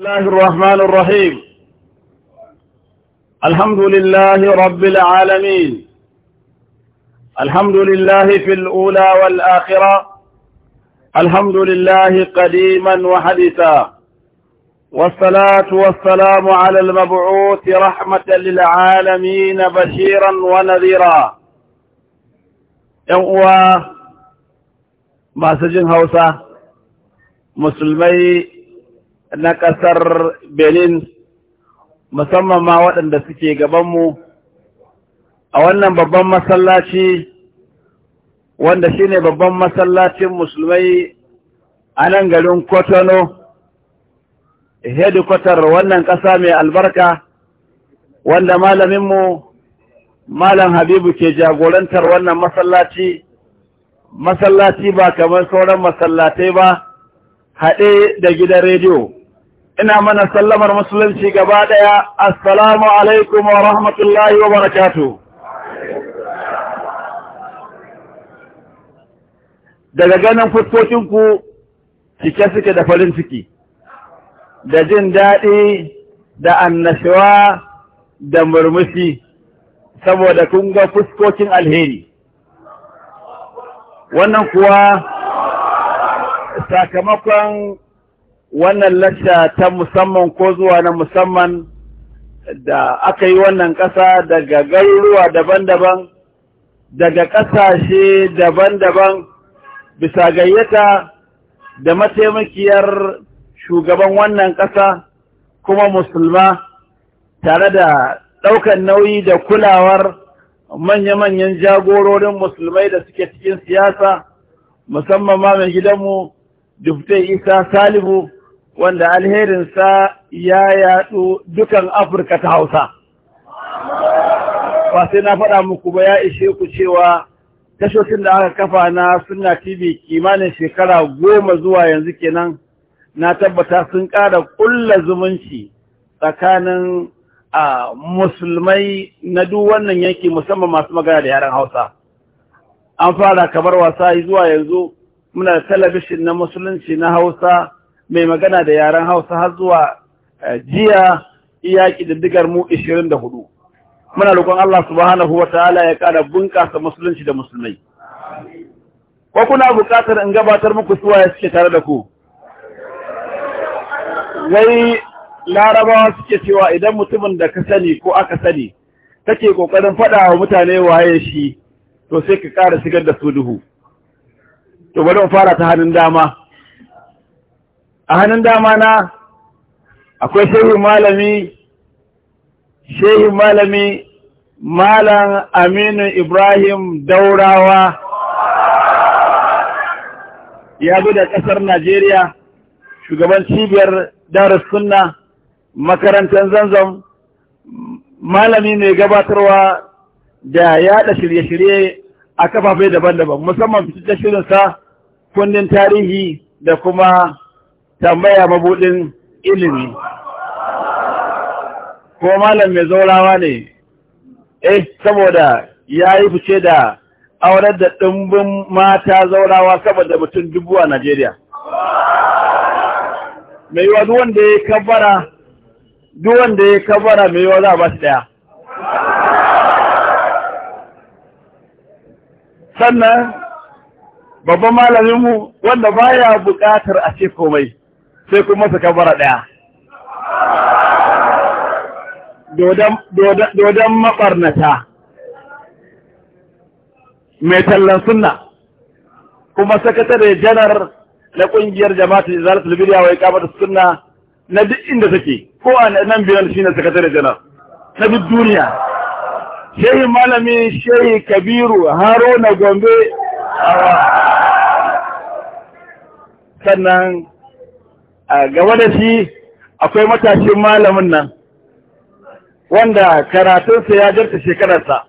الله الرحمن الرحيم الحمد لله رب العالمين الحمد لله في الأولى والآخرة الحمد لله قديما وحديثا والصلاة والسلام على المبعوث رحمة للعالمين بشيرا ونذيرا يوم ما سجن هوسا مسلمي na ƙasar Benin musamman ma waɗanda suke gabanmu a wannan babban masallaci wanda shi ne babban masallacin musulmai a nan garin Kotono hedikwatar wannan ƙasa mai albarka wanda malaminmu malam Habibu ke jagorantar wannan masallaci masallaci ba kamar sauran masallatai ba haɗe da gidan rediyo ina mana sallamar musulunci gaba ɗaya assalamu alaikum wa rahmatullahi wa barakatu daga ganin fuskokinku cike suke da farin ciki da jin daɗi da annashuwa da murmushi saboda kun ga fuskokin alheri wannan kuwa sakamakon wannan lacca ta musamman ko zuwa na musamman da aka yi wannan ƙasa daga garuruwa daban-daban daga ƙasashe daban-daban bisa gayyata da mataimakiyar shugaban wannan ƙasa kuma musulma tare da ɗaukan nauyi da kulawar manya-manyan jagororin musulmai da suke cikin siyasa musamman ma mai gidanmu dufte isa salihu wanda alherinsa ya yadu dukan Afirka ta Hausa. Ba sai na faɗa muku ba ya ishe ku cewa tashoshin da aka kafa na suna TV kimanin shekara goma zuwa yanzu kenan na tabbata sun ƙara ƙulla zumunci tsakanin a musulmai na duk wannan yanki musamman masu magana da yaren Hausa. An fara kamar wasa yi zuwa yanzu muna da talabishin na musulunci na Hausa mai magana da yaren hausa har zuwa eh, jiya iya ƙididdigar mu 24 muna roƙon Allah subhanahu wa ta'ala ya ƙara bunƙasa musulunci da musulmai ko kuna buƙatar in gabatar muku suwa ya suke tare da ku wai larabawa suke cewa idan mutumin da ka sani ko aka sani kake kokarin faɗa wa mutane waye shi to sai ka ƙara shigar da su duhu to bari mu fara ta hannun dama a hannun dama na akwai shehu malami shehu malami malam aminu ibrahim daurawa ya bi da ƙasar najeriya shugaban cibiyar darus sunna makarantar zanzan malami mai gabatarwa da yaɗa shirye-shirye a kafafe daban-daban musamman fitar shirinsa kundin tarihi da kuma tambaya mabudin ilimi ko malam mai zaurawa ne eh saboda ya yi fice da aurar da ɗumbin mata zaurawa saboda mutum dubu a Najeriya. Mai yiwa duk wanda ya kabbara, duk wanda ya kabbara mai yiwa za a ba su ɗaya. Sannan, babban malaminmu wanda baya buƙatar a ce komai. sai kuma masa kabara ɗaya. Dodon maɓarnata, mai tallan sunna, kuma sakatare janar na ƙungiyar jama'a jama'at da Libya wai kamata sunna na duk inda take, ko a nan biyan shi ne sakatare janar, na duk duniya. Shehi malami Shehi Kabiru Haruna Gombe, sannan gaba da shi akwai matashin malamin nan wanda karatunsa ya jarta shekararsa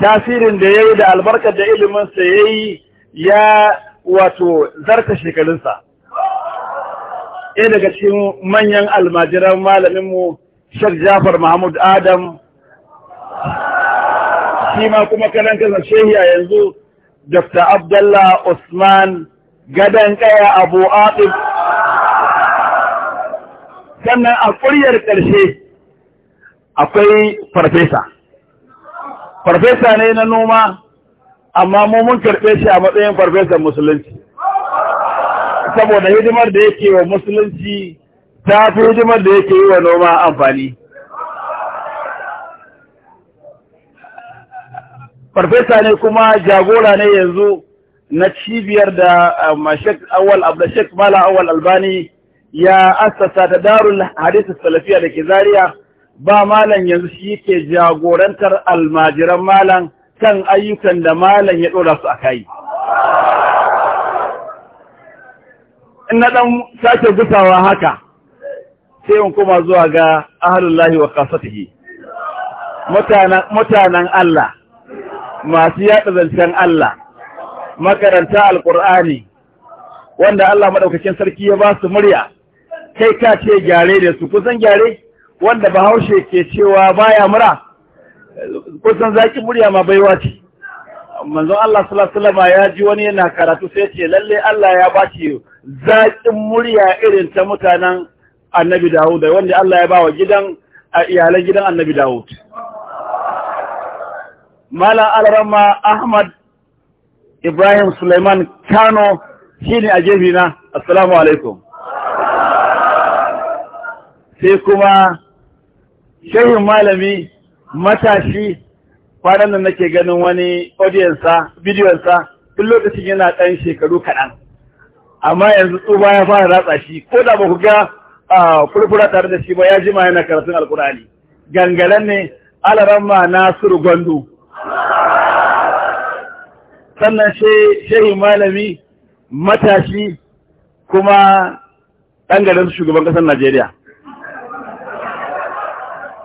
tasirin da ya yi da albarkar da iliminsa ya yi ya wato zarta shekarunsa ɗaya daga cikin manyan almajiran malaminmu shek jafar mahmud adam shi ma kuma kanan kansa yanzu dr abdullah usman gadon kaya abu aɗin sannan a ƙuryar ƙarshe akwai farfesa farfesa ne na noma amma mu mun karɓe shi a matsayin farfesan musulunci saboda hidimar da yake wa musulunci ta fi hidimar da yake yi wa noma amfani farfesa ne kuma jagora ne yanzu na cibiyar da uh, mashek awal abdashek mala awal albani ya asasa ta darul hadith salafiya da ke Zariya, ba malam yanzu shi ke jagorantar almajiran malam kan ayyukan da malam ya ɗora su a kayi. in na ɗan sake gusawa haka sai in kuma zuwa ga ahalullahi wa kasatihi mutanen Allah masu yaɗa zancen Allah makaranta alƙur'ani wanda Allah maɗaukakin sarki ya ba su murya kai ka ce gyare da su kusan gyare wanda bahaushe ke cewa baya mura kusan zaki murya ma baiwa ce manzon Allah sallallahu alaihi ya ji wani yana karatu sai ce lalle Allah ya shi zaƙin murya irin ta mutanen Annabi Dawud wanda Allah ya bawa gidan iyalan gidan Annabi Dawud Malam Alrama Ahmad Ibrahim Suleiman Kano shine a jefina assalamu alaikum sai kuma shehin malami matashi kwanan nan nake ganin wani audiyansa bidiyonsa duk lokacin yana ɗan shekaru kaɗan amma yanzu tsuba ya fara ratsa shi ko da ba ku ga furfura tare da shi ba ya jima yana karatun alkurani gangaren ne alaramma nasiru gwandu sannan shehi malami matashi kuma ɗan garin shugaban ƙasar najeriya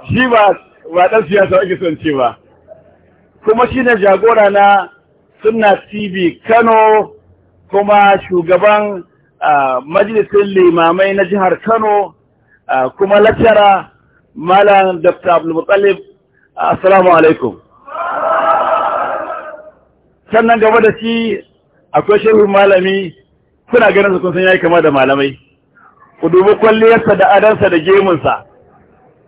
shi ba ba ɗan siyasa ake son ce ba kuma shi ne jagora na suna tv kano kuma shugaban majalisar limamai na jihar kano kuma lacara malam dr abdulmutsalib assalamu alaikum sannan gaba da shi akwai shehu malami kuna ganin su kun san yayi kama da malamai ku dubi kwalliyarsa da adansa da gemunsa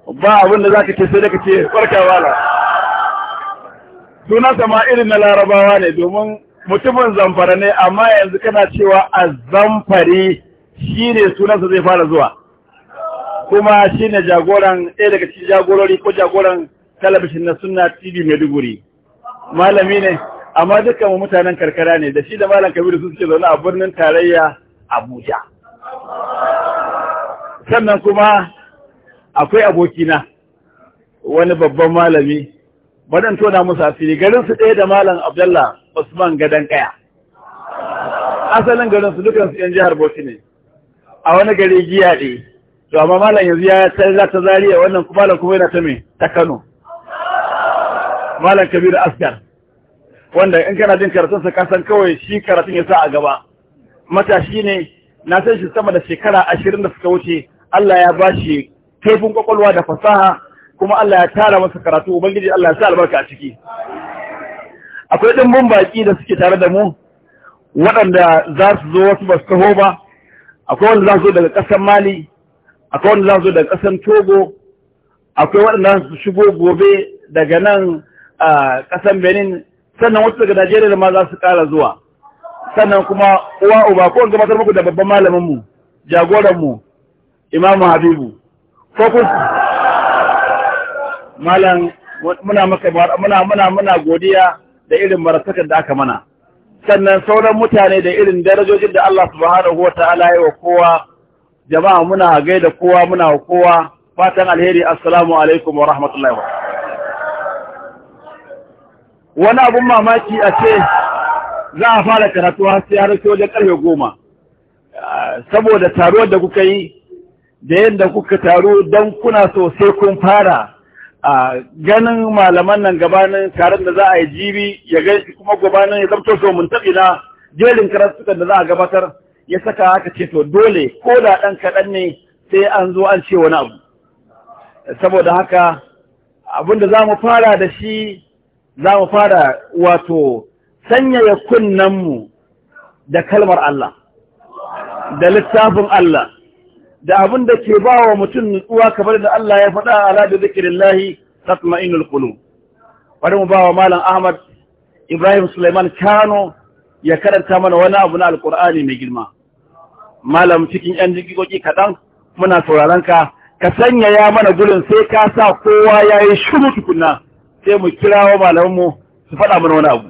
ba abinda za ka ce sai da ka ce farka wala suna sama irin na larabawa ne domin mutumin zamfara ne amma yanzu kana cewa a zamfari shi ne sunansa zai fara zuwa kuma shi ne jagoran ɗaya daga cikin jagorori ko jagoran talabishin na suna tv maiduguri malami ne amma dukkan mutanen karkara ne da shi da malam kabiru su suke zaune a birnin tarayya abuja sannan kuma akwai abokina wani babban malami badan tona musu fili garin su ɗaya da malam abdalla usman gadan kaya asalin garin su dukansu yan jihar bauchi ne a wani gari giya ɗi. to amma malam yanzu ya za ta zari a wannan malam kuma yana ta mai, ta Kano malam Kabiru Askar wanda in kana jin karatun sa kasan kawai shi karatun ya sa a gaba matashi ne na san shi sama da shekara ashirin da suka wuce Allah ya bashi kaifin kwakwalwa da fasaha kuma Allah ya tara masa karatu ubangiji Allah ya sa albarka a ciki akwai dimbin baki da suke tare da mu waɗanda za su zo wasu ba su taho ba akwai wanda za su zo daga ƙasar Mali akwai wanda za su zo daga ƙasar Togo akwai waɗanda su shigo gobe daga nan a ƙasar Benin sannan wasu daga Najeriya da ma za su ƙara zuwa sannan kuma uwa uba ko gabatar muku da babban malamin mu jagoran mu Imamu Habibu ko kun malam muna maka muna muna muna godiya da irin marasakar da aka mana sannan sauran mutane da irin darajojin da Allah subhanahu wataala ya wa kowa jama'a muna gaida kowa muna wa kowa fatan alheri assalamu alaikum wa rahmatullahi wa wani abun mamaki a ce za a fara karatu har sai har sai wajen karfe goma saboda taruwar da kuka yi da yadda kuka taru don kuna so sai kun fara a ganin malaman nan gabanin taron da za a yi jibi ya ga kuma gabanin ya zamto so mun tabi na jerin karatukan da za a gabatar ya saka haka ce to dole ko da ɗan kaɗan ne sai an zo an ce wani abu saboda haka abinda za mu fara da shi za mu fara wato sanyaya kunnenmu da kalmar Allah da littafin Allah da abin da ke ba wa mutum nutsuwa kamar da Allah ya faɗa a ala da zikirin lahi tatma'inul kulu. bari mu ba wa malam Ahmad Ibrahim Suleiman Kano ya karanta mana wani abu na alkur'ani mai girma malam cikin yan jikoki kaɗan muna sauraron ka ka sanya ya mana gurin sai ka sa kowa ya yi shiru tukuna sai mu kirawo malamanmu su faɗa mana wani abu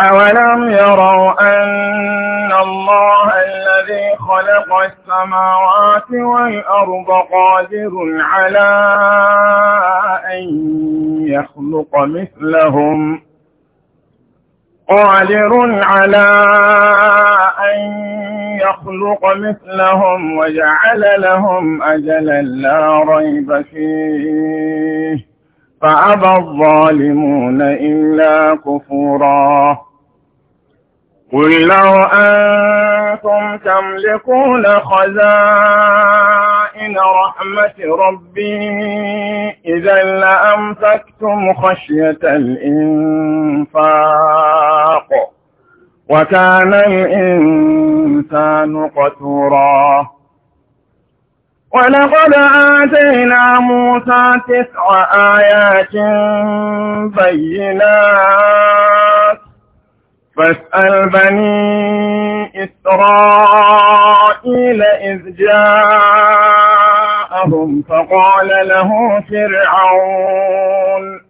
أولم يروا أن الله الذي خلق السماوات والأرض قادر على أن يخلق مثلهم قادر على أن يخلق مثلهم وجعل لهم أجلا لا ريب فيه فأبى الظالمون إلا كفورا قل لو أنتم تملكون خزائن رحمة ربي إذا لأمسكتم خشية الإنفاق وكان الإنسان قتوراً ولقد آتينا موسى تسع آيات بينات فاسأل بني إسرائيل إذ جاءهم فقال له فرعون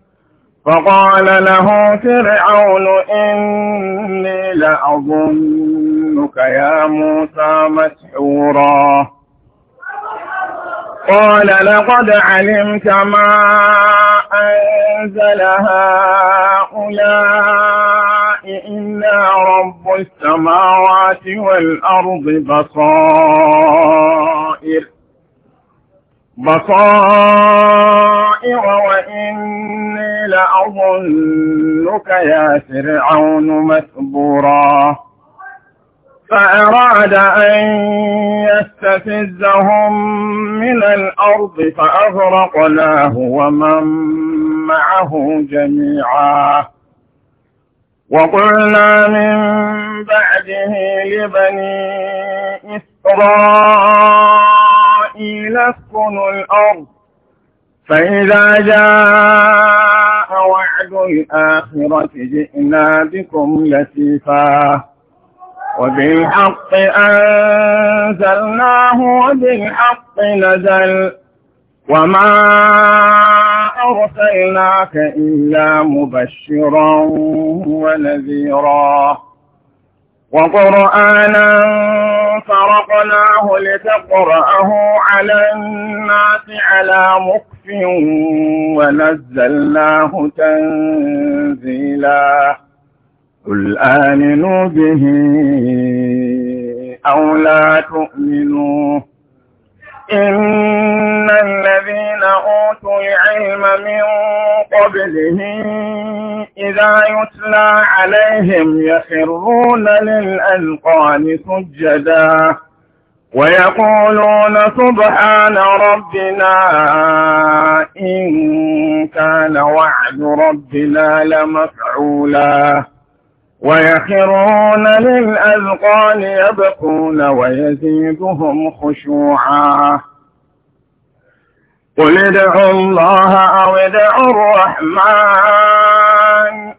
فقال له فرعون إني لأظنك يا موسى مسحورا قال لقد علمت ما أنزل هؤلاء إلا رب السماوات والأرض بصائر بصائر وإني لأظنك يا فرعون مثبوراً فأراد أن يستفزهم من الأرض فأغرقناه ومن معه جميعا وقلنا من بعده لبني إسرائيل اسكنوا الأرض فإذا جاء وعد الآخرة جئنا بكم لسيفاً وبالحق أنزلناه وبالحق نزل وما أرسلناك إلا مبشرا ونذيرا وقرآنا فرقناه لتقرأه على الناس على مكف ونزلناه تنزيلاً قل آمنوا به أو لا تؤمنوا إن الذين أوتوا العلم من قبله إذا يتلى عليهم يخرون للألقان سجدا ويقولون سبحان ربنا إن كان وعد ربنا لمفعولا ويخرون للأذقان يبقون ويزيدهم خشوعا قل ادعوا الله أو ادعوا الرحمن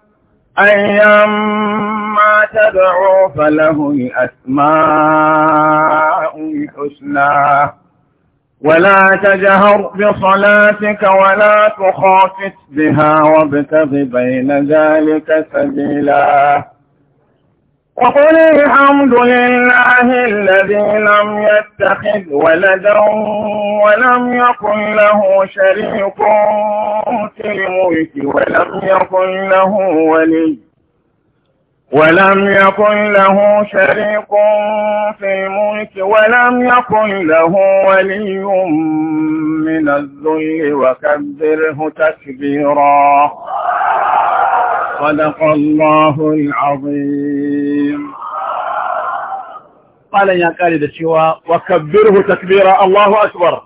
أيما تدعوا فله الأسماء الحسنى ولا تجهر بصلاتك ولا تخافت بها وابتغ بين ذلك سبيلا وقل الحمد لله الذي لم يتخذ ولدا ولم يكن له شريك في الملك ولم يكن له ولي ولم يكن له شريك في الملك ولم يكن له ولي من الذل وكبره تكبيرا صدق الله العظيم قال يا قال cewa wa kabbirhu takbira Allahu akbar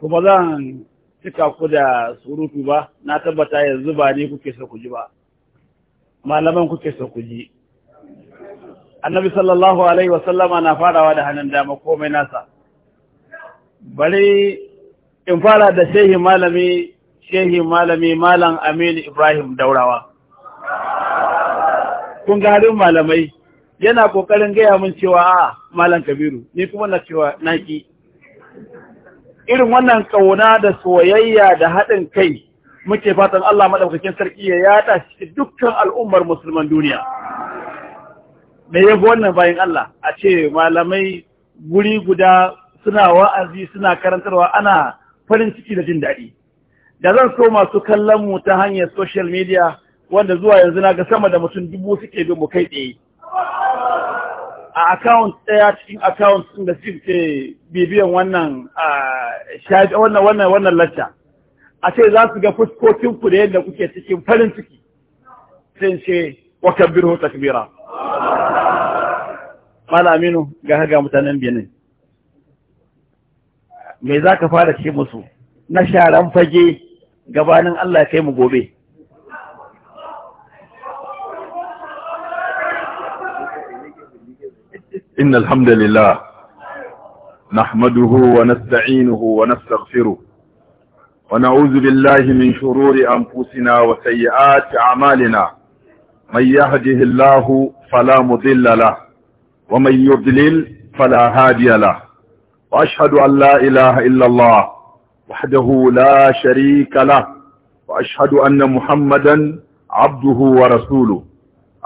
kuma zan cika ku da surutu ba na tabbata yanzu ba ni kuke so ku ji ba malaman kuke so ku ji annabi sallallahu alaihi wasallama na farawa da hannun dama komai nasa bari in fara da shehi malami shehi malami malam aminu ibrahim daurawa kun ga malamai yana kokarin gaya mun cewa a malam kabiru ni kuma na cewa naki irin wannan kauna da soyayya da haɗin kai muke fatan Allah maɗaukakin sarki ya yada shi dukkan al'ummar musulman duniya me fi wannan bayan Allah a ce malamai guri guda suna wa'azi suna karantarwa ana farin ciki da jin daɗi da zan so masu kallon mu ta hanyar social media wanda zuwa yanzu na ga sama da mutum dubu suke bin mu kai tsaye a account ɗaya cikin account ɗin da suke bibiyan wannan wannan wannan wannan lacca a ce za su ga fuskokin ku da yadda kuke cikin farin ciki sun ce wa kabbiru takbira mala aminu ga ga mutanen benin me za ka fara ce musu na sharan fage gabanin Allah sai mu gobe. Inna alhamdulillah, nahmaduhu wa nasta'inuhu wa nastaghfiruh wa na'udhu billahi min shururi anfusina wa sayyiati a'malina man yahdihillahu fala mudilla lah wa man yudlil fala hadiya lah wa ashhadu an la ilaha illa allah وحده لا شريك له وأشهد أن محمدا عبده ورسوله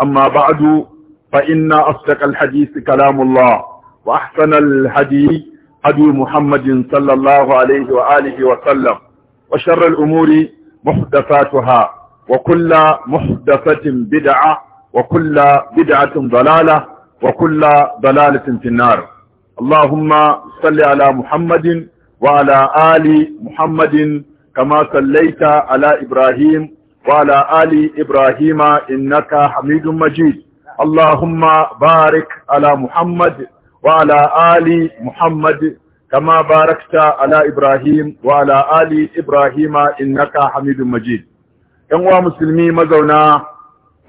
أما بعد فإن أصدق الحديث كلام الله وأحسن الهدي هدي محمد صلى الله عليه وآله وسلم وشر الأمور محدثاتها وكل محدثة بدعة وكل بدعة ضلالة وكل ضلالة في النار اللهم صل على محمد وعلى آل محمد كما صليت على إبراهيم وعلى آل إبراهيم إنك حميد مجيد اللهم بارك على محمد وعلى آل محمد كما باركت على إبراهيم وعلى آل إبراهيم إنك حميد مجيد ينوى مسلمي مزونا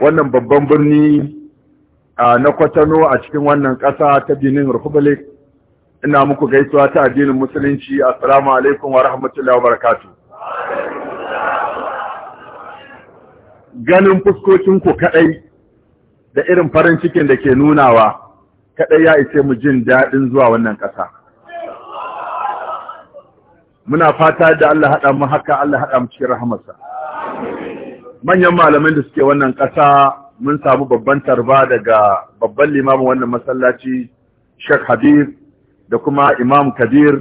wannan babban birni na kwatano a cikin wannan ƙasa ta Benin Republic ina muku gaisuwa ta addinin musulunci assalamu alaikum wa rahmatullahi wa barakatuh ganin fuskokinku kadai da irin farin cikin da ke nunawa kadai ya ice mu jin daɗin zuwa wannan ƙasa muna fata da Allah haɗa mu haka Allah haɗa mu cikin rahamarsa manyan malamin da suke wannan ƙasa mun samu babban tarba daga babban limamin wannan masallaci Sheikh Habib da kuma imam kabir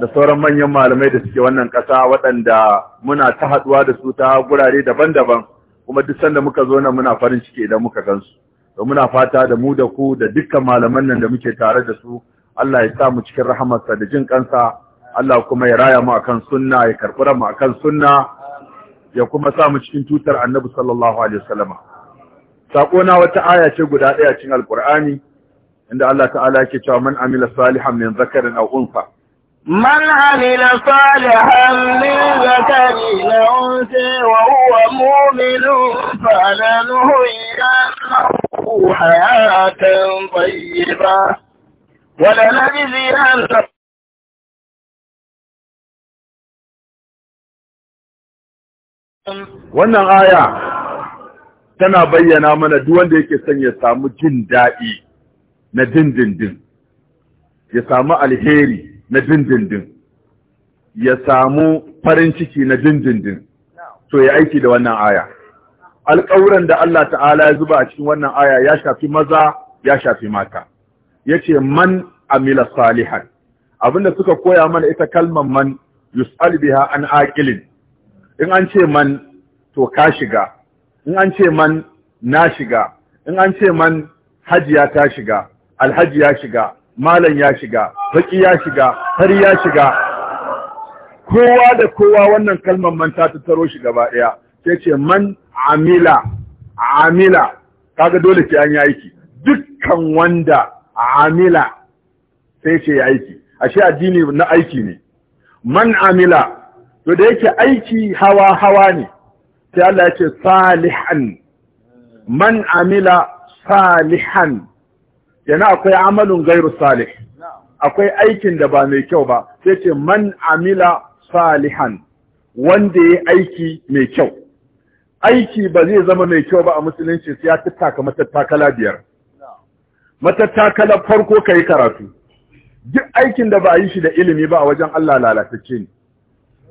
da sauran manyan malamai da suke wannan ƙasa waɗanda muna ta haɗuwa da su ta gurare daban-daban kuma duk sanda muka zo nan muna farin ciki idan muka gansu To muna fata da mu da ku da dukkan malaman nan da muke tare da su Allah ya sa mu cikin rahamarsa da jin kansa Allah kuma ya raya mu akan sunna ya karɓi mu akan sunna ya kuma sa mu cikin tutar Annabi sallallahu alaihi wasallama sako na wata aya ce guda ɗaya cikin alqur'ani inda Allah ta'ala yake cewa man amila salihan min zakarin aw unsa man amila salihan min zakarin aw unsa wa huwa mu'minun falanuhyiyannahu hayatan tayyibah wa lanajziyannahu Wannan aya tana bayyana mana duk wanda yake son ya samu jin daɗi na dindindin ya samu alheri na dindindin ya samu farin ciki na dindindin to ya aiki da wannan aya alƙawuran da Allah ta'ala ya zuba a cikin wannan aya ya shafi maza ya shafi mata yace man amila salihan abinda suka koya mana ita kalmar man yus'al biha an aqilin in an ce man to ka shiga in an ce man na shiga in an ce man hajiya ta shiga alhaji ya shiga malam ya shiga Faki ya shiga har ya shiga kowa da kowa wannan kalmar man ta taro shi gaba ɗaya sai ce man amila amila kaga dole sai an yi aiki dukkan wanda amila sai ce ya aiki ashe addini na aiki ne man amila to da yake aiki hawa hawa ne sai Allah ya ce salihan man amila salihan yana akwai amalin gairu salih akwai aikin da ba mai kyau ba sai ce man amila salihan wanda ya aiki mai kyau aiki ba zai zama mai kyau ba a musulunci sai ya tattaka matattakala biyar matattakala farko kai karatu duk aikin da ba a yi shi da ilimi ba a wajen Allah lalatacce ne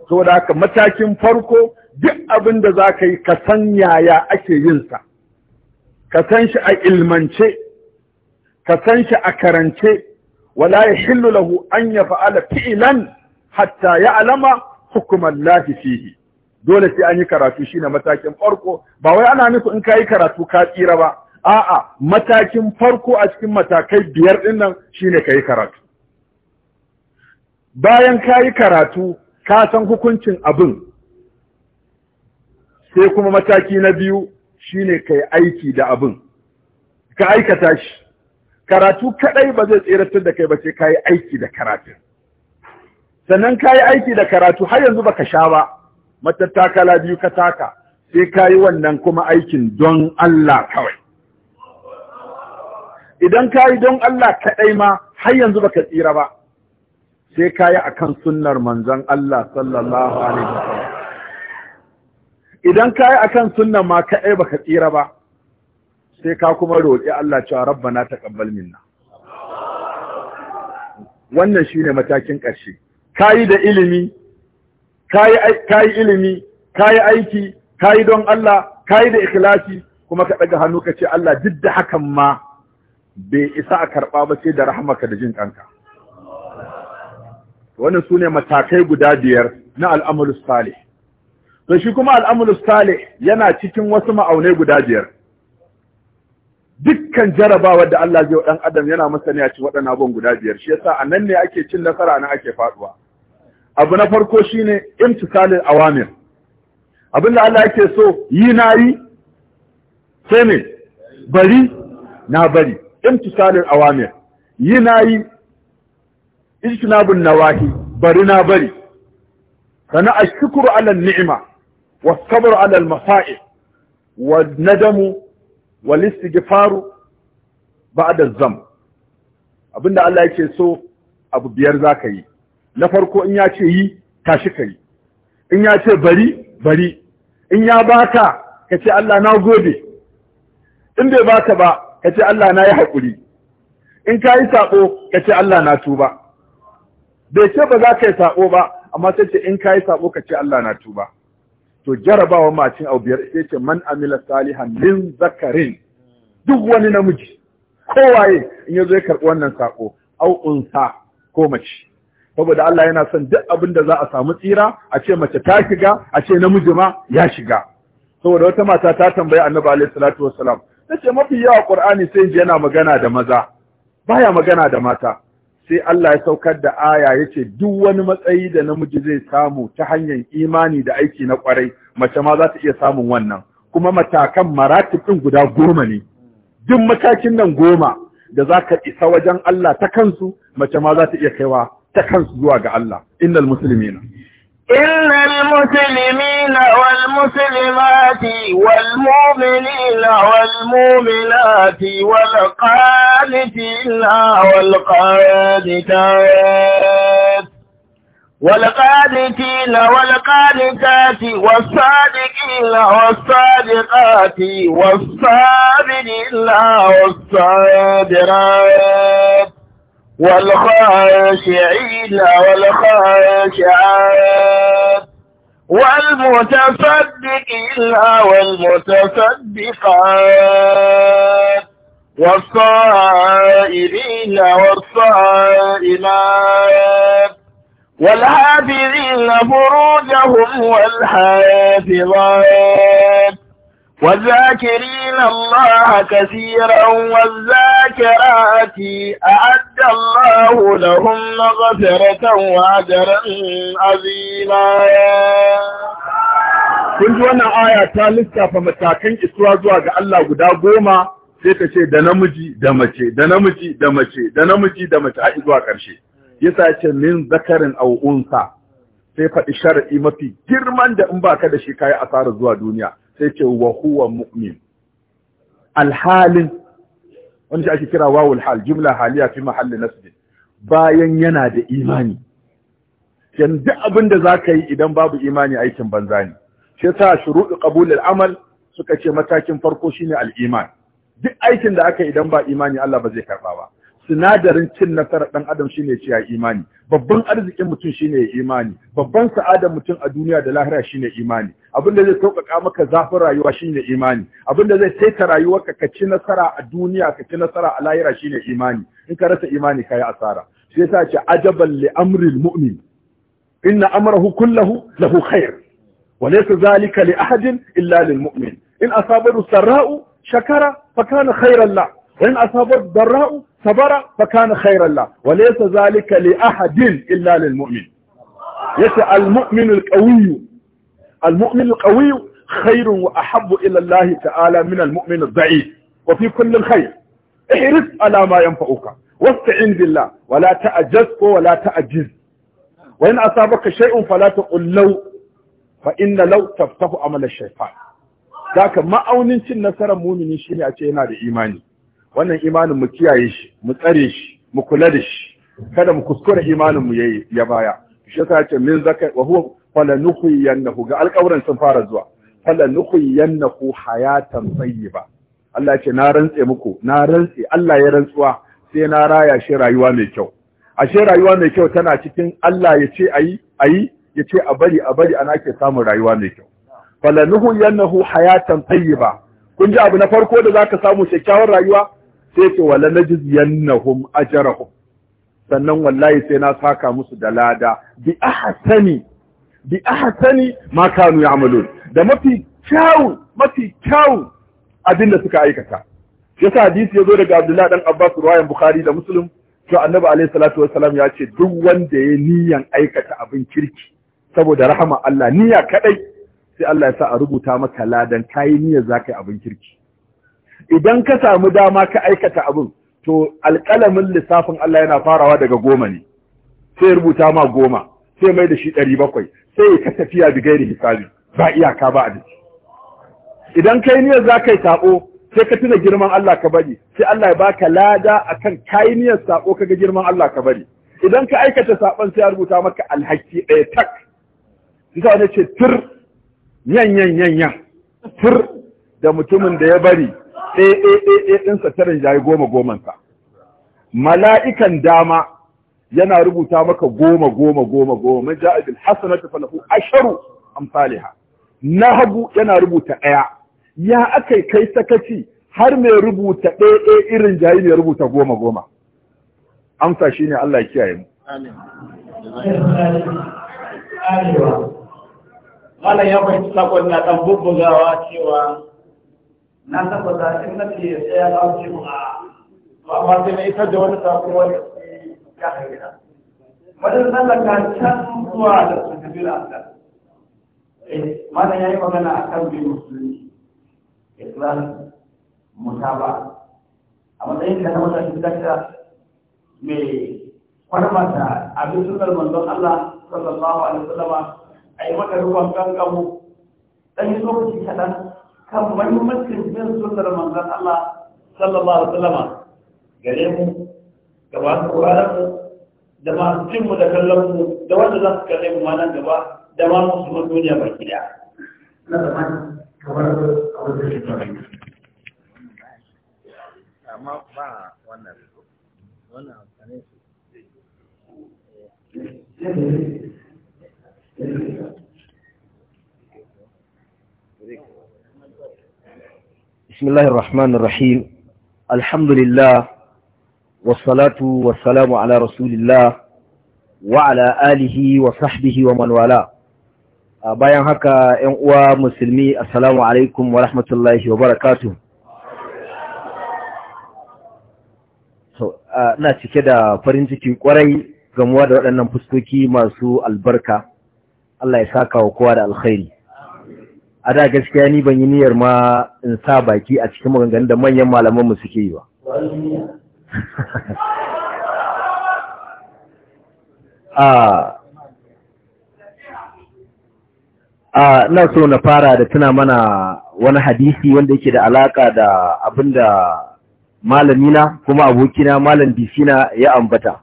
saboda haka matakin farko duk abin da za ka yi ka san yaya ake yin sa ka san shi a ilmance ka san shi a karance wala ya hillu lahu an fa'ala fi'lan hatta ya alama hukuman lahi fihi dole sai an yi karatu shi na matakin farko ba wai ana nufin in ka yi karatu ka tsira ba a'a matakin farko a cikin matakai biyar din nan ka yi karatu bayan ka yi karatu ka san hukuncin abin sai kuma mataki na biyu shi ka kai aiki da abin ka aikata shi karatu kadai ba zai tseratar da kai ba sai kayi aiki da karatu sannan kayi aiki da karatu har yanzu baka sha ba matattakala biyu ka taka sai kayi wannan kuma aikin don Allah kawai idan kayi don Allah kadai ma har yanzu baka tsira ba sai kayi akan sunnar manzon Allah sallallahu alaihi wasallam idan kayi akan sunnar ma kadai baka tsira ba sai ka kuma roƙi Allah cewa rabbana taqabbal minna wannan shine matakin ƙarshe kayi da ilimi kayi kayi ilimi kayi aiki kai don Allah kai da ikhlasi kuma ka daga hannu ka ce Allah duk da hakan ma bai isa a karɓa ba sai da rahmaka da jin kanka wannan sune matakai guda biyar na al'amalus salih to shi kuma al'amalus salih yana cikin wasu ma'aunai guda biyar dukkan jarabawar da Allah zai wa ɗan adam yana masa a cikin waɗannan abin guda biyar shi yasa a nan ne ake cin nasara na ake faɗuwa abu na farko shine imtisalil awamir abinda Allah yake so yi na yi sai ne bari na bari imtisalil awamir yi na yi ijtinabun nawahi bari na bari sana ashkuru ala ni'ima wasabru ala al-masa'ib wa nadamu gifaru ba da zam abinda Allah yake so abu biyar zaka yi na farko in ya ce yi tashi kai in ya ce bari bari in ya baka kace Allah na gode in bai baka ba kace Allah na yi hakuri in ka yi ka kace Allah na tuba bai ce ba za ka yi saɓo ba amma sai ce in ka yi sabo kace Allah na tuba to jarabawa macin abu biyar sai ce man amila salihan min zakarin duk wani namiji kowaye in yazo ya karɓi wannan sako au unsa ko mace saboda Allah yana son duk abin da za a samu tsira a ce mace ta shiga a ce namiji ma ya shiga saboda wata mata ta tambayi annabi alaihi salatu wassalam tace mafi yawa qur'ani sai yana magana da maza baya magana da mata sai Allah ya saukar da aya ya ce duk wani matsayi da namiji zai samu ta hanyar imani da aiki na kwarai mace ma za ta iya samun wannan kuma matakan ɗin guda goma ne duk matakin nan goma da za ka isa wajen Allah ta kansu mace ma za ta iya kaiwa ta kansu zuwa ga Allah innal na. إن المسلمين والمسلمات والمؤمنين والمؤمنات والقانتين والقانتات والقانتين والقانتات والصادقين والصادقات والصابرين والصابرات والخاشعين والخاشعات والمتصدقين والمتصدقات والصائمين والصائمات والحافظين فروجهم والحافظات والذاكرين الله كثيرا والذاكرات أعد الله لهم مغفرة وعجرا عظيما كنت وانا wannan aya ta lissafa matakan isuwa zuwa ga Allah guda goma sai ta ce da namiji da mace da namiji da mace da namiji da mace a zuwa ƙarshe yasa ce min zakarin au sai faɗi shar'i mafi girman da in baka da shi kayi asara zuwa duniya sai ce wa huwa mu'min alhalin wani shi ake kira wawul hal jumla haliya fi mahallin nasbi bayan yana da imani yanzu abin da zaka yi idan babu imani aikin banza ne shi yasa shuruɗu qabulul amal suka ce matakin farko shine al-iman duk aikin da aka idan ba imani Allah ba zai karba ba sinadarin cin nasarar ɗan adam shine ce ya imani babban arzikin mutum shine ya imani babban sa'adar mutum a duniya da lahira shine imani abinda zai sauƙaƙa maka zafin rayuwa shine imani abinda zai saita rayuwarka ka ci nasara a duniya ka ci nasara a lahira shine imani in ka rasa imani kai asara shi yasa ce ajaban li amril mu'min inna amrahu kulluhu lahu khair wa laysa zalika li ahadin illa lil mu'min in asabahu sarra'u shakara fa kana khairan la wa in asabahu darra'u sabara fa kana khairan la wa laysa zalika li ahadin illa lil mu'min yasa al mu'min al qawiyyu المؤمن القوي خير وأحب إلى الله تعالى من المؤمن الضعيف وفي كل الخير احرص على ما ينفعك واستعن بالله ولا تعجز ولا تعجز وإن أصابك شيء فلا تقل لو فإن لو تفتح عمل الشيطان ذاك ما أونين شن نصر مؤمنين شن أتينا لإيماني wannan imanin mu kiyaye shi mu tsare shi mu kula da shi kada mu kuskure imanin mu yayi ya baya shi yasa ce min zaka wa huwa fala nahu. ga alƙawarin sun fara zuwa fala nahu, hayatan tayyiba Allah ce na rantse muku na rantse Allah ya rantsuwa sai na raya shi rayuwa mai kyau A ashe rayuwa mai kyau tana cikin Allah ya ce ayi ayi ya ce a bari a bari ana ke samun rayuwa mai kyau fala nahu, hayatan tayyiba kun ji abu na farko da zaka samu kyakkyawar rayuwa sai ce wala najziyannahum ajrahum sannan wallahi sai na saka musu da lada bi ahsani bi ahsani ma kanu ya'malun da mafi kyau mafi kyau abin da suka aikata yasa hadisi yazo daga Abdullah dan Abbas ruwayan Bukhari da Muslim to Annabi alaihi salatu wassalam ya ce duk wanda ya niyan aikata abin kirki saboda rahama Allah niyya kadai sai Allah ya sa a rubuta maka ladan kai niyya zaka abin kirki idan ka samu dama ka aikata abin to alƙalamin lissafin Allah yana farawa daga goma ne sai rubuta ma goma sai mai da shi ɗari sai ka tafiya bi gairi hisabi ba iyaka ba abinci idan kai niyyar za ka yi sabo sai ka tuna girman Allah ka bari sai Allah ya baka lada akan kai niyyar sabo ga girman Allah ka bari idan ka aikata saƙon sai ya rubuta maka alhaki ɗaya tak sai ne ce tur yan yan yan yan tur da mutumin da ya bari ɗaya ɗaya ɗaya ɗinsa tarin jayi goma gomansa mala'ikan dama yana rubuta maka goma goma goma goma man ja'a bil hasanati falahu asharu amsalha nahbu yana rubuta ɗaya ya akai kai sakaci har mai rubuta ɗaya ɗaya irin jahili ya rubuta goma goma amsa shine Allah ya kiyaye mu amin malam ya fahimci na dan bubbugawa cewa na tabbata in na ce sai ya kawo ce mu a da wani sakon wani ya haila wajen tsallaka can zuwa da su tafi da eh, mana ya yi magana a kan bin musulunci islam musaba a matsayin da na wata shi dakta mai kwarmata abin sunar manzon Allah sallallahu alaihi wasallama a yi maka ruwan gangamu dan yi lokaci kaɗan kan mahimmancin bin sunar manzon Allah sallallahu alaihi wasallama gare mu ga masu ƙoranar da masu cinmu da kallonmu da wanda za su kalle mu nan gaba da ma musulman duniya baki da na zaman kamar a wanda shi amma ba wannan wannan amfani su بسم الله الرحمن الرحيم الحمد لله wasalatu wasalamu ala rasulillah الله وعلى alihi wa ومن wa man wala bayan haka yan uwa musulmi assalamu alaikum wa rahmatullahi wa barakatu. ina cike da farin ciki kwarai gamuwa da waɗannan fuskoki masu albarka Allah ya saka wa kowa da alkhairi a da gaskiya ni ban yi niyyar ma in sa baki a cikin maganganun da manyan malaman mu suke yi ba a ah. ah, na so na fara da tuna mana wani hadisi wanda yake da alaka da abinda malamina kuma abokina malam bisina ya ambata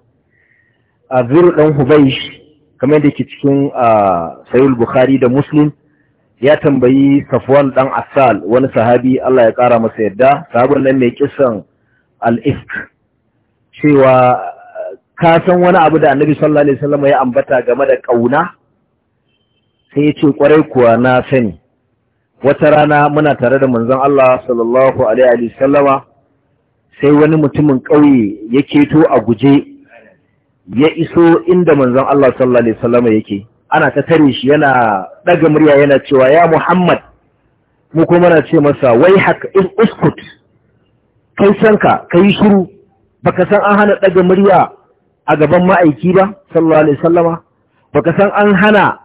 a zuru ɗan hubaish kamar yadda ke cikin ah, sayul bukhari da muslim ya tambayi safwan ɗan asal wani sahabi allah ya ƙara masa yadda sahabin nan mai kisan al-ifk cewa kasan wani abu da annabi sallallahu alaihi wasallam ya ambata game da kauna sai ya ce kwarai kuwa na sani wata rana muna tare da manzon Allah sallallahu alaihi wasallama sai wani mutumin ƙauye ya keto a guje ya iso inda manzon Allah sallallahu alaihi wasallama yake ana ta tare shi yana daga murya yana cewa ya Muhammad mu kuma na ce masa wai haka in uskut kai sanka kai shiru baka san an hana daga murya a gaban ma'aiki ba sallallahu alaihi wasallama baka san an hana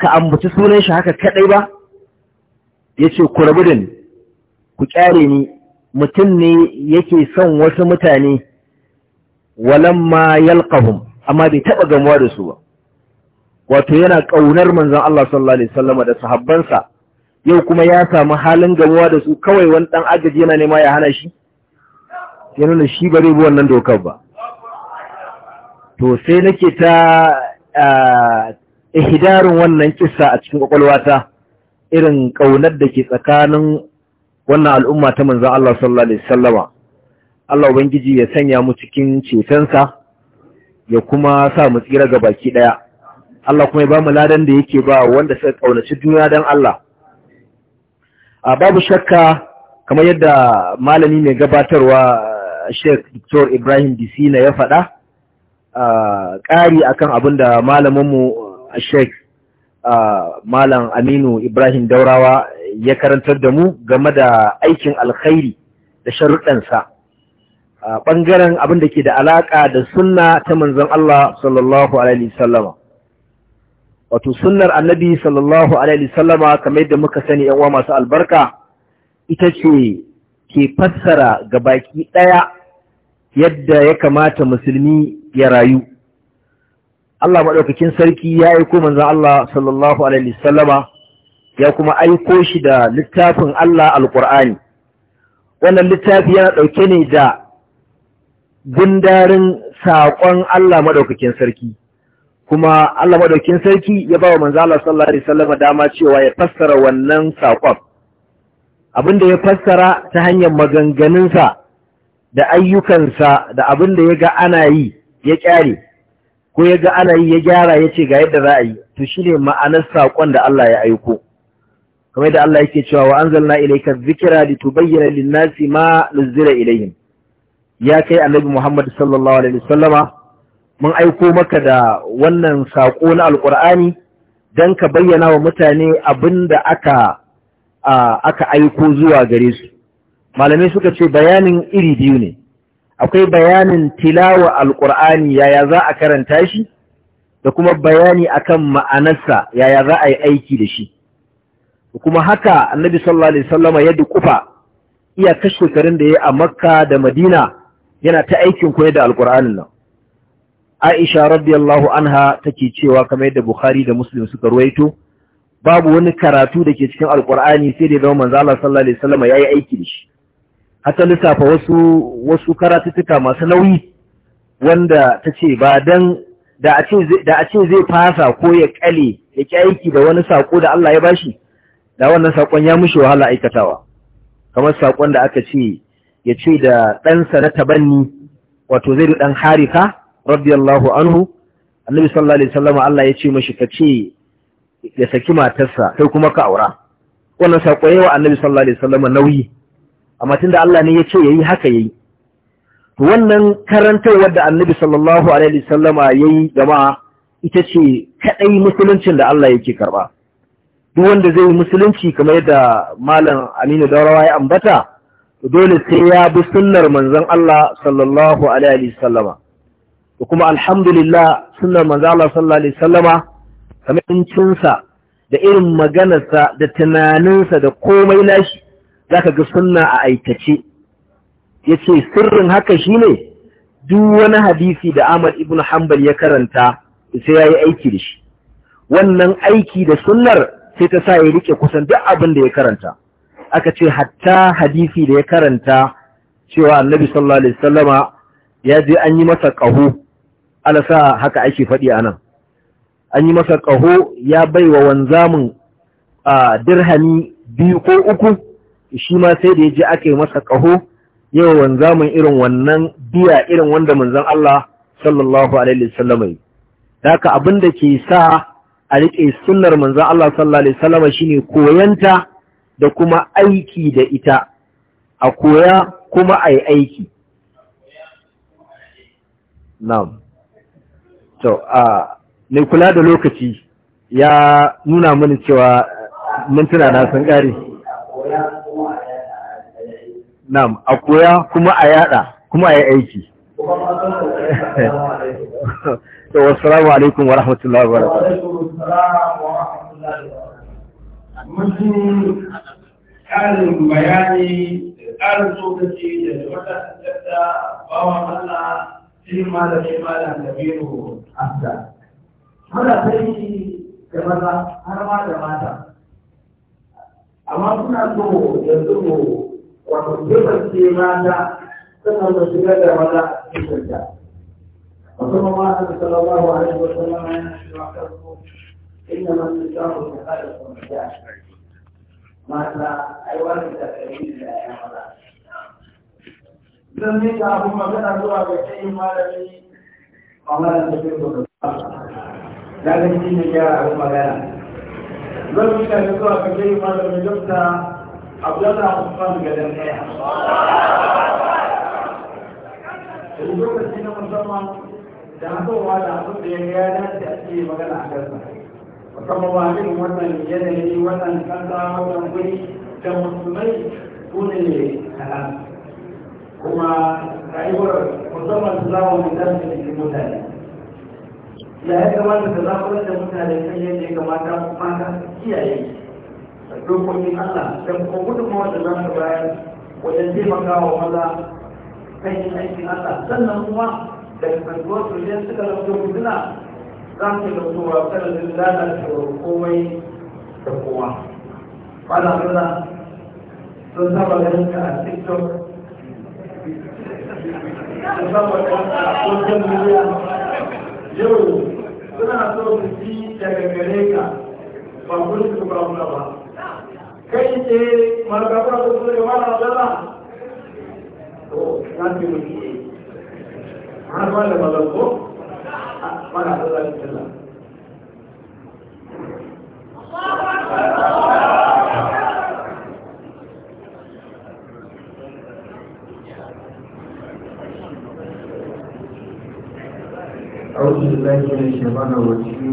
ka ambaci sunan shi haka kaɗai ba yace ku rabu da ni ku ƙyare ni mutum ne yake son wasu mutane walamma yalqahum amma bai taɓa gamuwa da su ba wato yana ƙaunar manzon Allah sallallahu alaihi wasallama da sahabbansa yau kuma ya samu halin gamuwa da su kawai wani ɗan agaji yana nema ya hana shi ya nuna shi bari zai bi wannan dokar ba to sai nake ta ihdarin wannan kissa a cikin kwakwalwata irin ƙaunar da ke tsakanin wannan al'umma ta manzan Allah sallallahu Alaihi Wasallama Allah Ubangiji ya sanya mu cikin cetonsa ya kuma sa mu tsira ga baki ɗaya Allah kuma ya ba mu ladan da yake ba wanda suka ƙaunaci duniya don Allah a babu shakka kamar yadda malami mai gabatarwa Sheikh Dr. Ibrahim Disina ya faɗa ƙari akan abin da malaminmu Sheikh Malam Aminu Ibrahim Daurawa ya karantar da mu game da aikin alkhairi da sharuɗansa ɓangaren abin da ke da alaƙa da sunna ta manzon Allah sallallahu alaihi sallama wato sunnar annabi sallallahu alaihi sallama kamar yadda muka sani yan uwa masu albarka ita ce ke fassara ga baki ɗaya yadda ya kamata musulmi ya rayu Allah maɗaukakin sarki ya aiko manzan Allah sallallahu alaihi wasallama ya kuma aiko shi da littafin Allah alƙur'ani wannan littafi yana ɗauke ne da gundarin saƙon Allah maɗaukakin sarki kuma Allah maɗaukakin sarki ya ba wa manzan Allah sallallahu alaihi wasallam dama cewa ya fassara wannan saƙon Abin da ya fassara ta hanyar maganganunsa da ayyukansa da abin da ya ga ana yi ya kyare ko ya ga ana yi ya gyara ya ce ga yadda za a yi to shi ne ma'anar saƙon da Allah ya aiko kamar da Allah yake cewa wa anzalna ilayka dhikra litubayyana lin-nasi ma nuzila ilayhim ya kai annabi Muhammad sallallahu alaihi wasallama mun aiko maka da wannan saƙo na alƙur'ani don ka bayyana wa mutane abin da aka aka aiko zuwa gare su malamai suka ce bayanin iri biyu ne akwai bayanin tilawa alkur'ani yaya za a karanta shi da kuma bayani akan ma'anarsa yaya za a yi aiki da shi kuma haka annabi sallallahu alaihi wasallama ya dukufa iya kashe karin da ya a makka da madina yana ta aikin koyar da alkur'anin nan aisha radiyallahu anha take cewa kamar yadda bukhari da muslim suka ruwaito babu wani karatu da ke cikin alkur'ani sai da zama manzo Allah sallallahu alaihi wasallam yayi aiki da shi hata lissafa wasu wasu masu nauyi wanda ce ba dan da a ce da a ce zai fasa ko ya kale ya ki aiki da wani sako da Allah ya bashi da wannan sakon ya mushi wahala aikatawa kamar sakon da aka ce ya ce da ɗansa na tabanni wato zai dan harika radiyallahu anhu annabi sallallahu alaihi wasallam Allah ya ce mashi ka ce ya saki matarsa sai kuma ka aura wannan sako yawa annabi sallallahu alaihi wasallam nauyi amma tunda Allah ne ya ce yayi haka yayi to wannan karantawar da annabi sallallahu alaihi wasallam yayi jama'a ita ce kadai musuluncin da Allah yake karba duk wanda zai yi musulunci kamar yadda malam Aminu Daurawa ya ambata dole sai ya bi sunnar manzon Allah sallallahu alaihi wasallam kuma alhamdulillah sunnar manzon Allah sallallahu alaihi wasallama kamar da irin maganarsa da tunaninsa da komai nashi za ka ga sunna a aikace ya ce sirrin haka shi ne duk wani hadisi da Ahmad ibn Hanbal ya karanta sai ya yi aiki da shi wannan aiki da sunar sai ta sa ya rike kusan duk abin da ya karanta aka ce hatta hadisi da ya karanta cewa annabi sallallahu alaihi wasallama ya je an yi masa ƙaho alasa haka ake faɗi a nan an yi masa ƙaho ya bai wa wanzamin a dirhami biyu ko uku shi ma sai da ya ji aka yi masa ƙaho yawan wanzamin irin wannan biya irin wanda manzan Allah sallallahu alaihi Wasallama. yi haka abin da ke sa a riƙe sunar manzan Allah sallallahu alaihi Wasallama shine koyanta da kuma aiki da ita a koya kuma a yi aiki na'am so, a mai kula da lokaci ya nuna mana cewa mintuna na sun ƙare na a koya kuma a yada kuma a yi aiki wasu ramu alaikum wa rahmatullahi wa Wa barakatuh ƙarin bayani da ƙarin tsokaci da wata tattata bawan Allah shi ma da shi da Nabiru muna ta yi da maza har ma da mata amma suna so yanzu mu wato kebance mata sannan da shigar da maza a cikin ta musamman ma a sallallahu ba wa ma yana cewa karko inna man tisamu ta hada kuma mata ai wani da kai da ya maza zan ne ka abun magana zuwa ga kai malami a malam da ke da na ga shi ne gyara abin magana zan yi ka yi zuwa kaje yi mana mai dokta abdullahi usman gadan kaya da lokaci na musamman da hasowa da abin da ya yi ya dace a ce magana a kansa musamman ba irin wannan yanayi wannan kasa wannan guri da musulmai su ne kalan kuma rayuwar musamman su zama mutane da mutane da ya kamata ka zaɓar da mutane kan yadda ya kamata ku mata su kiyaye dokokin Allah da ku kuma gudunmawar da za ka bayar wajen taimaka wa maza kan yin aikin Allah sannan kuma da kasantuwar su idan suka zama mutuna za su ga cewa kada su lalacewa komai da kowa. Fada Allah sun saba ganin ka a TikTok sun saba ganin ka a social media yau suna so su ji daga gare ka ba kun su ba kuna ba kai ce margaba da su da wani abdala to na ce mu ji har ba da malako mana da zai Allah أعوذ بالله من الشيطان الرجيم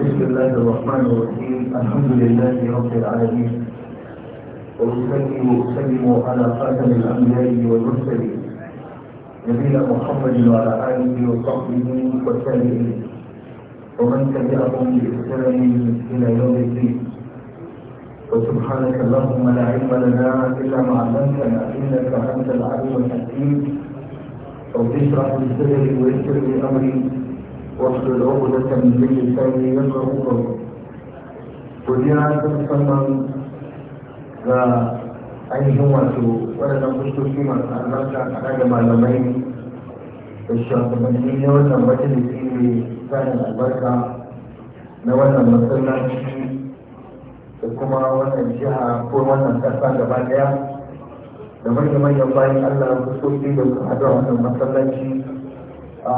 بسم الله الرحمن الرحيم الحمد لله رب العالمين وأسلم وأسلم على خاتم الأنبياء والمرسلين نبينا محمد وعلى آله وصحبه وسلم ومن تبعهم بإحسان إلى يوم الدين وسبحانك اللهم لا علم لنا إلا ما علمتنا إنك أنت العليم الحكيم رب اشرح لي صدري ويسر لي امري واحلل عقدة من لساني يفقه قولي godiya ta musamman ga ainihin wato waɗannan fuskoki masu albarka a da malamai da shugabanni na wannan majalisi ne tsarin albarka na wannan masallaci da kuma wannan jiha ko wannan ƙasa gaba daya. da manyan manyan bayan Allah fuskoki da suka haɗu a wannan masallaci a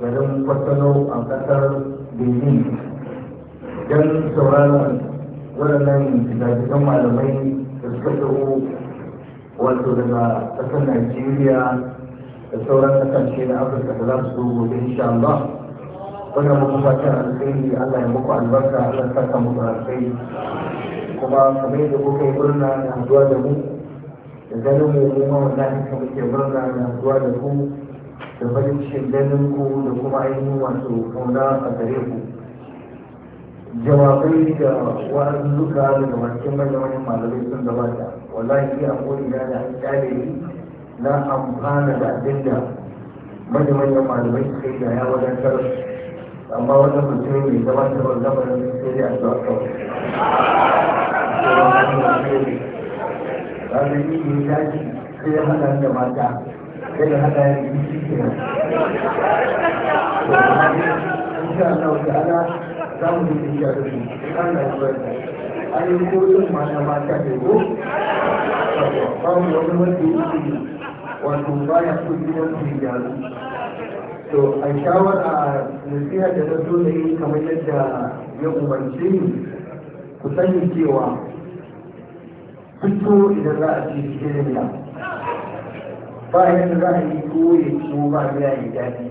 garin kwatano a ƙasar benin don sauraron waɗannan gidajen malamai da suka tsawo wato daga ƙasar nigeria da sauran ƙasashe na afirka da za su zo gobe insha Allah wannan muku fatan alkhairi Allah ya muku albarka Allah ya saka muku alkhairi kuma kamar yadda kuka yi murna da haɗuwa da mu da ganin mu kuma wallahi ka muke murna da haɗuwa da ku da farin cikin ganin ku da kuma ainihin wato kauna a gare ku jawabai da wa'azin zuka daga wancan manyan malamai sun gabata wallahi a kodi na da kyale na amfana da abinda manyan malamai suka yi da ya wadatar amma wannan mutum mai gabatar da lamarin sai dai a zuwa kawai ranar yi ne ya ji sai ya hada da mata sai ya hada ya yi shi ke nan insha Allah yi tafiya da su kan da an yi kodin mata mata da wani wanda ya yi wato baya so gidan su gyaru to a shawar a nasiha da na zo da yi kamar yadda ya umarce ni ku sani cewa fito idan za a ce cikin rila ba yadda za a yi tuwo ya tuwo ba ya yi daɗi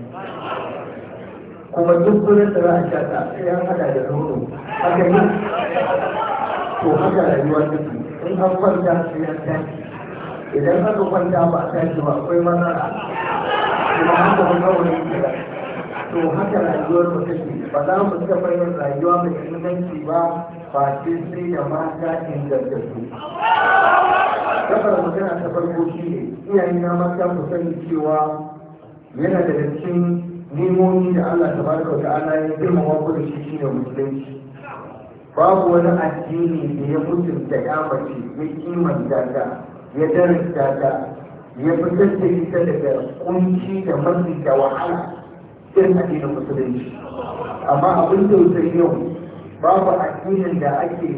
kuma duk gurin da za a sha ta sai an hada da nono haka ne to haka rayuwa take in an kwanta sai an tashi idan aka kwanta ba a tashi ba akwai matsala kuma haka wani kawai to haka rayuwar mu take ba za mu taɓa bayan rayuwa mai inganci ba ba ce sai da mata ingantattu kafar magana ta farko shi ne iyaye na mata ku sani cewa yana da cikin nemomi da Allah ta baraka ta'ala ya girmama ku da shi shine musulunci babu wani addini da ya mutunta ya mace ya kimanta ta ya darasta ta ya fitar da ita daga kunci da mafi da wahala irin addinin musulunci amma abin da wuce yau babu addinin da ake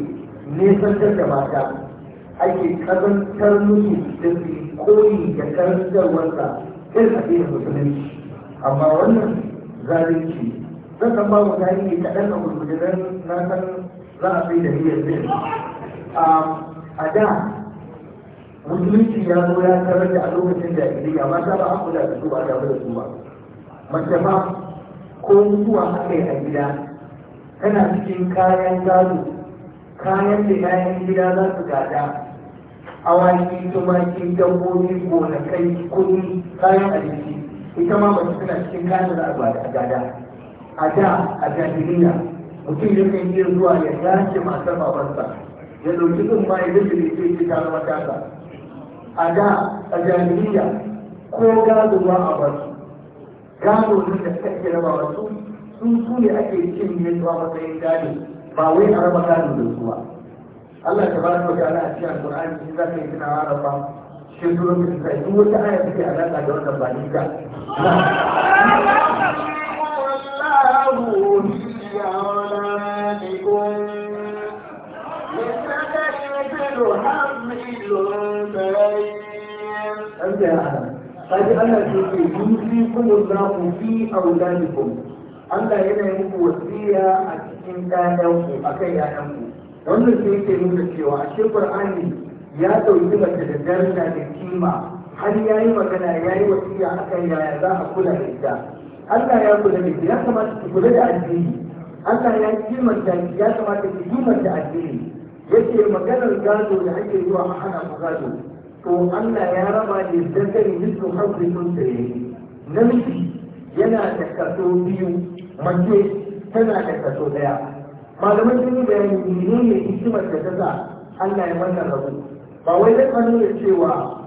nesantar da mata ake kazantar musu da su koyi da karantarwarsa irin musulunci amma wannan zalunci zan ba mu tarihi kaɗan a gurgudunan na san za a sai da niyyar zai a da musulunci ya zo ya tarar da a lokacin da ya ba ta ba a kula da su ba da su ba mace ma ko zuwa haka a gida tana cikin kayan gado kayan da yayan gida za su gada awaki tumaki dabbobi gonakai kudi kayan abinci ita ma mace tana cikin kayan da za a gada a da a jahiliya mutum ya kan iya zuwa ya yace masu babansa ya dauki ɗin ma ya zai da ke ta zama tasa a da a jahiliya ko gado ba a basu gado din da suka ke raba wasu sun su ne ake cin ne zuwa matsayin gado ba wai a raba gado da su ba Allah ta baraka wa ta'ala a cikin Al-Qur'ani shi zaka yi tana raba shi zuwa ga sai duk wata aya da ke alaka da wannan ba ni ka أنت يا أحمد kaji Allah ke ce yusi kuma za ku fi auladikum Allah yana yin wasiya a cikin ɗayanku a kan ƴaƴanku wannan sai yake nuna cewa a cikin Qur'ani ya ɗauki mace da daraja da kima har ya yi magana ya yi wasiya a kan yaya za a kula da ita Allah ya kula da ita ya kamata ki kula da addini Allah ya kimanta ki ya kamata ki kimanta addini yake maganar gado da ake zuwa a hana ku gado to Allah ya raba ne zakari mislu hafi sunsaye namiji yana da kaso biyu mace tana da kaso daya malamai sun yi bayani ne ne hikimar da ta sa Allah ya mata rabu ba wai zai kwanu da cewa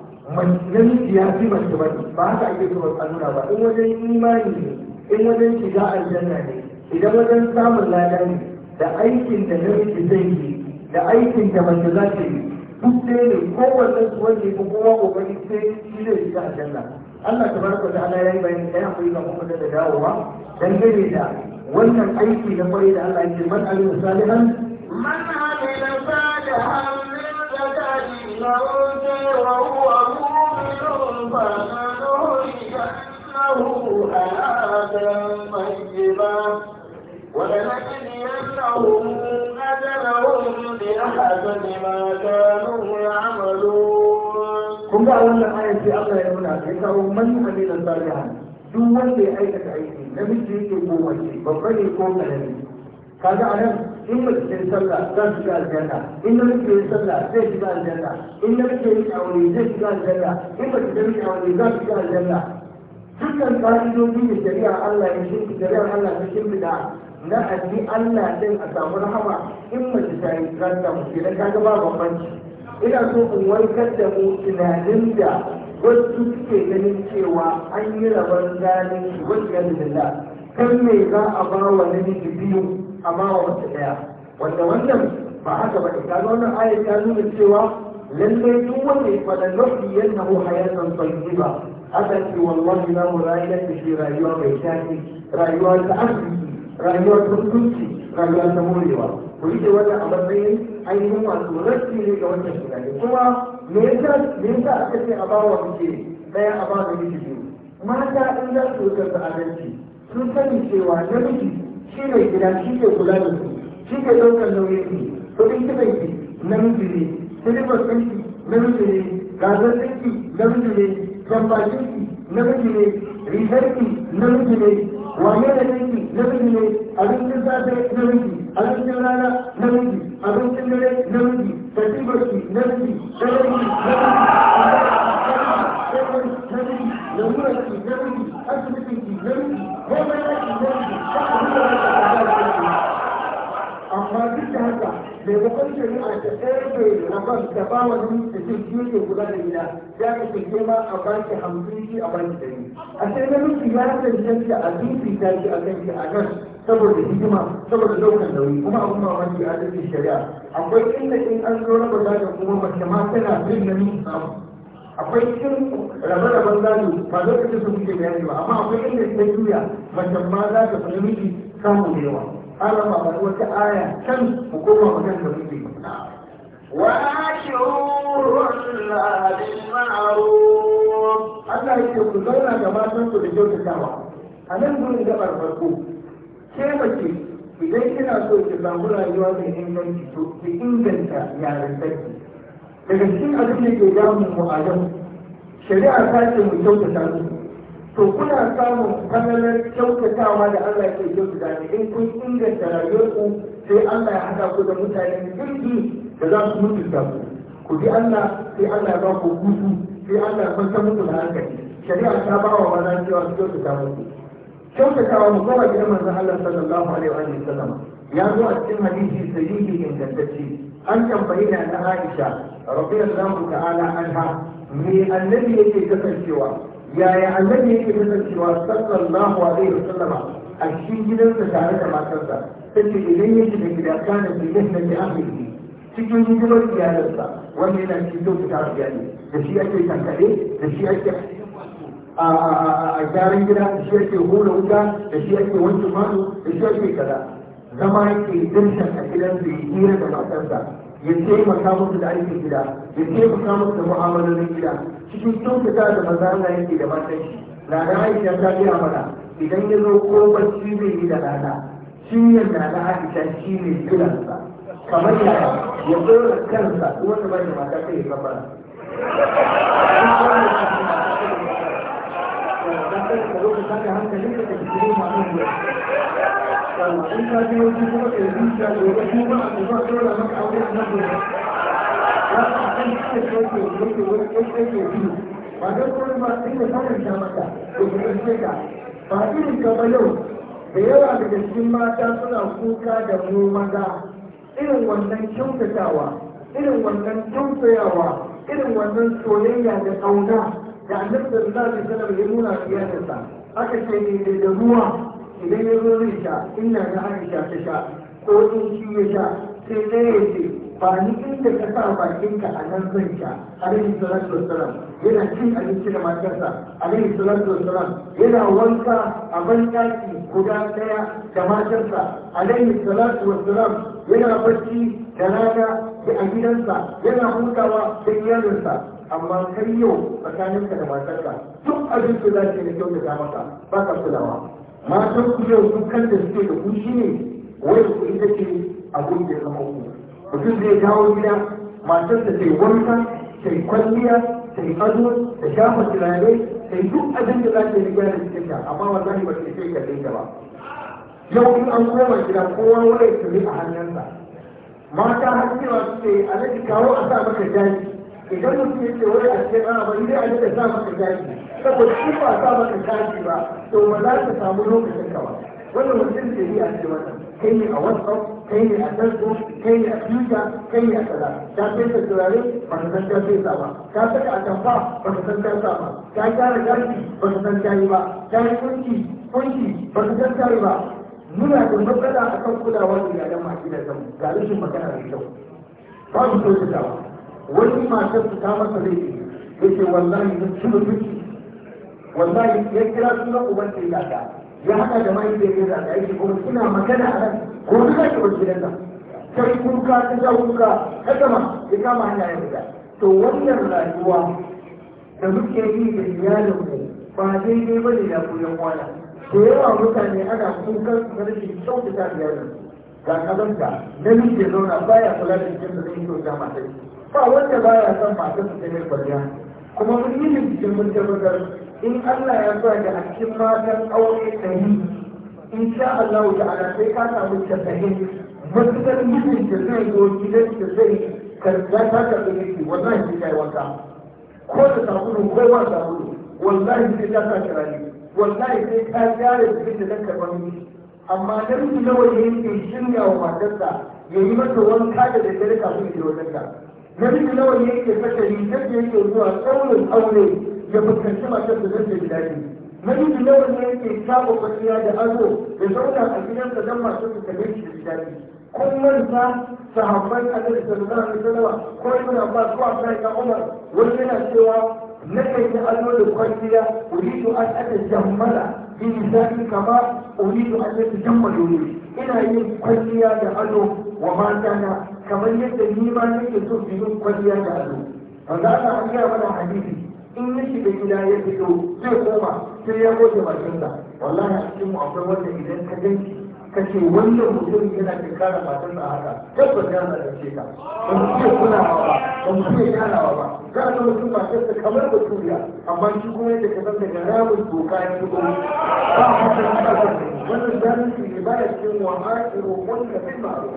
namiji ya fi mace ba ba haka ake so ba ba in wajen imani ne in wajen shiga aljanna ne idan wajen samun lada ne da aikin da namiji zai yi da aikin da mace za ta yi duk ɗaya ne kowanne su wanda ya kowa kokari sai shi zai shiga aljanna Allah ta baraka da Allah ya yi bayani kai akwai ga mun da dawowa dangane da wannan aiki na kwarai da Allah yake man alim salihan man amila salihan min zakati wa unsa wa huwa mu'minun fa nanuhu annahu hayatan tayyibah ولنجزينهم أجرهم بأحسن ما كانوا يعملون kun ga wannan ayat sai Allah ya nuna sai kawo man amila salihan duk wanda ya aikata aiki namiji yake ko mace babba ne ko karami kaga anan in mace ta sallah za su shiga aljanna in namiji ya sallah zai shiga aljanna in namiji ya aure zai shiga aljanna in mace ta yi aure za su shiga aljanna dukkan ƙa'idodi da shari'a Allah ya shimfi shari'ar Allah ta shimfi na addi Allah din a samu rahama in mace ta yi za ta samu kenan kaga ba bambanci ina so in warkar da mu tunanin da wasu suke ganin cewa an yi rabon gani wasu yanzu da kan me za a ba wa namiji biyu a ba wa mace ɗaya wanda wannan ba haka ba ta ga wannan ayat ta nuna cewa lallai duk wanda ya faɗa lafi yannahu hayatan tayyiba akan ce wallahi na mu rayuwa ta ke rayuwa mai shafi rayuwa ta asibiti rayuwar tuntunci rayuwa ta morewa ku rike a matsayin ainihin masu rasti ne ga wannan tunani kuma me yasa me yasa aka ce a ba wa muke ɗaya a ba da miki biyu mata in za su wuce adalci sun sani cewa namiji shi ne gida shi ke kula da su shi ke ɗaukar nauyin ki kuɗin kiɗan ki namiji ne silifar ɗinki namiji ne gasar ɗinki namiji ne jambakin ki namiji ne rigar ki namiji ne wane da dangi na miji ne abincin safe na miji abincin rana na miji abincin dare na miji katibarki na miji sarari na miji na miji na miji na miji asibitinki na miji ko mai maimakon shari'a ta ɗarfe a ban ta ba wa nan da jin jirgin guda da gida ya ka ke ba a banki hamsin shi a banki dari a sai na miki ya tantance a dubi ta shi a kan shi a kan saboda hikima saboda daukan nauyi kuma abin mamaki a cikin shari'a akwai inda in an zo raba zaga kuma mace ma tana bin namiji samu akwai cikin rabe-raben gado ba lokacin su muke bayani ba amma akwai inda ta juya mace ma za ta fi namiji samu da yawa ana faɗi wata aya can a koma magana da muke وعاشروهن بالمعروف الله يقول ku zauna da matan ku da kyautatawa a nan gurin gabar farko ke mace idan kina so ki samu rayuwa mai inganci to ki inganta yarintarki daga cikin abin da ke damun mu a yau shari'a ta ce mu kyautata su to kuna samun kwanar kyautatawa da Allah ke su ne in kun inganta rayuwarku sai Allah ya haɗa ku da mutanen jirgi da za su mutu da ku ku bi Allah sai Allah ya ba ku hutu sai Allah ya kwanta muku da hankali shari'a ta ba wa maza cewa su ta muku kyautatawa mu zuwa gidan manzon Allah sallallahu alaihi wa sallam ya zo a cikin hadisi sahihi ingantacce an tambayi da na Aisha radiyallahu ta'ala anha me annabi yake kasancewa yaya annabi yake kasancewa sallallahu alaihi wasallama a cikin gidansa tare da matarsa sai idan ya shiga gida kana da jannati ahlihi cikin hidimar iyalarsa wanda yana cikin kyautata iyali da shi ake tankaɗe da shi ake a gyaran gida da shi ake hula wuta da shi ake wanke manu da shi ake kaza zama yake dantan a gidan da ya hira da matarsa ya taimaka musu da aikin gida ya taimaka musu da mu'amalolin gida cikin kyautata da maza Allah yake da matan shi rana aisha ta gina mana idan ya zo ko bacci zai yi da rana shiryar da na aisha shi ne kiransa kamar yaya ya tsora kansa wanda bai da mata kai kafara Thank you. in ta je kuma da ba a ba a wani biyu ba don kuma ba ba irin ka yau da yawa daga cikin mata suna kuka da mu maza irin wannan kyautatawa irin wannan kyautayawa, irin wannan soyayya da ƙauna da annabi da zai sanar ya nuna fiye da sa aka ce ne da ruwa idan ya zo zai sha ina na sha ta sha ko in shi ya sha sai zai ya ce ba ni inda ka sa bakinka a nan zan sha alaihi salatu wassalam yana cin abinci da matarsa alaihi salatu wassalam yana wanka a banɗaki guda daya da matarsa alaihi salatu wassalam yana barci da rana a gidansa yana hutawa da iyalinsa amma kai yau tsakaninka da matarka duk abin da za ka yi kyau da maka ba ka kulawa matan ku yau sun kan da suke da ku shi ne wai ku ita ke abin da ya zama ku mutum zai kawo gida matar da sai wanka sai kwalliya sai ado da shafa turare sai duk abin da za ta yi gyara cikin ta amma wallahi ba ta sai kalle ta ba yau in an koma gida kowa wani tuni a hannunsa mata har cewa suke alaji kawo a sa maka daji idan mutum ya ce wani a cikin ana bari dai a duka sa maka gashi saboda shi ba sa maka gashi ba to ba za ka samu lokacin ka ba wannan mutum ke yi a cikin wannan kai ne a whatsapp kai ne a facebook kai ne a twitter kai ne a kaza ka sai ka turare ba ka san ka sai ba ka saka a tamfa ba ka san ka sa ba ka gyara gashi ba ka san ka yi ba ka yi kunki kunki ba ka san ka yi ba muna da matsala akan kulawar iyalan masu da kanmu ga rashin magana da kyau babu kyautatawa wani matar su ta masa laifi yake wallahi mun ci duki wallahi ya kira suna uban ta ya ta ya haɗa da mai da ya da kuma suna magana a nan ko duka ki bar gidan nan kai kuka ta ja kuka ta gama ya kama hanya ya fita to wannan rayuwa da muke yi da mu ba daidai ba ne da koyon kwana da yawa mutane ana kukan rashin kyautata iyalin ga kalanta namiji ya zauna baya kula da jikin da zai da matar ba wanda ba ya son masu su ta kwalliya kuma mun yi bincike mun tabbatar in Allah ya sa da a cikin matan aure ɗari in sha Allah ta'ala sai ka samu casa'in matuƙar mijin da zai zo gidan da zai karɓa ta karɓi yake wallahi sai ta yi wanka ko da sabulu ko ba sabulu wallahi sai ta sa kirari wallahi sai ta gyara jikin da zan karɓa miji amma namiji nawa ne yake shirya wa matarsa ya yi mata wanka da dare kafin ya je wajen ta namiji nawa ne yake fasari yadda yake zuwa tsaurin aure ya fuskanci matar da zai ji daɗi namiji nawa ne yake shafa kwanciya da ado ya zauna a gidansa don masu su kalle shi ji daɗi kun manta sahabban annabi sallallahu alaihi wasallam ko ibn abbas ko abdullahi na umar wani yana cewa na kai yi ado da kwanciya uridu an aka jammala bi misali kama uridu an aka jammalo ne ina yin kwanciya da ado wa mata na kamar yadda ni ma nake so su yi kwalliya da ado wanda aka an gaya mana hadisi in ya shiga gida ya fito zai koma sai ya goge matarsa wallahi a cikin mu akwai wanda idan ka ganci ka ce wannan mutum yana da matan a haka tabbas ya ce ka ba mu iya kulawa ba ba mu iya kyalawa ba za a zama su matarsa kamar da baturiya amma shi kuma yadda ka san daga ramin doka ya shigo ba a hakan wannan zalunci ne ba ya cikin wa'a'iru wanda bai ma'aru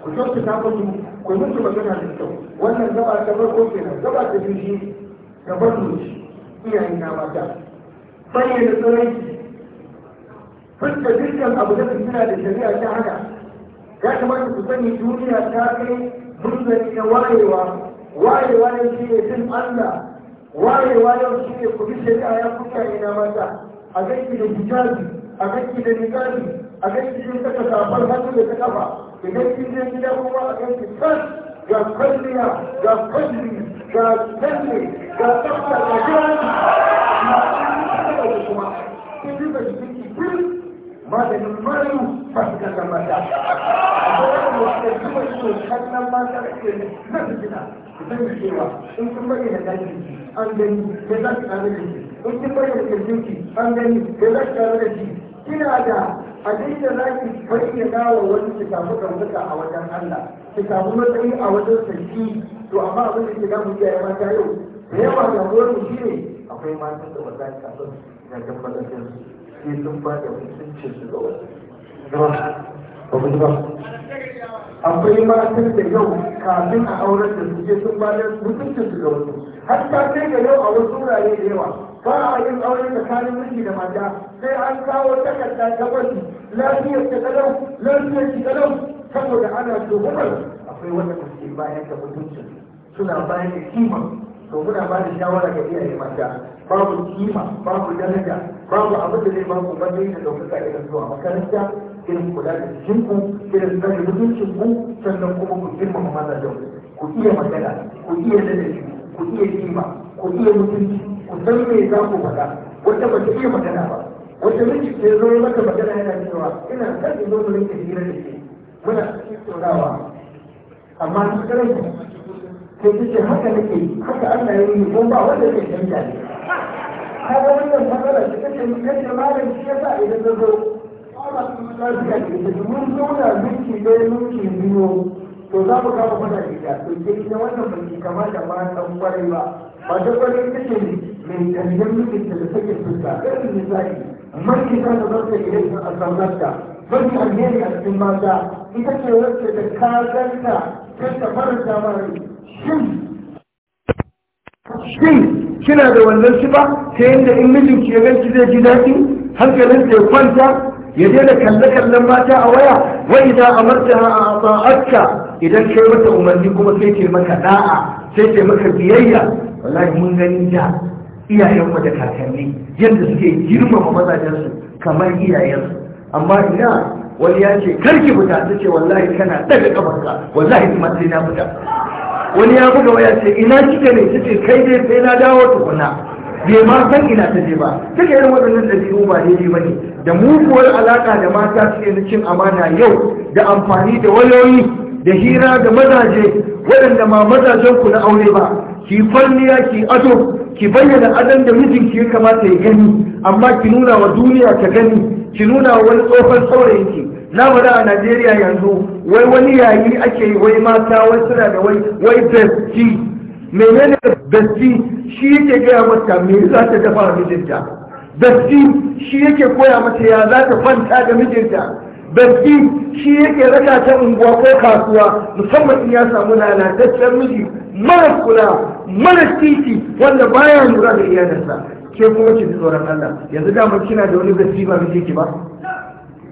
ku sauke ta ku ku mutu magana da kyau wannan gaba ta farko ke nan, gaba ta biyu shi gaban nuci iyayen na mata bayyana tsaraici fuska dukkan abu da fitina da shari'a ta haka ya kamata ku sani duniya ta kai munzari na wayewa wayewa ne shi ne bin allah wayewa yau shi ne kuɗi shari'a ya kuka ina mata a ganki da hijabi a ganki da niqabi a ganki da saka safar hannu da ta kafa idan kin je gida kuma a ganki kan ga kwalliya ga kwalli ga kyalle ga tsafta ga gidan na kuma kin ji ga jikin ki kun maganin mayu ba su kasa mata a wani da kuma ido kallon mata ke na su gina zan cewa in kun bayyana daji an gani ya za su tare da shi in kun bayyana kirjinki an gani ya za su tare da shi kina da abin da za ki bayyana wa wani ki samu ɗaukaka a wajen Allah ki samu matsayi a wajen sarki to amma abin da ke da mu iyaye mata yau da yawa da wani shi ne akwai matan da ba za ki taɓa zargin matsatsin su sai sun ba da mutuncin su ga wani. ba akwai matan da yau kafin a auren da suke sun ba da mutuncin su ga wani. har ta kai ga yau a wasu wurare da yawa ba a yin aure tsakanin miji da mata sai an kawo takarda ta wani lafiyar ta kalau lafiyar ki kalau saboda ana tuhumar akwai wanda suke bayan da mutuncin suna bayan da kima to muna ba da shawara ga iyaye mata babu kima babu daraja babu abin da zai ba ku matsayi da ɗaukaka irin zuwa makaranta irin kula da jikinku irin tsare mutuncinku sannan kuma ku girmama mazajen ku iya magana ku iya ladabi ku iya kima ku iya mutunci ku san me za ku faɗa wata ba ta iya magana ba wata miji ta zo maka magana yana cewa ina son in zo mu rinka hira da ke muna tattaunawa amma su karanta sai ta ce haka nake haka Allah ya yi ko ba wanda zai canja ne kaga wannan matsala ta kace mun kace malam shi yasa idan ta zo lafiya ke ta mun zauna minti ɗaya minti biyu to za mu kama mana gida to ke ita wannan bai kamata ba ɗan kwarai ba ba ta kwarai ta ce ne من تجنبك أن تتسجل في الكعبة النسائي من إذا نظرت إليه أكرمتك من أمير أكرمتك إذا كنت تكاغلت كنت فرد مري شم shin kina da wannan sifa ta yadda in mijinki ya ganki zai ji daɗi da ya kwanta ya daina kalle-kallen mata a waya wai idan amarta a ta'atka idan kai mata umarni kuma sai ke maka da'a sai ke maka biyayya wallahi mun gani da iyayen da kakanni yadda suke girmama mazajensu kamar iyayensu amma ina wani ya ce karki fita ta ce wallahi kana daga kamarka wallahi kuma sai na fita wani ya buga waya ce ina kike ne ta ce kai dai sai na dawo tukuna bai ma san ina ta je ba ta ga irin waɗannan ɗabi'u ba daidai ba ne da muguwar alaƙa da mata suke na cin amana yau da amfani da wayoyi da hira da mazaje waɗanda ma mazajen ku na aure ba ki fanniya ki ado ki bayyana adan da mijinki ya kamata ya gani amma ki nuna wa duniya ta gani ki nuna wa wani tsohon saurayinki na bada a najeriya yanzu wai wani yayi ake yi wai mata wai suna da wai wai besti menene besti shi yake gaya mata me za ta dafa mijinta besti shi yake koya mata ya za ta kwanta da mijinta babbi shi yake raka ta unguwa ko kasuwa musamman in ya samu lalataccen miji mara kula mara titi wanda baya lura da iyalinsa ke kuma ki tsoron Allah yanzu dama kina da wani gaski ba miji ba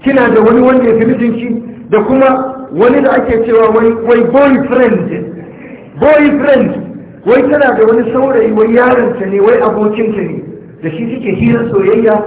kina da wani wanda ya fi mijinki da kuma wani da ake cewa wai boyfriend boyfriend wai tana da wani saurayi wai yaronta ne wai abokinta ne da shi suke hira soyayya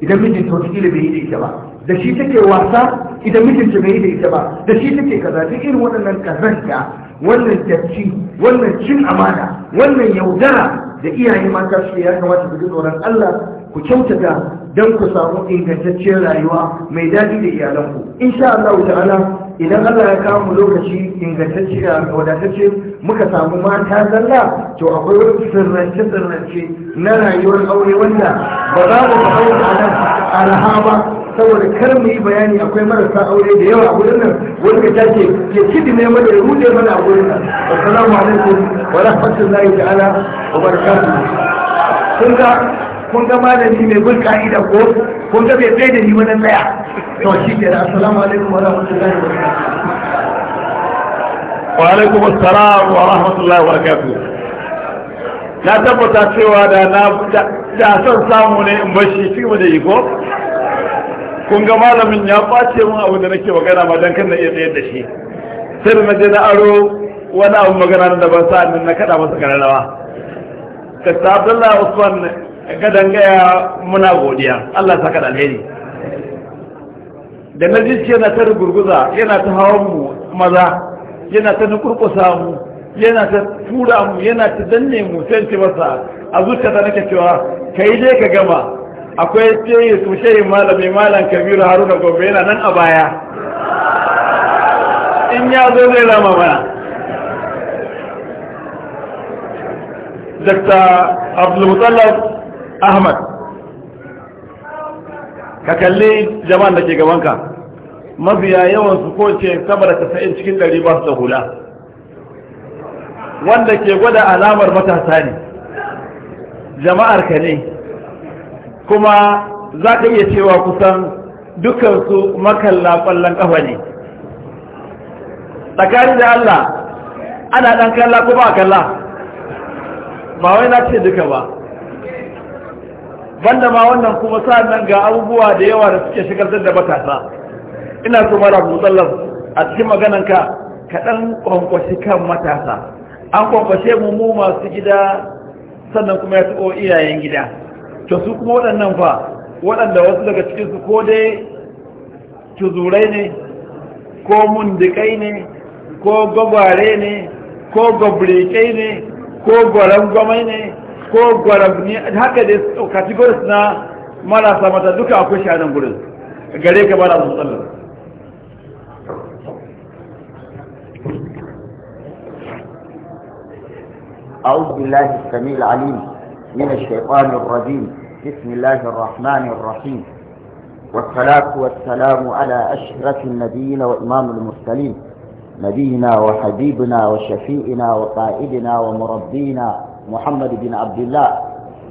idan mijinta wata kila bai yi da ita ba da shi take wasa idan mijinta bai yi da ita ba da shi take kaza duk irin waɗannan kazanta wannan tafci wannan cin amana wannan yaudara da iyaye mata su ya kamata ku ji tsoron Allah ku kyautata don ku samu ingantacciyar rayuwa mai daɗi da iyalanku insha Allah ta'ala idan Allah ya kawo mu lokaci ingantacce a wadatacce muka samu mata zalla to akwai wani sirrance sirrance na rayuwar aure wanda ba za mu ba aure a nan a raha ba saboda kar mu yi bayani akwai marasa aure da yawa a wurin nan wani ka tace ya kidi ne mana ya rude mana a wurin nan assalamu alaikum wa rahmatullahi ta'ala wa barakatuh kun ga kun ga malami mai bin ka'ida ko kun ga bai tsaye da ni wani laya. to shi ke da assalamu alaikum wa rahmatullahi wa barakatuh wa alaikum assalam wa rahmatullahi wa barakatuh na tabbata cewa da na da son samu ne in bashi shi da yi ko kun ga malamin ya face mun abu da nake magana ma dan kan na iya tsayar da shi sai da naje na aro wani abu magana da ban sa nan na kada masa kararrawa ka Abdullahi Usman gadan gaya muna godiya Allah saka da alheri da na ji yana ta rugurguza yana ta hawan mu maza yana ta nukurkusa mu yana ta tura mu yana ta danne mu sai ce masa a zuciya ta nake cewa yi dai ka gama akwai sai su shehi malami malam kabiru haruna gobe yana nan a baya in ya zo zai rama mana Dr. Abdulmutallab Ahmad ka kalli jama'an da ke gabanka mafiya yawan su ko ce sama da tasa'in cikin ɗari ba su da hula wanda ke gwada alamar matasa ne jama'ar ka ne kuma za ka iya cewa kusan dukansu makalla ƙwallon ƙafa ne tsakanin da Allah ana ɗan kalla kuma a kalla ba wai na ce duka ba banda ma wannan kuma sa nan ga abubuwa da yawa da suke shigar da matasa ina so mara sallar a cikin maganan ka kaɗan kwankwashi kan matasa an kwankwashe mu mu masu gida sannan kuma ya taɓo iyayen gida to su kuma waɗannan fa waɗanda wasu daga cikinsu ko dai tuzurai ne ko mundikai ne ko gwagware ne ko gwabrekai ne ko gwarangwamai ne ko gwarabni haka da categories na marasa mata duka akwai shi a nan gurin gare ka su tsallar أعوذ بالله السميع العليم من الشيطان الرجيم بسم الله الرحمن الرحيم والصلاة والسلام على أشرف النبيين وإمام المرسلين نبينا وحبيبنا وشفيئنا وقائدنا ومربينا محمد بن عبد الله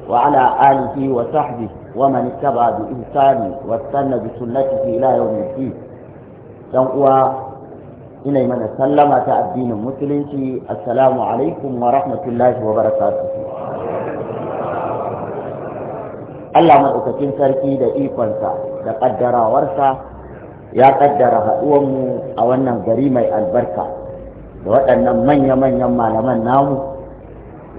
وعلى آله وصحبه ومن اتبع بإحسان واستنى بسنته إلى يوم الدين دعوة إلى من سلم الدين المسلم السلام عليكم ورحمة الله وبركاته Allah maɗaukakin sarki da ikonsa da ƙaddarawarsa ya ƙaddara mu a wannan gari mai albarka da waɗannan manya-manyan malaman namu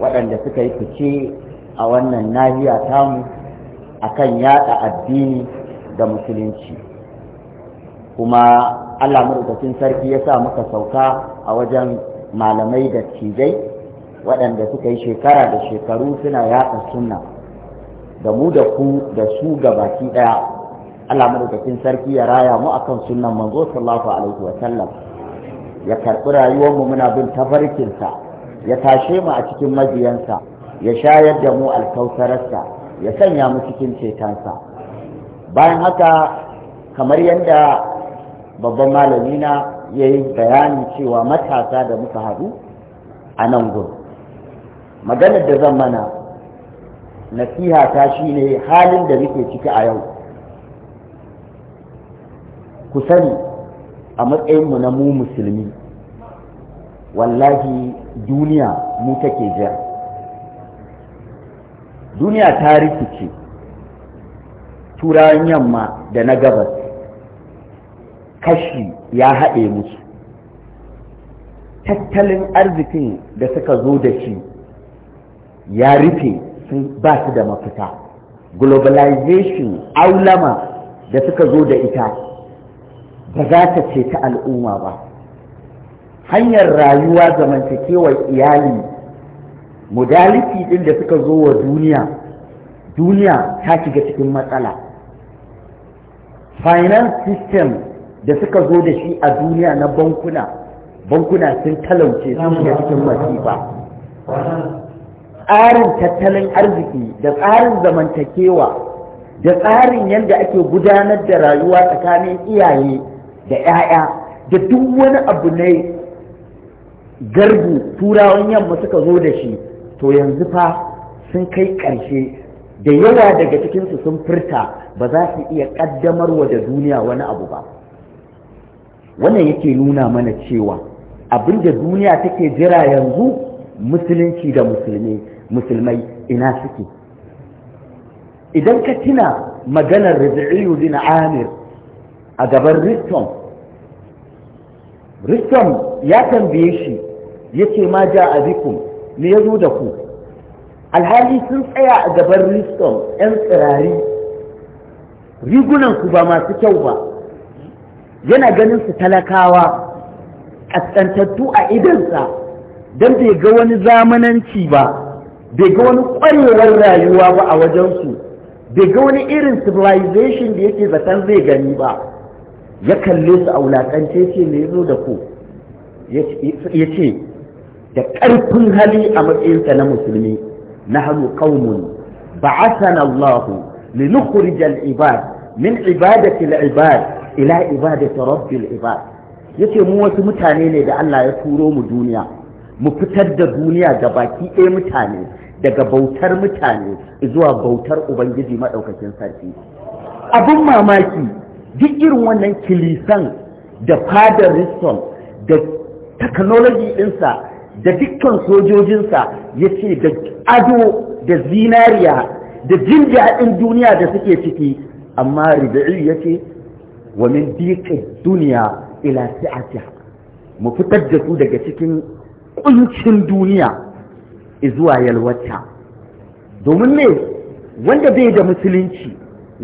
waɗanda suka yi fice a wannan nahiya tamu akan yaɗa addini da musulunci kuma allah madaukakin sarki ya sa muka sauka a wajen malamai da cijai waɗanda suka yi shekara da shekaru suna yaɗa sunna da mu da ku da su gabaki ɗaya Allah madaukakin sarki ya raya mu akan sunan manzo sallallahu alaihi wa ya karɓi rayuwar mu muna bin tafarkinsa ya tashe mu a cikin mabiyansa ya shayar da mu alkautararsa ya sanya mu cikin cetonsa bayan haka kamar yadda babban malami na ya yi bayani cewa matasa da muka haɗu a nan gudu maganar da zan mana nasiha ta shi ne halin da muke ciki a yau ku sani a matsayinmu na mu musulmi wallahi duniya mu take jira duniya ta rikice turawan yamma da na gabas kashi ya haɗe musu tattalin arzikin da suka zo da shi ya rufe sun ba su da mafita globalization aulama da suka zo da ita ba za ta ce ta al'umma ba hanyar rayuwa zamantakewar iyali modality ɗin da suka zo wa duniya duniya ta shiga cikin matsala finance system da suka zo da shi a duniya na bankuna bankuna sun talauce sun shiga cikin masifa tsarin tattalin arziki da tsarin zamantakewa da tsarin yadda ake gudanar da rayuwa tsakanin iyaye da 'ya'ya da duk wani abu ne garbu turawan yamma suka zo da shi to yanzu fa sun kai ƙarshe da yawa daga cikinsu sun furta ba za su iya wa da duniya wani abu ba wannan yake nuna mana cewa abinda duniya take jira yanzu musulunci da musulmai ina suke idan ka tuna maganar rabi'iyu bin amir a gaban riston riston ya tambaye shi yace ma ja'a ne me yazo da ku alhali sun tsaya a gaban riston yan tsirari rigunan ku ba masu kyau ba yana ganin su talakawa kaskantattu a idansa don bai ga wani zamananci ba bai ga wani ƙwarewar rayuwa ba a wajensu bai ga wani irin civilization da yake zaton zai gani ba ya kalle su a wulaƙance ce me zo da ku ya ce da ƙarfin hali a matsayinsa na musulmi na hannu ƙaunin ba'asana Allah linukhrij al-ibad min ibadati ibad ila ibadati rabbil ibad yace mu wasu mutane ne da Allah ya turo mu duniya mu fitar da duniya ga baki ɗaya mutane daga bautar mutane zuwa bautar ubangiji maɗaukakin sarki abin mamaki duk irin wannan kilisan da fadar riston da technology ɗinsa da dukkan sojojinsa ya ce da ado da zinariya da jin daɗin duniya da suke ciki amma ribi'i ya ce wa min dika duniya ila si'atiha mu fitar da su daga cikin ƙuncin duniya zuwa yalwata domin ne wanda bai da musulunci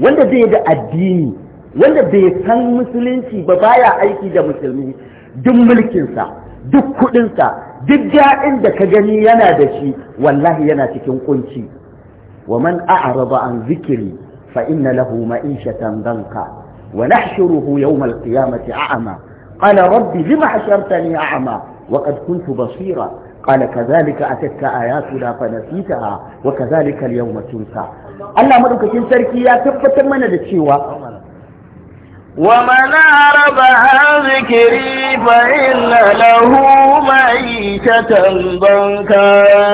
wanda bai da addini wanda bai san musulunci ba baya aiki da musulmi duk mulkinsa duk kuɗinsa duk daɗin da ka gani yana da shi wallahi yana cikin kunci wa man a'rada an zikri fa inna lahu ma'ishatan danka wa nahshuruhu yawm al-qiyamati a'ma qala rabbi lima hashartani a'ma wa qad kuntu basira qala kadhalika atatka قال كذلك أتتك wa kadhalika al-yawma tunsa Allah madaukakin sarki ya tabbatar mana da cewa ومن أعرض عن ذكري فإن له معيشة ضنكا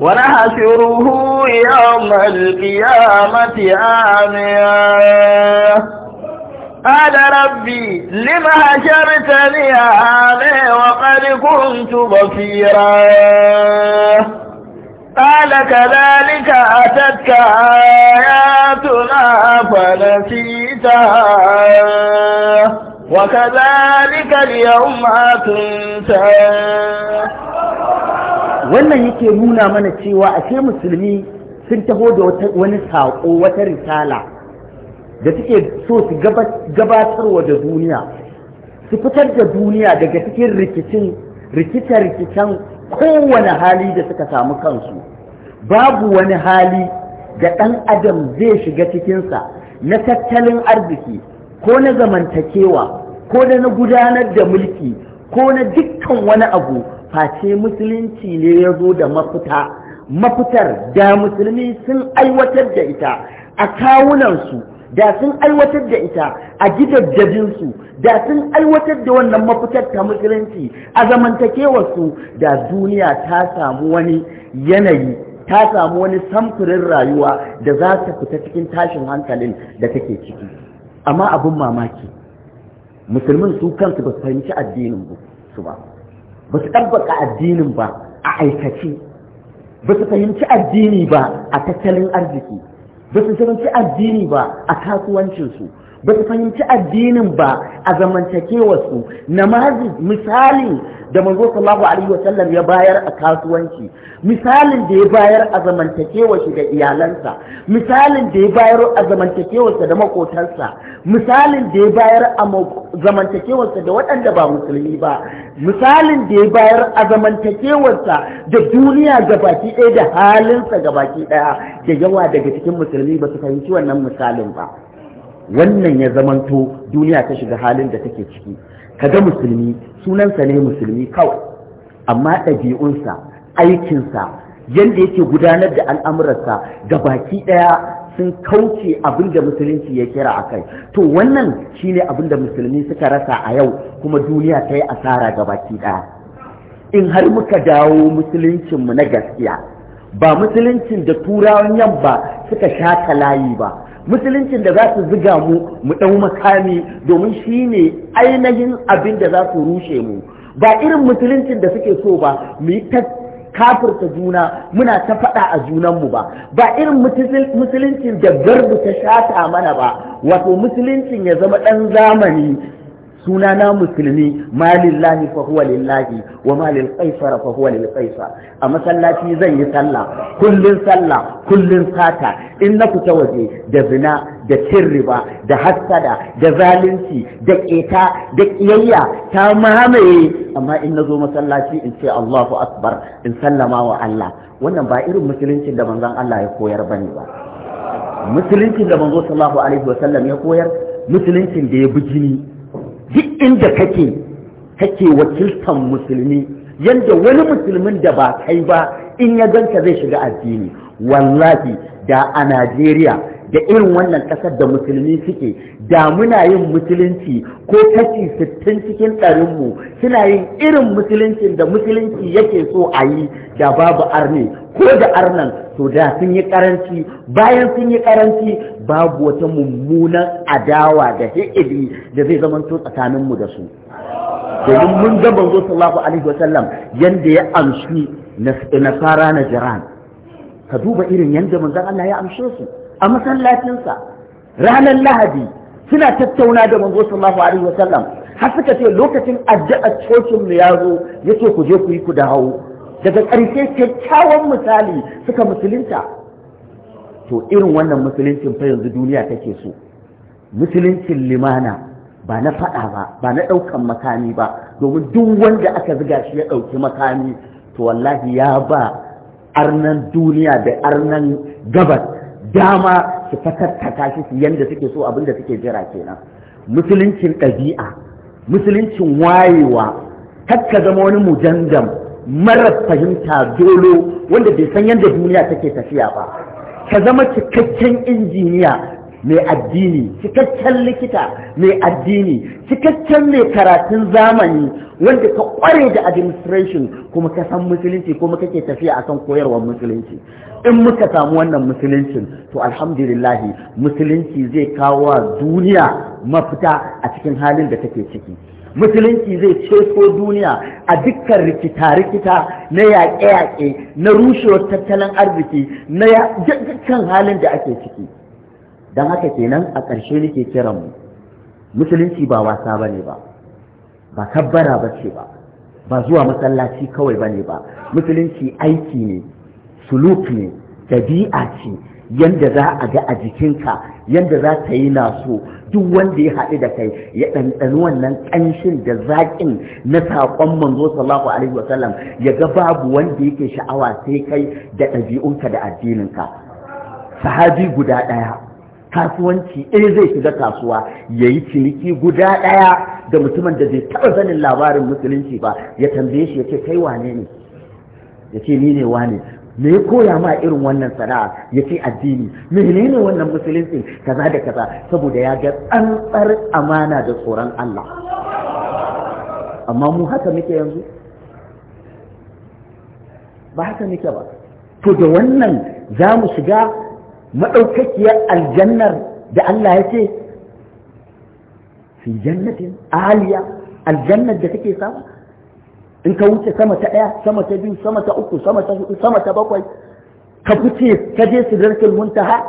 ونحشره يوم القيامة عاميا قال ربي لم حشرتني عامي وقد كنت بصيرا قال كذلك أتتك آياتنا فنسيتها وكذلك اليوم تنسى wannan yake nuna mana cewa ashe musulmi sun taho da wani saƙo wata risala da suke so su gabatarwa da duniya su fitar da duniya daga cikin rikicin rikice-rikicen kowane hali da suka samu kansu babu wani hali da ɗan adam zai shiga cikinsa na tattalin arziki ko na zamantakewa ko da na gudanar da mulki ko na dukkan wani abu face musulunci ne ya zo da mafita mafitar da musulmi sun aiwatar da ita a kawunansu da sun aiwatar da ita a gidajjajinsu da sun aiwatar da wannan mafitar ta musulunci a zamantakewarsu da duniya ta samu wani yanayi ta samu wani samfurin rayuwa da za ta fita cikin tashin hankalin da take ciki amma abin mamaki musulmin su kansu ba su fahimci addinin su ba ba su ɗabbaka addinin ba a aikace ba su fahimci addini ba a tattalin arziki ba su ci addini ba a kasuwancinsu ba su fahimci addinin ba a zamantakewarsu namazi misali da manzo sallahu alaihi wasallam ya bayar a kasuwanci misalin da ya bayar a zamantake wasu da iyalansa misalin da ya bayar a wasu da makotarsa misalin da ya bayar a wasu da waɗanda ba musulmi ba misalin da ya bayar a zamantakewarsa da duniya ga baki ɗaya da halinsa ga baki ɗaya da yawa daga cikin musulmi ba su fahimci wannan misalin ba wannan ya zamanto duniya ta shiga halin da take ciki kaga musulmi sunansa ne musulmi kawai amma ɗabi'unsa aikinsa yadda yake gudanar da al'amuransa ga baki ɗaya sun kauce abin da musulunci ya kira a kai to wannan shine abin da musulmi suka rasa a yau kuma duniya ta yi asara ga baki ɗaya in har muka dawo musuluncinmu na gaskiya ba musuluncin da turawan yamma suka shata layi ba musuluncin da za su ziga mu mu ɗau makami domin shi ne ainihin abin da za su rushe mu ba irin musuluncin da suke so ba mu yi ta kafirta juna muna ta faɗa a junanmu ba ba irin musuluncin da garbu ta shata mana ba wato musuluncin ya zama ɗan zamani suna na musulmi malillahi fa huwa lillahi wa malil qaisara fa huwa lil qaisar a masallaci zan yi sallah kullun sallah kullun sata in na fita waje da zina da cin riba da hassada da zalunci da keta da kiyayya ta mamaye amma in na zo masallaci in ce Allahu akbar in sallama wa Allah wannan ba irin musuluncin da manzon Allah ya koyar bane ba musuluncin da manzo sallallahu alaihi wasallam ya koyar musuluncin da ya bi jini duk inda kake kake wakiltan musulmi yadda wani musulmin da ba kai ba in ya ganka zai shiga addini wallahi da a najeriya da irin wannan ƙasar da musulmi suke da muna yin musulunci ko kashi sittin cikin ɗarinmu suna yin irin musuluncin da musulunci yake so a yi da babu arne ko da arnan to da sun yi karanci bayan sun yi karanci babu wata mummunan adawa da hi'ili da zai zama to tsakaninmu da su domin mun ga manzo sallallahu alaihi sallam yanda ya amshi fara na jiran ka duba irin yanda manzon Allah ya amshe su a masallacinsa ranar lahadi suna tattauna da manzo sallallahu alaihi wasallam har suka ce lokacin addu'a cocin ya zo yace ku je ku yi ku dawo daga ƙarshe kyakkyawan misali suka musulunta to irin wannan musuluncin fa yanzu duniya take so musuluncin limana ba na faɗa ba ba na ɗaukan makami ba domin duk wanda aka ziga shi ya ɗauki makami to wallahi ya ba arnan duniya da arnan gabas dama su fatattaka shi su yanda suke so abin da suke jira kenan musuluncin ɗabi'a musuluncin wayewa kakka zama wani mujandam mara fahimta dolo wanda bai san yadda duniya take tafiya ba ka zama cikakken injiniya mai addini cikakken likita mai addini cikakken mai karatun zamani wanda ka kware da administration kuma ka san musulunci kuma kake tafiya akan koyarwar musulunci in muka samu wannan musulunci, to alhamdulillahi musulunci zai kawo duniya mafita a cikin halin da take ciki musulunci zai ceto duniya a dukkan rikita-rikita na yaƙe-yaƙe na rushewar tattalin arziki na dukkan halin da ake ciki. don haka kenan a ƙarshe nake kiran mu musulunci ba wasa ba ba ba kabbara ba ce ba ba zuwa masallaci kawai ba ba musulunci aiki ne suluk ne dabi'a ce yadda za a ga a jikinka yadda za ta yi naso duk wanda ya haɗu da kai ya ɗanɗani wannan ƙanshin da zaƙin na saƙon manzo sallallahu alaihi wasallam ya ga babu wanda yake sha'awa sai kai da ɗabi'unka da addininka sahabi guda ɗaya kasuwanci ɗaya eh, zai shiga kasuwa ya yi ciniki guda ɗaya da mutumin da bai taɓa zanin labarin musulunci ba ya tambaye shi ya ce kai wane ne ya ce ni ne wane me ya koya ma irin wannan sana'a ya ce addini menene wannan musulunci kaza da kaza saboda ya ga tsantsar amana da tsoron Allah amma mu haka muke yanzu ba haka muke ba to da wannan za mu shiga maɗaukakiyar aljannar da Allah ya ce fi jannatin aliya aljannar da take sama in ka wuce sama ta ɗaya sama ta biyu sama ta uku sama ta hudu sama ta bakwai ka fice ka je sidratul muntaha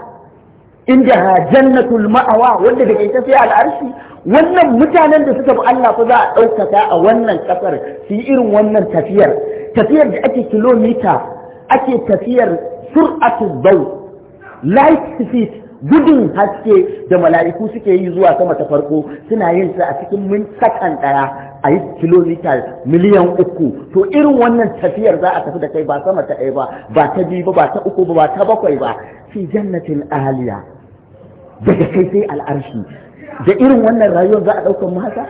inda jannatul ma'awa wanda da ita sai al'arshi wannan mutanen da suka bi Allah fa za a ɗaukaka a wannan ƙasar su yi irin wannan tafiyar tafiyar da ake kilomita ake tafiyar sur'atu dawl light sifit gudun haske da mala'iku suke yi zuwa sama ta farko suna yin sa a cikin min sakan daya a yi kilomita miliyan uku to irin wannan tafiyar za a tafi da kai ba sama ta ɗaya ba ba ta biyu ba ba ta uku ba ba ta bakwai ba fi jannatin aliya daga kai sai al'arshi da irin wannan rayuwar za a ɗaukar mata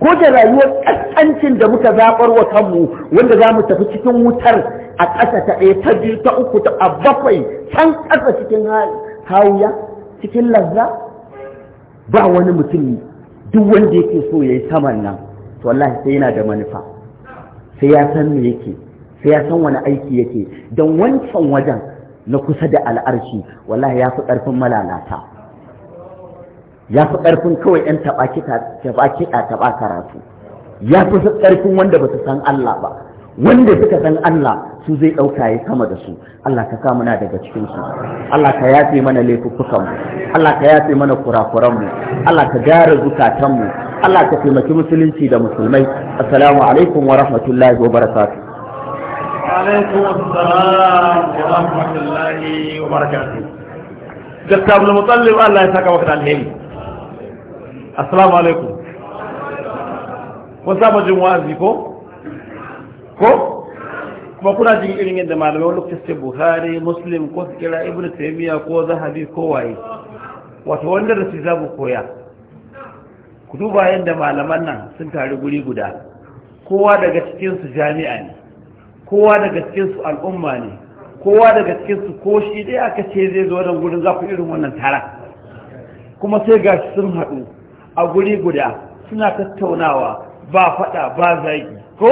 ko da rayuwar ƙasƙancin da muka zaɓar wa kanmu wanda za mu tafi cikin wutar a ƙasa ta ɗaya ta biyu ta uku ta a bakwai can ƙasa cikin hawuya cikin lazza ba wani mutum duk wanda yake so ya yi saman nan to wallahi sai yana da manufa sai ya san me yake sai ya san wani aiki yake don wancan wajen na kusa da al'arshi wallahi ya fi ƙarfin malalata ya fi ƙarfin kawai 'yan taɓa kiɗa taɓa karatu ya fi ƙarfin wanda ba su san Allah ba wanda suka san Allah su zai ɗauka ya sama da su Allah ka sa muna daga cikin su Allah ka yafe mana laifukan mu Allah ka yafe mana kurakuran mu Allah ka gyara zukatan mu Allah ka taimaki musulunci da musulmai assalamu alaikum wa rahmatullahi wa barakatuh alaikum assalam wa rahmatullahi wa barakatuh Dr. Abdul Muttalib Allah ya saka maka da alheri assalamu alaikum kun saba jin wa'azi ko ko kuma kuna jin irin yadda malamai wani lokacin ce buhari muslim ko su kira ibn ta'imiyya, ko zahabi ko waye wato wanda da su za mu koya ku duba yadda malaman nan sun taru guri guda kowa daga cikinsu jami'a ne kowa daga cikinsu al'umma ne kowa daga cikinsu ko shi ɗaya aka ce zai zo da gurin za ku irin wannan tara kuma sai gashi sun haɗu a guri guda suna tattaunawa ba faɗa ba zagi ko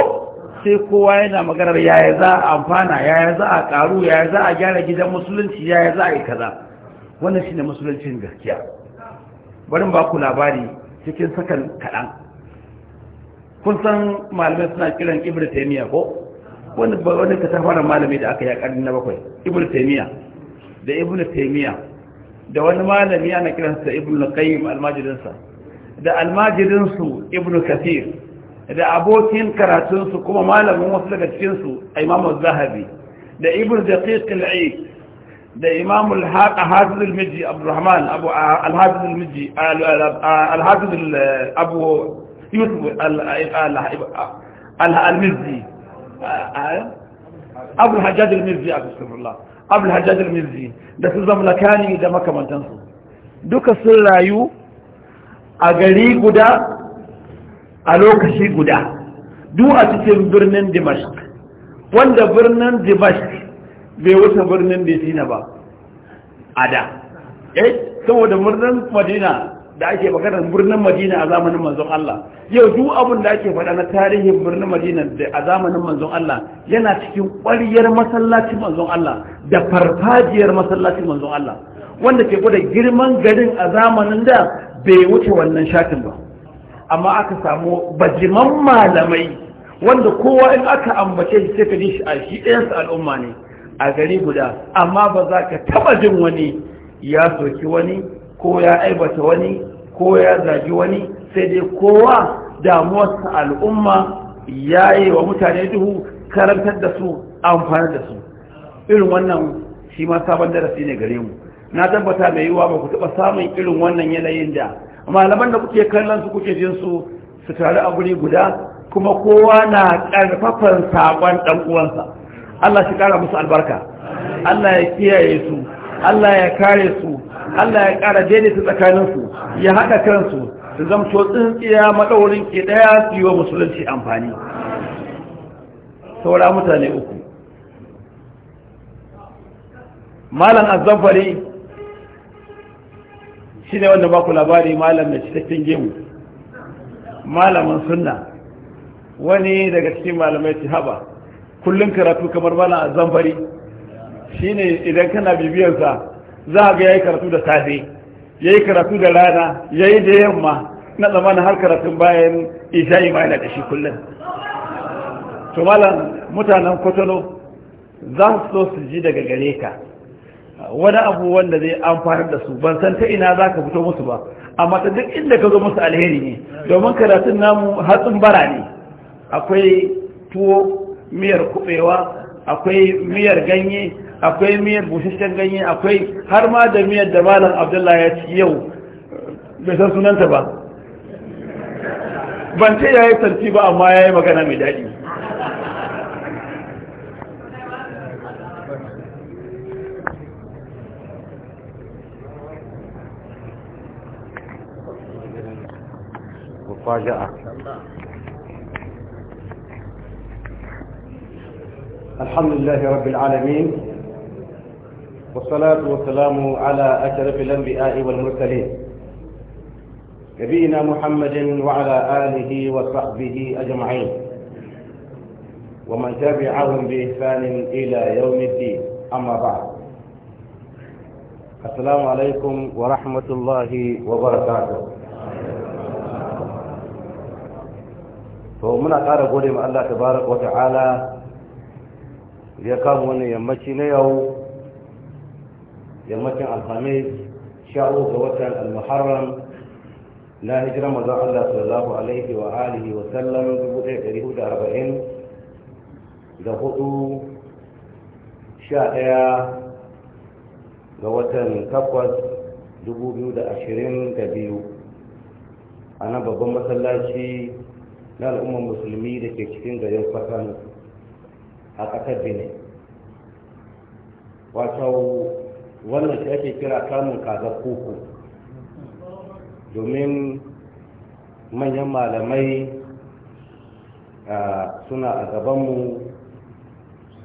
sai kowa yana maganar yaya za a amfana yaya za a ƙaru yaya za a gyara gidan musulunci yaya za a yi kaza wannan shine musuluncin gaskiya barin ba ku labari cikin sakan kaɗan kun san malamai suna kiran ibn taymiya ko wani wani ka ta fara malami da aka yi a ƙarni na bakwai ibn taymiya da ibn taymiya da wani malami ana kiransa ibn qayyim almajirinsa da almajirinsu ibn kathir da abokin karatunsu kuma malamin wasu daga cikinsu a imamu zahabi da ibn daqiq da imamu al-hafiz al-miji abdurrahman abu al al-miji al abu yusuf al abu al-hajjaj al abu al-hajjaj al da su zamlakani da makamantansu duka sun rayu a gari guda a lokaci guda duk a cikin birnin dimashq wanda birnin dimashq bai wuce birnin medina ba a da eh saboda birnin madina da ake maganar birnin madina a zamanin manzon Allah yau duk abin da ake faɗa na tarihin birnin madina a zamanin manzon Allah yana cikin ƙwaryar masallacin manzon Allah da farfajiyar masallacin manzon Allah wanda ke gwada girman garin a zamanin da bai wuce wannan shatin ba amma aka samu bajiman malamai wanda kowa in aka ambace shi sai ka ji shi a shi ɗayansu al'umma ne a gari guda amma ba za ka taɓa jin wani ya soki wani ko ya aibata wani ko ya zagi wani sai dai kowa damuwarsa al'umma ya yi wa mutane duhu karantar da su amfani da su irin wannan shi ma sabon darasi ne gare mu na tabbata mai yiwuwa ba ku taɓa samun irin wannan yanayin da malaman da kuke kallon su kuke jin su su taru a guri guda kuma kowa na ƙarfafan saƙon ɗan uwansa Allah shi ƙara musu albarka Allah ya kiyaye su Allah ya kare su Allah ya ƙara daidaita tsakaninsu ya haɗa kansu su zamto tsintsiya maɗaurin ke ɗaya su yi wa musulunci amfani saura mutane uku malam azzafari shi ne wanda baku labari malam mai cikakken gemu malamin sunna wani daga cikin malamai ci haba kullum karatu kamar malam azamfari shi ne idan kana bibiyarsa za ga ya yi karatu da safe ya yi karatu da rana ya yi da yamma na zamanin har karatun bayan isha'i ma yana da shi kullum to malam mutanen kwatano za su so su ji daga gare ka wani abu wanda zai amfanar da su ban san ta ina za ka fito musu ba amma ta duk inda ka zo musu alheri ne domin karatun namu hatsin bara ne akwai tuwo miyar kubewa akwai miyar ganye akwai miyar busasshen ganye akwai har ma da miyar da malam abdullah ya ci yau bai san sunanta ba ban ce ya yi sarki ba amma ya yi magana mai daɗi مفاجأة الحمد لله رب العالمين والصلاة والسلام على أشرف الأنبياء والمرسلين نبينا محمد وعلى آله وصحبه أجمعين ومن تبعهم بإحسان إلى يوم الدين أما بعد السلام عليكم ورحمة الله وبركاته to muna ƙara gode ma Allah tabaraka wata'ala ya kama wannan yammaci na yau yammacin alhamis sha'o ga watan almuharram na hijiran mazan Allah sallallahu alaihi wa alihi wa sallam 1440 da hudu sha ɗaya ga watan takwas biyu a nan babban masallaci na al'ummar musulmi da ke cikin garin kwatano a ƙasar bene, wato wannan shi ake kira kamun kazar koko domin manyan malamai suna a gabanmu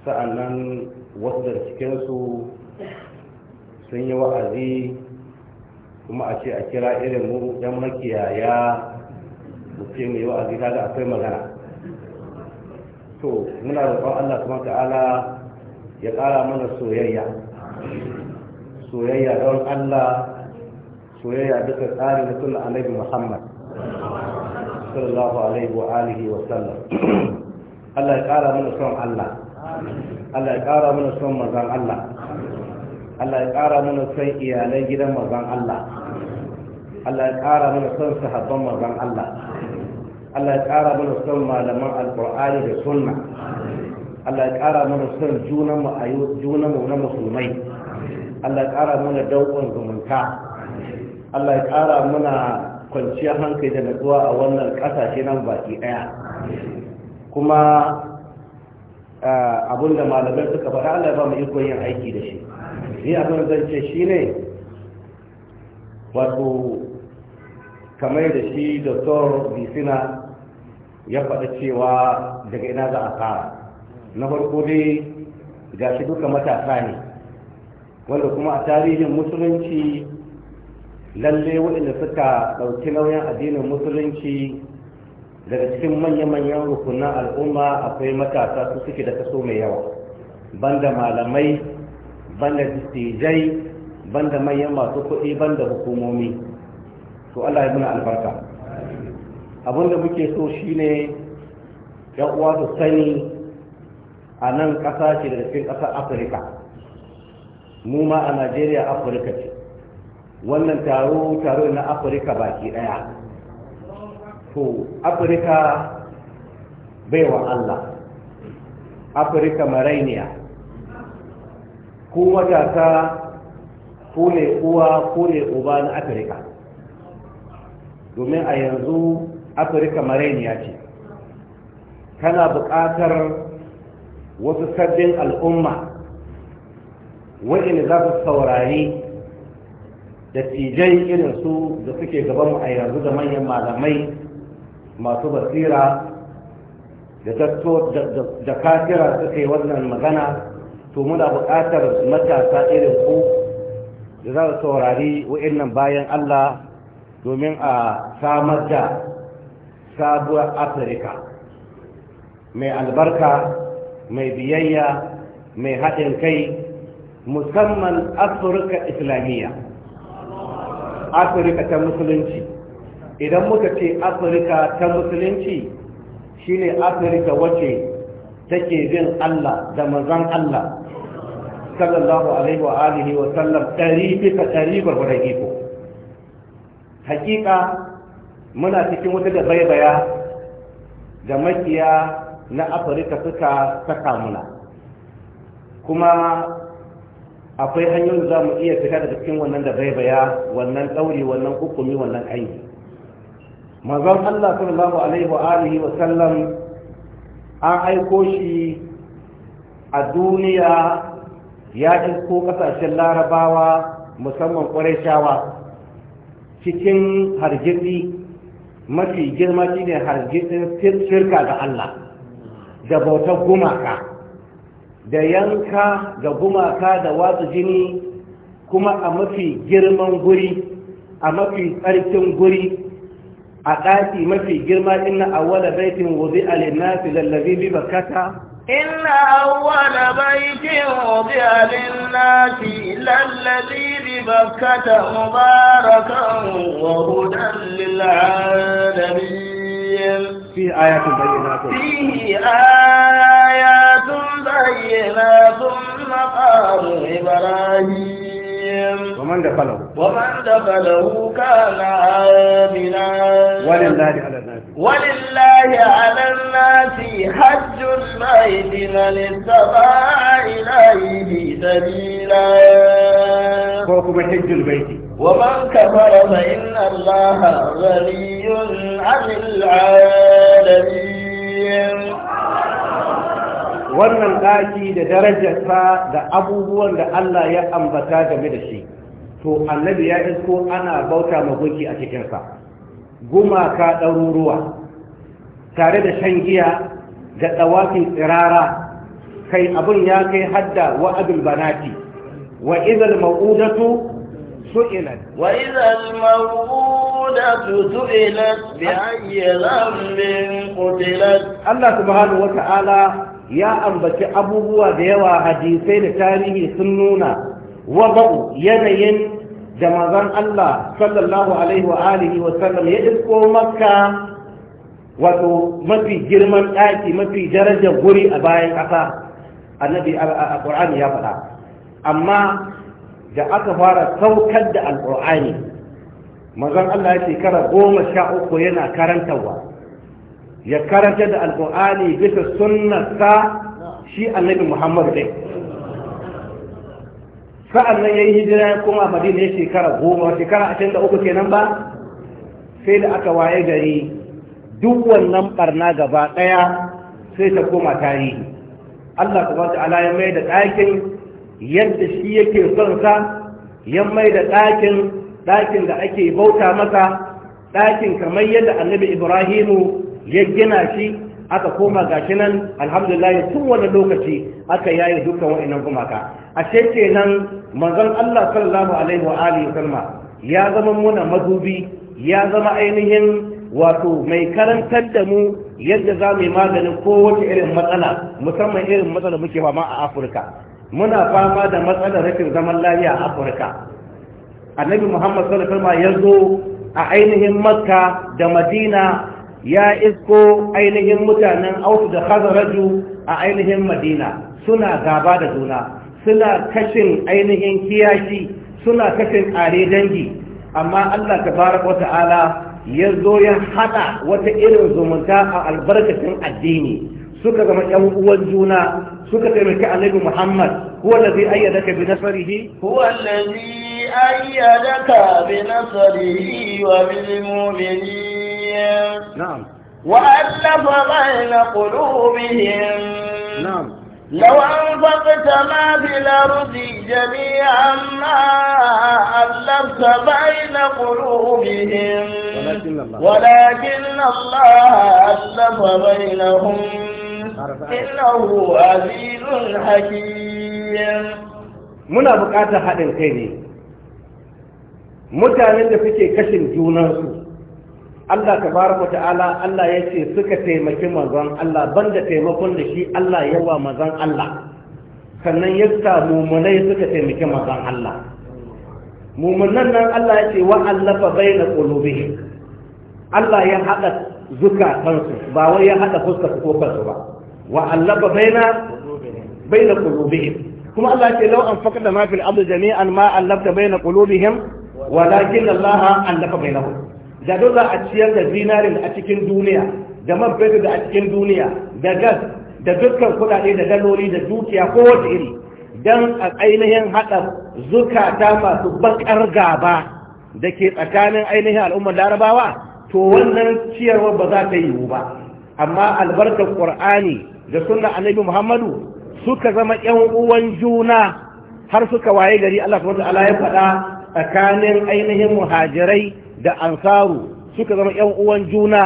sa'annan wasu da cikinsu sun yi wa'azi kuma a ce a kira irin mu 'yan makiyaya mutum mai wa'azi kaga akwai magana to muna roƙon Allah kuma ta'ala ya ƙara mana soyayya soyayya don Allah soyayya duka tsari na sunan annabi Muhammad sallallahu alaihi wa alihi wa sallam Allah ya ƙara mana son Allah Allah ya ƙara mana son mazan Allah Allah ya ƙara mana son iyalan gidan mazan Allah Allah ya ƙara mana son sahabban mazan Allah Allah ya ƙara mana son malaman alƙur'ani da sunna Allah ya ƙara mana son mu a mu na musulmai Allah ya ƙara mana dauƙon zumunta Allah ya ƙara mana kwanciyar hankali da natsuwa a wannan ƙasashe nan baki ɗaya kuma eh, abin da malamai suka faɗa Allah ya ba mu ikon yin aiki da shi ni abin zan ce shi ne wato kamar da shi da bisina ya faɗa cewa daga ina za a fara na farko dai ga shi duka matasa ne wanda kuma a tarihin musulunci lalle waɗanda suka ɗauki nauyin addinin musulunci daga cikin manya-manyan rukunan al'umma akwai matasa su suke da kaso mai yawa banda malamai banda ban banda manyan masu kuɗi banda hukumomi to Allah ya muna albarka abin da muke so shine yan uwa su sani a nan ƙasa ce da cikin ƙasar afirka mu ma a najeriya afirka ce wannan taro taro na afirka baki ɗaya to afirka wa allah afirka marainiya ko matasa ko ne uwa ko ne uba na afirka domin a yanzu afirka mareniya ce kana buƙatar wasu sabbin al'umma wajen za su saurari da tijai irin da suke gabanmu a yanzu da manyan malamai masu basira da kafira suka yi wannan magana to muna buƙatar matasa irin ku da za su saurari wa'in bayan allah domin a samar da sabuwar afirka mai albarka mai biyayya mai haɗin kai musamman afirka islamiyya afirka ta musulunci idan muka ce afirka ta musulunci shine afirka wace take bin allah da mazan allah sallallahu alaihi wa alihi wa sallam ɗari bisa ɗari barbarai iko hakika muna cikin wata da baibaya da makiya na afirka suka saka muna kuma akwai hanyoyin za mu iya fita daga cikin wannan da baibaya wannan ɗauri wannan hukumi wannan aiki mazan allah sallallahu alaihi wa alihi wa sallam an aiko shi a duniya ya ko ƙasashen larabawa musamman ƙwarai shawa cikin hargitsi mafi girma shi ne hargitsin shirka ga Allah da bautar gumaka da yanka ga gumaka da watsa jini kuma a mafi girman guri a mafi tsarkin guri a ɗaki mafi girma inna awwala baitin wuzi alinnasi lallabi bi bakata إن أول بيت وضع للناس للذي ببكة مباركا وهدى للعالمين فيه آيات بينات فيه آيات بينات مقام إبراهيم بهم ومن دخله ومن دخله كان آمنا ولله على الناس ولله على الناس حج البيت من اتبع إليه سبيلا وكم حج البيت ومن كفر فإن الله غني عن العالمين wannan ɗaki da darajarsa da abubuwan da Allah ya ambata game da shi to annabi ya isko ana bauta magunki a cikinsa gumaka ɗaruruwa tare da shan giya ga ɗawafin tsirara kai abin ya kai hadda wa abin banati wa izal ma'udatu سئلت وإذا الموءودة سئلت بأي ذنب قتلت الله wa ta'ala. ya ambaci abubuwa da yawa hadisai da tarihi sun nuna wada'u yanayin da mazan Allah sallallahu alaihi wa alihi wa sallam ya isko makka wato mafi girman ɗaki mafi darajar guri a bayan ƙasa annabi a ya faɗa amma da aka fara saukar da alƙur'ani mazan Allah ya shekara goma sha uku yana karantarwa ya karanta da alkur'ani bisa sunnarsa shi annabi muhammadu ɗai sa'an nan ya yi hijira kuma madina ya shekara goma shekara ashirin da uku kenan ba sai da aka waye gari duk wannan barna gaba ɗaya sai ta koma tarihi allah kuma ta'ala ya mai da ɗakin yadda shi yake son sa ya mai da ɗakin ɗakin da ake bauta masa ɗakin kamar yadda annabi ibrahimu ya gina shi aka koma gashi nan alhamdulillah tun wani lokaci aka yaye dukkan wa'annan gumaka ashe kenan manzon Allah sallallahu alaihi wa alihi ya zama muna madubi ya zama ainihin wato mai karantar da mu yadda za mu yi maganin kowace irin matsala musamman irin matsala muke fama a afirka muna fama da matsalar rashin zaman lafiya a afirka annabi muhammad sallallahu alaihi ya zo a ainihin makka da madina ya isko ainihin mutanen auku da khazaraju a ainihin madina suna gaba da juna suna kashin ainihin kiyashi suna kashin ƙare dangi amma allah tabaraka wata'ala ya zo ya hada wata irin zumunta a albarkacin addini suka zama yan uwan juna suka taimaki annabi muhammad huwa allazi ayyadaka bi nasrihi huwa allazi ayyadaka bi nasrihi wa bil mu'minin نعم وألف بين قلوبهم نعم لو أنفقت ما في الأرض جميعا ما ألفت بين قلوبهم ولكن الله ألف بينهم آية. إنه عزيز حكيم muna buƙatar هذا kai متى mutanen da suke kashin Allah tabaraka ta'ala Allah ya ce suka taimaki manzon Allah banda taimakon da shi Allah yawa manzon Allah sannan ya samu munai suka taimaki manzon Allah mumunan nan Allah ya ce wa allafa baina qulubihim Allah ya hada zukatansu ba wai ya hada fuskar ko kansu ba wa allafa baina baina qulubihim kuma Allah ya ce law anfaqta ma fil ardi jami'an ma allafta baina qulubihim walakin Allah allafa bainahum da za a ciyar da zinarin a cikin duniya da man fetur da a cikin duniya da gas da dukkan kuɗaɗe da daloli da dukiya ko wata iri don a ainihin haɗa zukata masu bakar gaba da ke tsakanin ainihin al'ummar larabawa to wannan ciyarwa ba za ta yiwu ba amma albarkar ƙur'ani da sunna annabi muhammadu suka zama yan uwan juna har suka waye gari allah ta'ala ya faɗa tsakanin ainihin muhajirai da ansaru suka zama yan uwan juna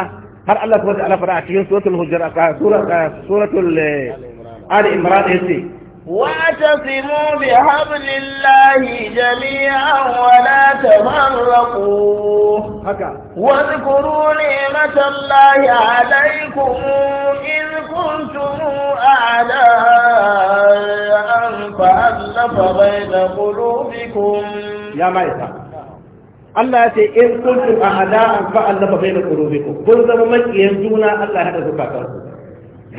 har Allah subhanahu wa ta'ala fara a cikin suratul hujurat suratul eh, ali imran yace واعتصموا بحبل الله جميعا ولا تفرقوا واذكروا نعمة الله عليكم إذ كنتم أعداء فألف بين قلوبكم يا ميسر Allah ya ce in kuntum ahada'an fa allafa baina ku. kun zama makiyan juna Allah ya hada ku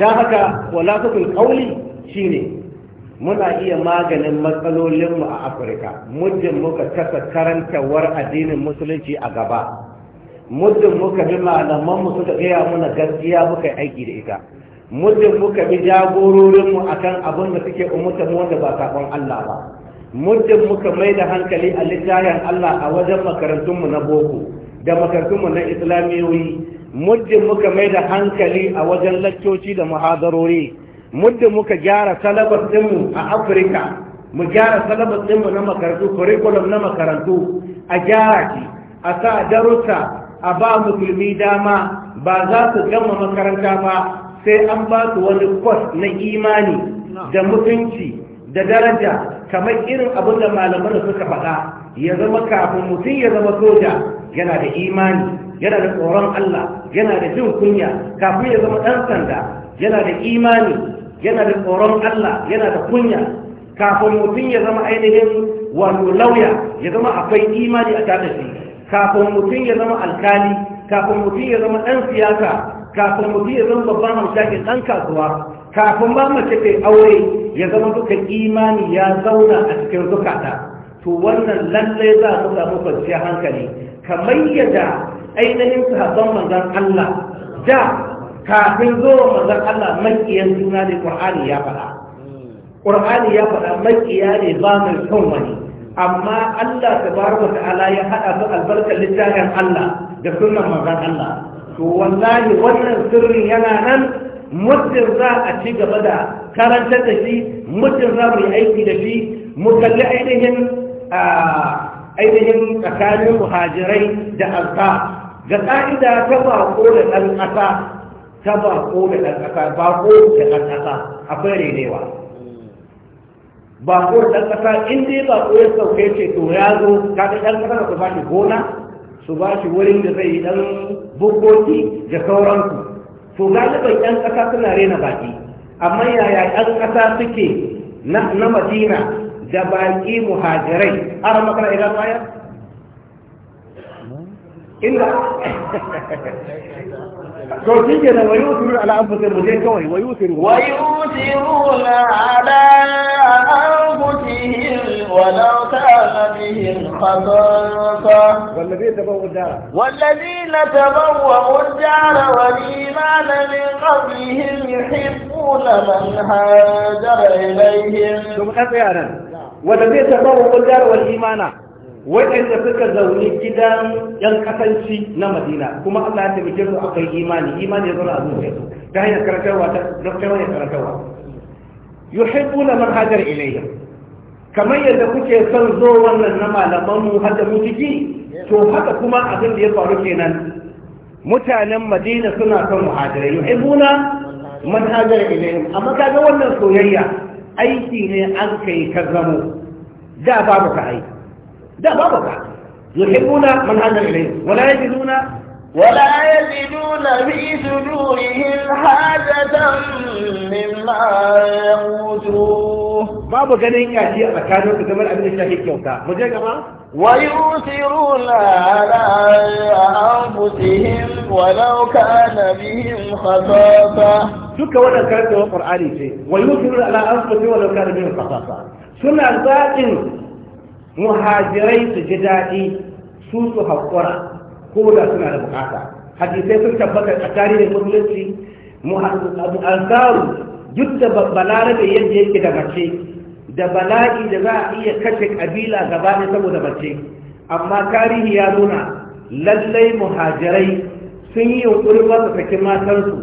dan haka wala walatatul qawli shine muna iya maganin matsalolinmu a Afirka muddin muka kasa karantawar addinin musulunci a gaba muddin muka bi mu suka gaya muna gaskiya muka yi aiki da ita muddin muka bi jagororinmu akan abin da suke umurta mu wanda ba sakon Allah ba muddin muka mai da hankali a littafin Allah a wajen makarantunmu na boko da makarantunmu na islamiyoyi muddin muka mai da hankali a wajen laccoci da muhadarori muddin muka gyara salabar ɗinmu a afirka mu gyara salabar ɗinmu na makarantu curriculum na makarantu a gyara ki a sa darussa a ba musulmi dama ba za su gama makaranta ba sai an ba su wani kwas na imani da mutunci da daraja kamar irin abin da malaman suka faɗa ya zama kafin mutum ya zama soja yana da imani yana da tsoron Allah yana da jin kunya kafin ya zama ɗan sanda yana da imani yana da tsoron Allah yana da kunya kafin mutum ya zama ainihin wato lauya ya zama akwai imani a tare shi kafin mutum ya zama alkali kafin mutum ya zama ɗan siyasa kafin mutum ya zama babban hamshakin ɗan kasuwa kafin ba mace ta aure ya zama duka imani ya zauna a cikin zukata to wannan lallai za mu samu kwanciyar hankali kamar yadda ainihin sahabban manzon Allah da kafin zuwa manzon Allah makiyan juna ne Qur'ani ya faɗa Qur'ani ya faɗa makiya ne ba mai son wani amma Allah tabaraka ta'ala ya haɗa su albarkar littafin Allah da sunan mazan Allah to wallahi wannan sirrin yana nan mutum za a ci gaba da karantar da shi mutum za mu yi aiki da shi mu kalli ainihin ainihin tsakanin muhajirai da alƙa ga ka'ida ta bako da ɗan ƙasa ta bako da ɗan ƙasa bako da ɗan ƙasa akwai renewa bako da ɗan ƙasa in dai bako ya sauke ce to ya zo ga ɗan ƙasa da su ba shi gona su ba shi wurin da zai yi ɗan bukoki da sauransu to galiban 'yan ƙasa suna rena baƙi amma yaya 'yan ƙasa suke na madina da baƙi muhajirai a makana idan baya inda to shi ke da wayo turu ala anfusir mu je kawai wayo turu wayo turu ala ولو كان بهم خصاصة والذين تبوأوا الدار والذين تبوأوا الدار والإيمان من قبلهم يحبون من هاجر إليهم ثم أنا والذين تبوأوا الدار والإيمان waɗanda suka zaune gidan ‘yan kasanci na madina kuma allah ya taimake su akwai imani imani ya zauna a zuciya su ta hanyar karantarwa ta hanyar karantarwa yuhibbu na manhajar ilayya kamar yadda kuke son zo wannan na malamanmu har da ciki to haka kuma abin da ya faru kenan mutanen madina suna son muhajirai yuhibbuna man hajara ilayhim amma ga wannan soyayya aiki ne an kai ka zamo da babu ka ai da babu ka yuhibbuna man hajara ilayhim wala yajiduna ولا يجدون في صدورهم حاجة مما يقولون babu ganin yaji a tsakanin su game da abin da shafi kyauta mu je gaba wa yusiruna ala anfusihim walau kana bihim khasasa duka wannan karantawa qur'ani ce wa yusiruna ala anfusihim walau kana bihim khasasa suna zaɓin muhajirai su ji daɗi su su haƙura ko da suna da bukata hadisai sun tabbata a tarihin musulunci ansaru duk da balarabe yadda yake da mace da bala'i da za a iya kashe kabila gaba ne saboda mace amma tarihi ya nuna lallai muhajirai sun yi yunkurin wasu sakin matansu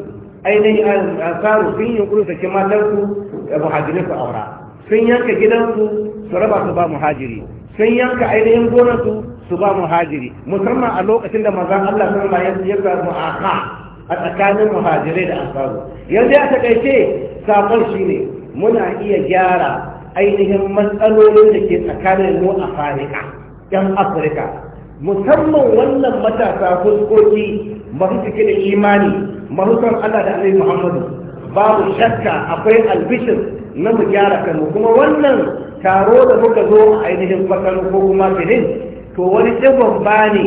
ainihin ansaru sun yi yunkurin sakin matansu da muhajirin su aura sun yanka gidansu su raba su ba muhajiri sun yanka ainihin gonarsu su ba muhajiri musamman a lokacin da manzon Allah sun ma ya samu a tsakanin muhajirai da ansaru yanzu ya takaice saƙon shi ne muna iya gyara ainihin matsalolin da ke tsakanin mu a farika yan afirka musamman wannan matasa fuskoki masu cike da imani masu son allah da alai muhammadu babu shakka akwai albishin na mu gyara kanmu kuma wannan taro da muka zo a ainihin fasalin ko kuma benin to wani ɗigon ba ne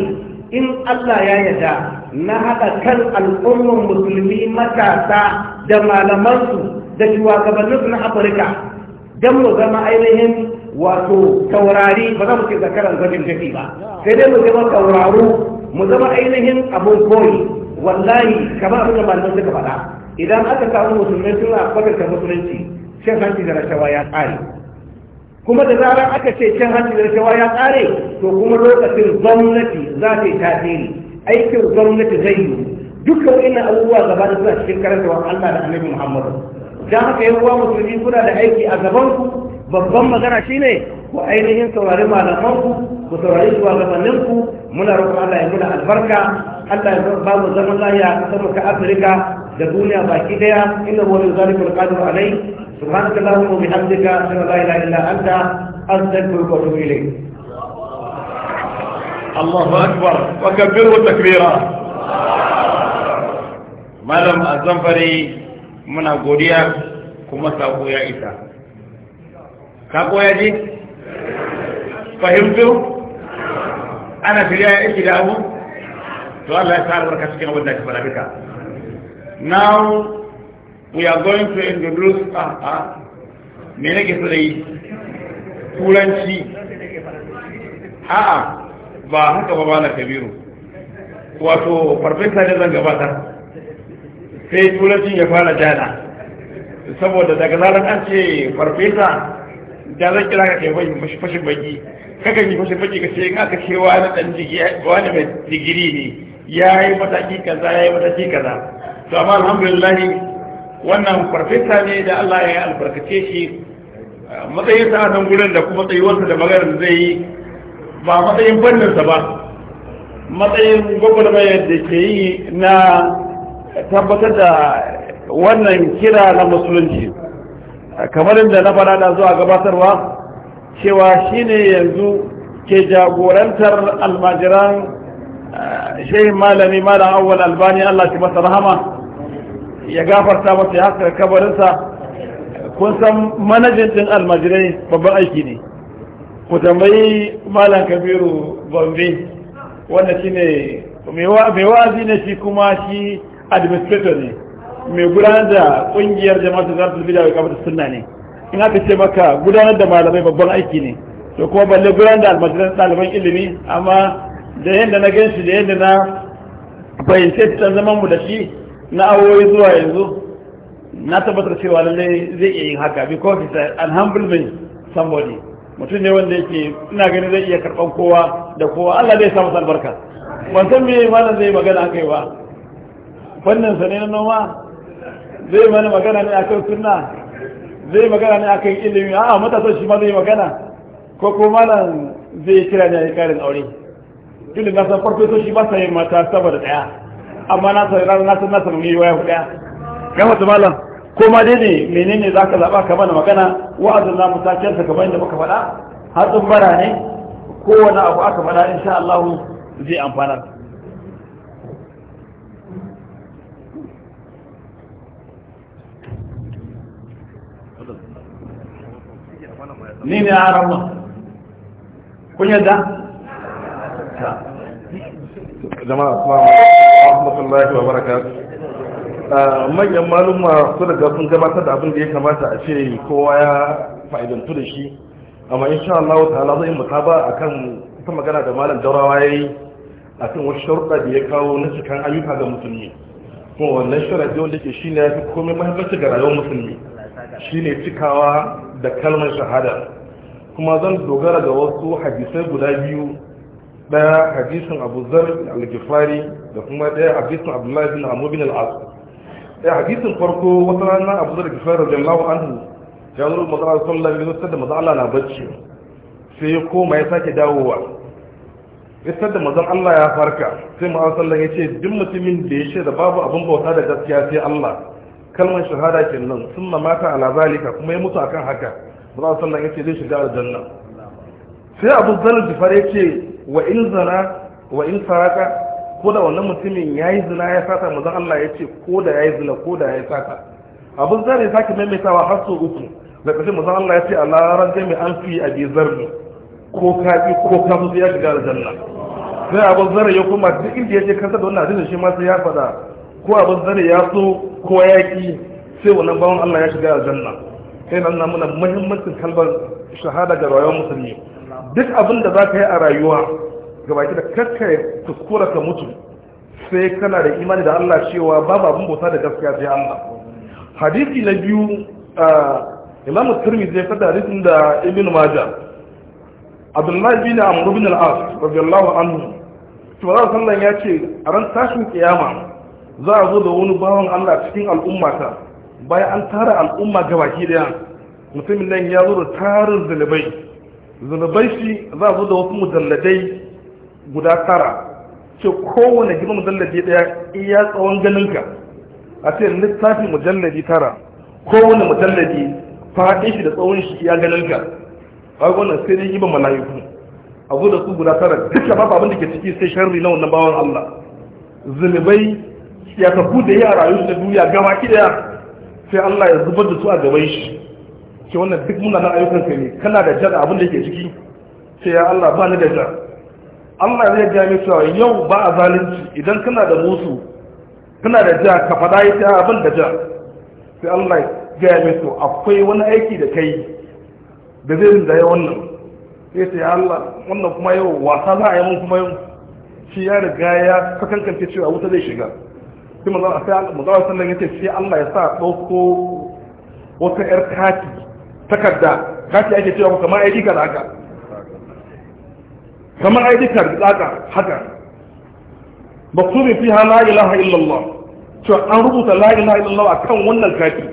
in allah ya yarda na haɗa kan al'ummar musulmi matasa da malamansu da shugabanninsu na afirka don mu zama ainihin wato taurari ba za mu ce zakaran zafin jafi ba sai dai mu zama tauraro mu zama ainihin abin koyi wallahi kama abin da malaman suka faɗa idan aka samu musulmai suna kwatanta musulunci cin hanci da rashawa ya tsare kuma da zarar aka ce cin hanci da rashawa ya tsare to kuma lokacin gwamnati za ta yi tasiri aikin gwamnati zai yi dukkan ina abubuwa gaba da suna cikin karanta wa Allah da Annabi Muhammadu dan haka yan uwa musulmi kuna da aiki a gaban babban magana shine ku ainihin saurari malamanku ku saurari shugabannin gabaninku muna roƙon Allah ya muna albarka Allah ya ba mu zaman lafiya a kasar mu ta Afirka da duniya baki daya inna wani zalikul qadir alai سبحانك اللهم وبحمدك اشهد ان لا اله الا انت استغفرك واتوب اليك الله اكبر وكبره تكبيرا مالم الزنفري muna godiya kuma sako ya isa sako ya ji fahimtu ana shirya ya isa da abu to Allah ya sa barka cikin abin da ake fara duka now we are going to introduce a ah, a ah, me ke so turanci a a a'a ba haka ba ba na kabiru wato farfesa ne zan gabatar sai turancin ya fara jana saboda daga zarar an ce farfesa da zan kira ka kai bai fashin baki kakan yi fashin baki ka ce ka ce wani dan wani mai digiri ne ya yi mataki kaza ya yi mataki kaza to amma alhamdulillah wannan farfesa ne da Allah ya albarkace shi matsayin sa nan gurin da kuma tsayuwarsa da maganar zai yi ba matsayin sa ba matsayin gwagwarmayar da ke yi na tabbatar da wannan kira na musulunci kamar inda na da zuwa gabatarwa cewa shi ne yanzu ke jagorantar almajiran eh, shehin malami malam awwal albani Allah shi masa rahama ya gafarta masa ya haka kabarinsa kun san manajin din almajirai babban aiki ne ku tambayi malam kabiru Bambe, wanda shi ne, mai wa'azi ne shi kuma shi administrator ne mai gudanar da kungiyar jama'a ta zarar bid'a da kamata sunna ne in aka ce maka gudanar da malamai babban aiki ne to kuma balle gudanar da almajiran ɗaliban ilimi amma da yadda na gan shi da yadda na bayyance ta zaman mu da shi na awoyi zuwa yanzu na tabbatar cewa lallai zai iya yin haka because it's an humble man somebody mutum ne wanda yake ina gani zai iya karɓan kowa da kowa Allah zai samu albarka ban san me malam zai magana kai ba fannin sa ne na noma zai mana magana ne akan sunna zai magana ne akan ilimi a'a matasan shi ma zai magana ko ko malam zai kira ne a karin aure dole na san farko shi ba sa yi mata saboda daya amma na san ranar na san na san ne waya daya ga wata malam ko ma dai ne menene zaka zaba ka mana magana wa'azin na ta kanta kamar yadda muka faɗa har bara ne kowane abu aka faɗa insha Allah zai amfana ni ne a ramma kun yadda jama'a kuma rahmatullahi wa barakatuh uh, manyan malumma su daga sun gabatar da abin da ya kamata a ce kowa ya fa'idantu da shi amma insha Allah ta'ala zai mutaba akan ta magana da malam daurawa yayi akan wasu sharuɗa da ya kawo na cikin ayyuka ga musulmi kuma wannan sharaɗi wanda ke shine ya fi komai mahimmanci ga rayuwar musulmi shine cikawa da kalmar shahada kuma zan dogara ga wasu hadisai guda biyu daya hadisin abu zar al-gifari da kuma daya hadisin abdullahi bin amur bin al-as daya hadisin farko wata rana abu zar al-gifari radiyallahu anhu ya zo matsala sallallahu alaihi wasallam da maza Allah na bacci sai ya koma ya sake dawowa isar da mazan Allah ya farka sai ma'asallan ya ce duk mutumin da ya ce da babu abin bauta da gaskiya sai Allah kalmar shahada kenan sun mata ala zalika kuma ya mutu akan haka ba za sannan yace zai shiga aljanna sai abu zanar jifar ce wa in zana wa in faraka ko da wannan mutumin ya yi zina ya sata mazan Allah ya ce ko da ya yi zina ko da ya yi sata abu zane ya sake maimaitawa har sau uku da ƙarshen mazan Allah ya ce a laran jami an fi a bi zarni ko kaɗi ko kafi ya shiga aljanna sai abu zane ya kuma duk inda ya je kansa da wannan adinin shi ma sai ya faɗa ko abin zane ya so ko ya ki sai wannan bawan Allah ya shiga aljanna sai nan muna muhimmancin kalbar shahada ga rayuwar musulmi duk abin da za ka yi a rayuwa ga baki da kakka kuskura ka mutu sai kana da imani da Allah cewa babu abin bauta da gaskiya sai Allah hadisi na biyu imam Tirmidhi zai fada hadisin da ibn majah abdullahi bin amr bin al-as radiyallahu anhu to Allah sallan ya ce a ran tashin kiyama za a zo da wani bawan Allah cikin al'ummata bayan an tara al'umma gabaki daya mutumin nan ya zo da tarin zulubai zulubai shi za a zo da wasu mujalladai guda tara ce kowane gina mujalladi daya iya tsawon ganinka a ce littafin mujalladi tara kowane mujalladi faɗi shi da tsawon shi iya ganinka a wannan sai dai iban mala'iku a zo da su guda tara duka babu abin da ke ciki sai sharri na wannan bawan Allah zulubai ya tafu da ya rayu da duniya gama ki daya sai Allah ya zubar da su a gaban shi ke wannan duk muna nan ayyukan ka ne kana da jada abin da ke ciki sai ya Allah ba ni da jada Allah zai ga mai cewa yau ba a zalunci idan kana da musu kana da jada ka faɗa ta abin da jada sai Allah ya ga mai to akwai wani aiki da kai da zai da ya wannan sai sai Allah wannan kuma yau wasa za a yi mun kuma yau shi ya riga ya kankance cewa wuta zai shiga sai manzon sai manzon sallan yace sai Allah ya sa dauko wata yar kati takarda kati ake cewa kamar ID da haka kamar ID da haka haka maktubi fiha la ilaha illallah to an rubuta la ilaha illallah akan wannan kati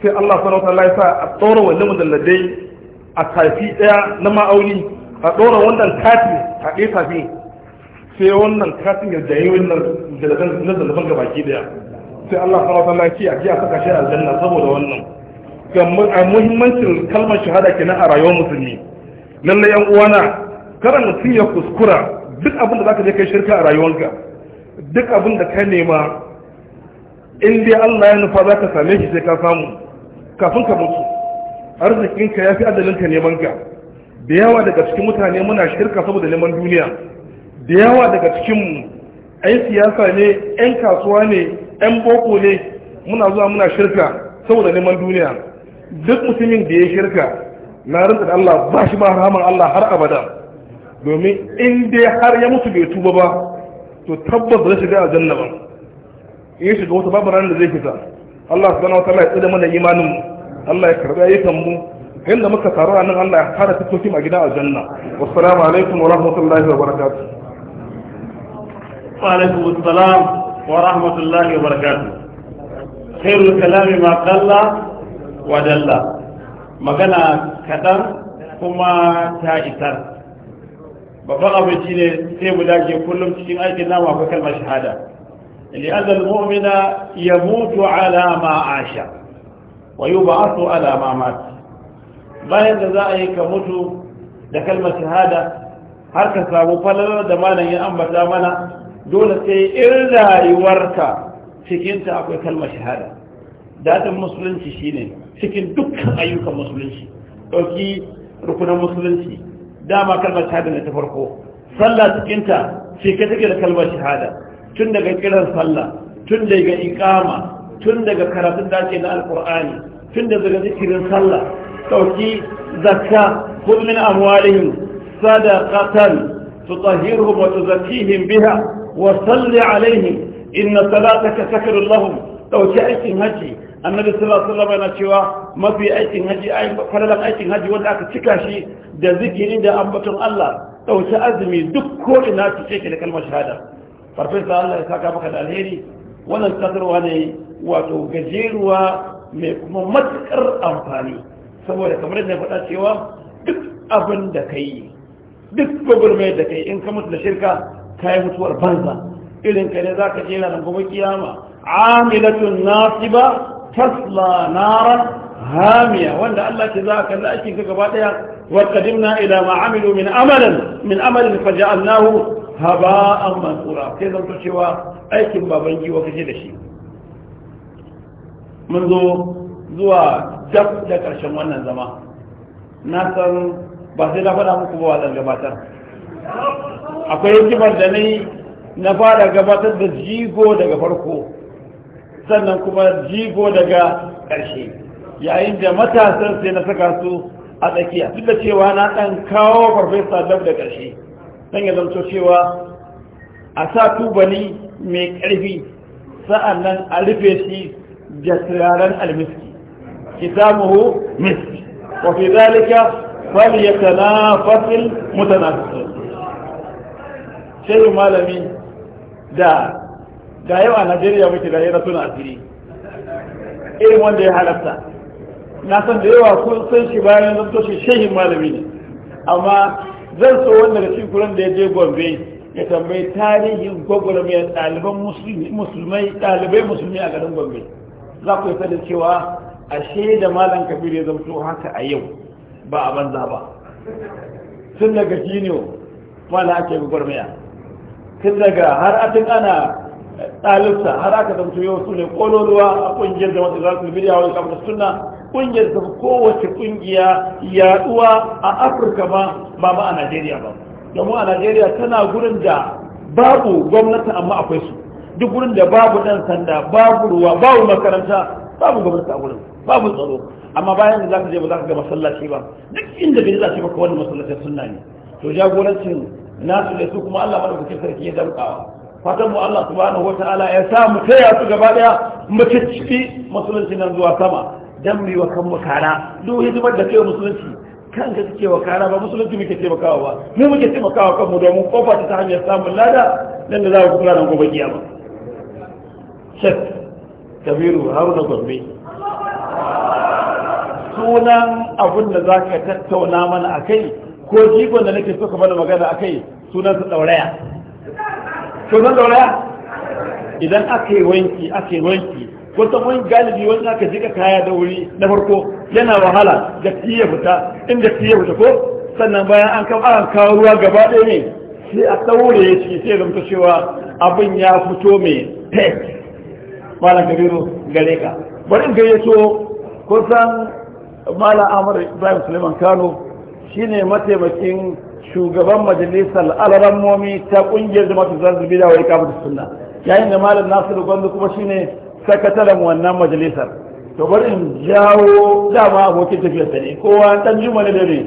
sai Allah subhanahu wa ta'ala ya sa a tsora wannan mujalladai a tafi daya na ma'auni a tsora wannan kati a ɗaya tafi sai wannan katin yarjayi wannan jaladan na zalaban ga baki daya sai Allah subhanahu wa laki a jiya saka shi aljanna saboda wannan ga muhimmancin kalmar shahada kenan a rayuwar musulmi lalle yan uwana kada mutum ya kuskura duk abin da zaka je kai shirka a rayuwarka duk abin da ka nema in dai Allah ya nufa zaka same shi sai ka samu kafin ka mutu arzikinka ya fi adalin ka neman ka da yawa daga cikin mutane muna shirka saboda neman duniya da yawa daga cikinmu ‘yan siyasa ne ‘yan kasuwa ne ‘yan boko ne muna zuwa muna shirka saboda neman duniya duk mutumin da ya shirka na rinta da Allah ba shi ma rahaman Allah har abada domin in dai har ya mutu bai tuba ba to tabbas zai shiga aljanna ba in shiga wata babu da zai fita Allah subhanahu wa ta'ala ya tsada mana imanin mu Allah ya karbi ayyukan mu inda muka taru a nan Allah ya fara fitokin a gidan aljanna wassalamu alaikum wa rahmatullahi wa barakatuh وعليكم السلام ورحمة الله وبركاته خير الكلام ما قل ودل magana kaɗan kuma ta isar babban abin shi ne sai mu dage kullum cikin aikin namu akwai kalmar shahada لأن المؤمن يموت على ما عاش ويبعث على ما مات bayan da za a yi ka mutu da kalmar shahada har ka samu falalar da malam ya ambata mana dole sai in rayuwarka cikinta akwai kalmar shahada datin musulunci shine cikin dukkan ayyukan musulunci ɗauki rukunan musulunci dama kalmar shahada ne ta farko sallah cikinta cike take da kalmar shahada tun daga kiran sallah tun daga ikama tun daga karatun dace na alkur'ani tun daga zikirin sallah ɗauki zakka خذ sada أموالهم صدقة تطهرهم وتزكيهم بها وصل عليهم إن صلاتك سكر لهم لو شاءت هجي annabi sallallahu alaihi wasallam yana cewa mafi aikin haji falalan aikin haji wanda aka cika shi da zikiri da ambaton Allah dauki azumi duk ko ina cike ki da kalmar shahada farfesa Allah ya saka maka da alheri wannan tsakarwa ne wato gajeruwa mai kuma matukar amfani saboda kamar yadda faɗa cewa duk abin da kai duk gwagwarmayar da kai in ka mutu da shirka Ka yi mutuwar banza irin ka ne za ka je da gobe kiyama amilatun nasiba tasla nara hamiya wanda Allah ke za a kalli aikin ka gaba daya wa qadimna ila ma amilu min amalan min amalin faja'alnahu haba'an mansura sai zan to cewa aikin baban giwa kace da shi mun zo zuwa dab da karshen wannan zama na san ba sai na faɗa muku ba zan gabatar akwai hikimar da ni na fara gabatar da jigo daga farko sannan kuma jigo daga ƙarshe yayin da matasan sai na saka su a tsakiya duk da cewa na ɗan kawo farfesa dab da ƙarshe don ya zanto cewa a sa tubali mai ƙarfi sa'an nan a rufe shi da turaren almiski hu? miski wa zalika fal fasil mutanen. sai malami da da yau a najeriya muke da yana suna asiri irin wanda ya halatta na san da yawa kun san shi bayan zan toshe shehin malami ne amma zan so wanda da cikin da ya je gombe ya tambayi tarihin gwagwarmayar ɗaliban musulmai ɗalibai musulmi a garin gombe za ku yi da cewa ashe da malam kabir ya zamto haka a yau ba a banza ba tun daga jiniyo malam ake gwagwarmiyar tun daga har atin ana ɗalibsa har aka zamto yau su ne ƙololuwa a ƙungiyar da wasu zasu biliya wani kamar suna ƙungiyar da kowace ƙungiya yaɗuwa a afirka ma ba ma a najeriya ba domin a najeriya tana gurin da babu gwamnati amma akwai su duk gurin da babu ɗan sanda babu ruwa babu makaranta babu gwamnati a gurin babu tsaro amma bayan da za ka je ba za ka ga masallaci ba duk inda bai za ce maka wani masallacin sunna ne to jagorancin nasu da su kuma Allah madaukakin sarki ya dankawa fatan mu Allah subhanahu wataala ya sa mu taya su gaba daya mu ciccibi musulunci nan zuwa sama dan mu wa kanmu kara duk hidimar da kai musulunci kanka kake wa kara ba musulunci muke makawa ba mu muke taimakawa kanmu domin kofa ta hanyar samun lada nan da za ku kula da gobe kiyama shek kabiru haruna gombe sunan abin da za ka tattauna mana a kai ko jigon da nake so ka mana magana a kai sunansa ɗauraya sunan ɗauraya idan aka yi wanki aka yi wanki ta wani galibi wani aka jika kaya da wuri na farko yana wahala da tiye fita inda tiye fita ko sannan bayan an kawo an kawo ruwa gaba ɗaya ne sai a ɗaure shi sai mutu cewa abin ya fito mai pet. malam gariro gare ka bari in gayyato san malam amur ibrahim suleiman kano shine mataimakin shugaban majalisar alarammomi ta kungiyar jama'atu zanzu bida wa da sunna yayin da malam nasiru gwandu kuma shine sakataren wannan majalisar to bari in jawo dama abokin tafiya ta ne kowa dan juma ne dare, ne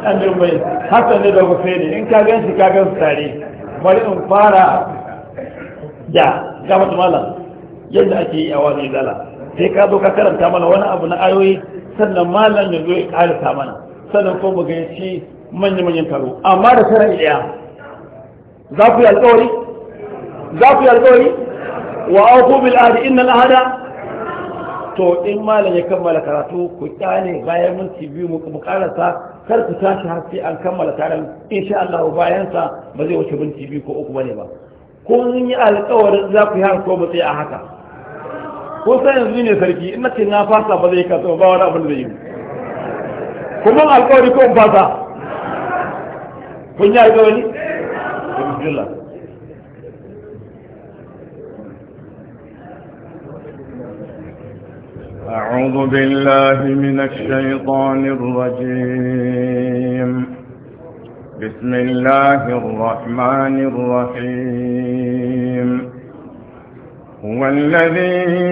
dan juma ne da husaini in ka gan shi ka gan su tare bari in fara da gamatu malam yadda ake yi a wani zala sai ka zo ka karanta mana wani abu na ayoyi sannan malam yanzu ya karanta mana sannan ko mu gayyaci manya-manyan taro amma da sanar ɗaya za ku yi alƙawari za ku yi alƙawari wa auku bil ahdi innal ahada to in malam ya kammala karatu ku kyale bayan minti biyu mu karasa kar ku tashi har sai an kammala taron insha Allah bayan sa ba zai wuce minti biyu ko uku bane ba Ko mun yi alƙawarin za ku yi har ko mu a haka ko sai yanzu ne sarki in nace na fasa ba zai kaso ba wani abin da zai yi kuma alƙawari ko in fasa kun yi alƙawari bismillah أعوذ بالله من الشيطان الرجيم بسم الله الرحمن الرحيم هو الذي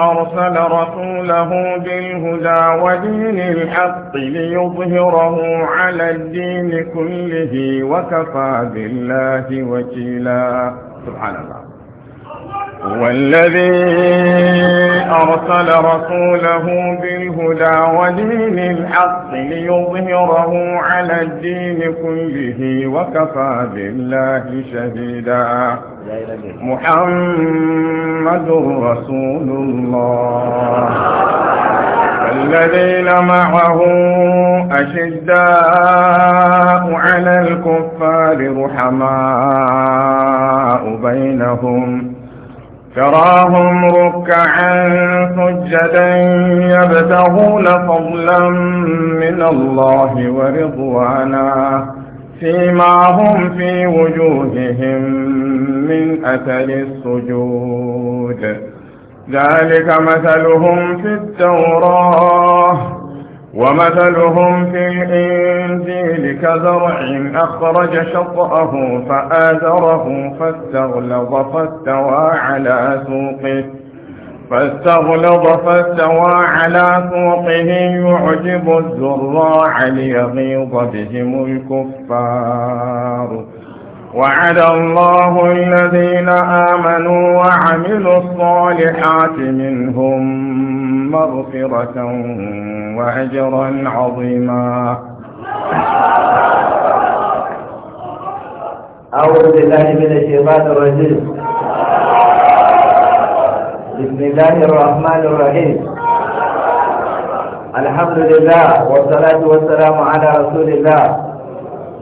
أرسل رسوله بالهدى ودين الحق ليظهره على الدين كله وكفى بالله وكيلا سبحان الله هو الذي أرسل رسوله بالهدى ودين الحق ليظهره على الدين كله وكفى بالله شهيدا محمد رسول الله الذين معه أشداء على الكفار رحماء بينهم تراهم ركعا سجدا يبتغون فضلا من الله ورضوانا فيما هم في وجوههم من أثر السجود ذلك مثلهم في التوراه ومثلهم في الإنجيل كزرع أخرج شطأه فآذره فاستغلظ فاستوى على سوقه فاستغلظ فاستوى على سوقه يعجب الزراع ليغيظ بهم الكفار وعد الله الذين آمنوا وعملوا الصالحات منهم مغفرة وأجرا عظيما أعوذ بالله من الشيطان الرجيم بسم الله الرحمن الرحيم الحمد لله والصلاة والسلام على رسول الله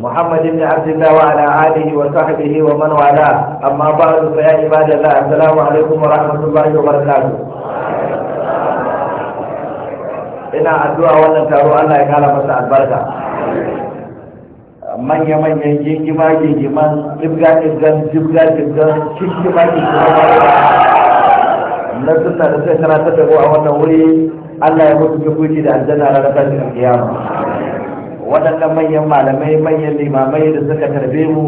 محمد بن عبد الله وعلى آله وصحبه ومن والاه أما بعد فيا عباد الله السلام عليكم ورحمة الله وبركاته ina addu'a wannan taro Allah ya kara masa albarka manya manyan gingima gingiman jibga jibgan jibga jibgan shishima na suna da sai tana ta dago a wannan wuri Allah ya mutu kuci da aljanna na ranar tashin kiyama waɗannan manyan malamai manyan limamai da suka tarbe mu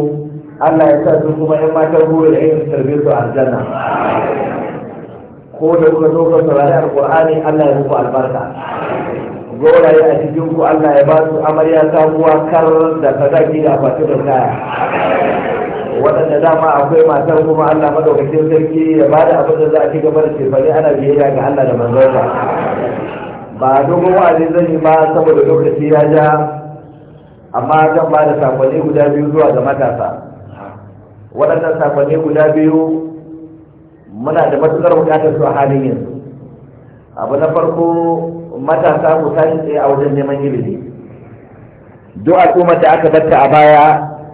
Allah ya sa su kuma ‘yan matar goro da yin tarbe su a aljanna ko da kuka zo saurari alƙur'ani Allah ya muku albarka goraye a cikin ku Allah ya ba su amarya sabuwa kar da sadaki da akwati da kaya waɗanda dama akwai matar kuma Allah madaukakin sarki ya ba da abin da za a ci gaba da cefane ana biyayya ga Allah da manzonsa ba dogon wa'azi zan yi ba saboda lokaci ya ja amma zan ba da sakonni guda biyu zuwa ga matasa waɗannan sakonni guda biyu muna da matuƙar buƙatar su a halin yanzu abu na farko matasa ku tashi tsaye a wajen neman ilimi duk al'ummar da aka batta a baya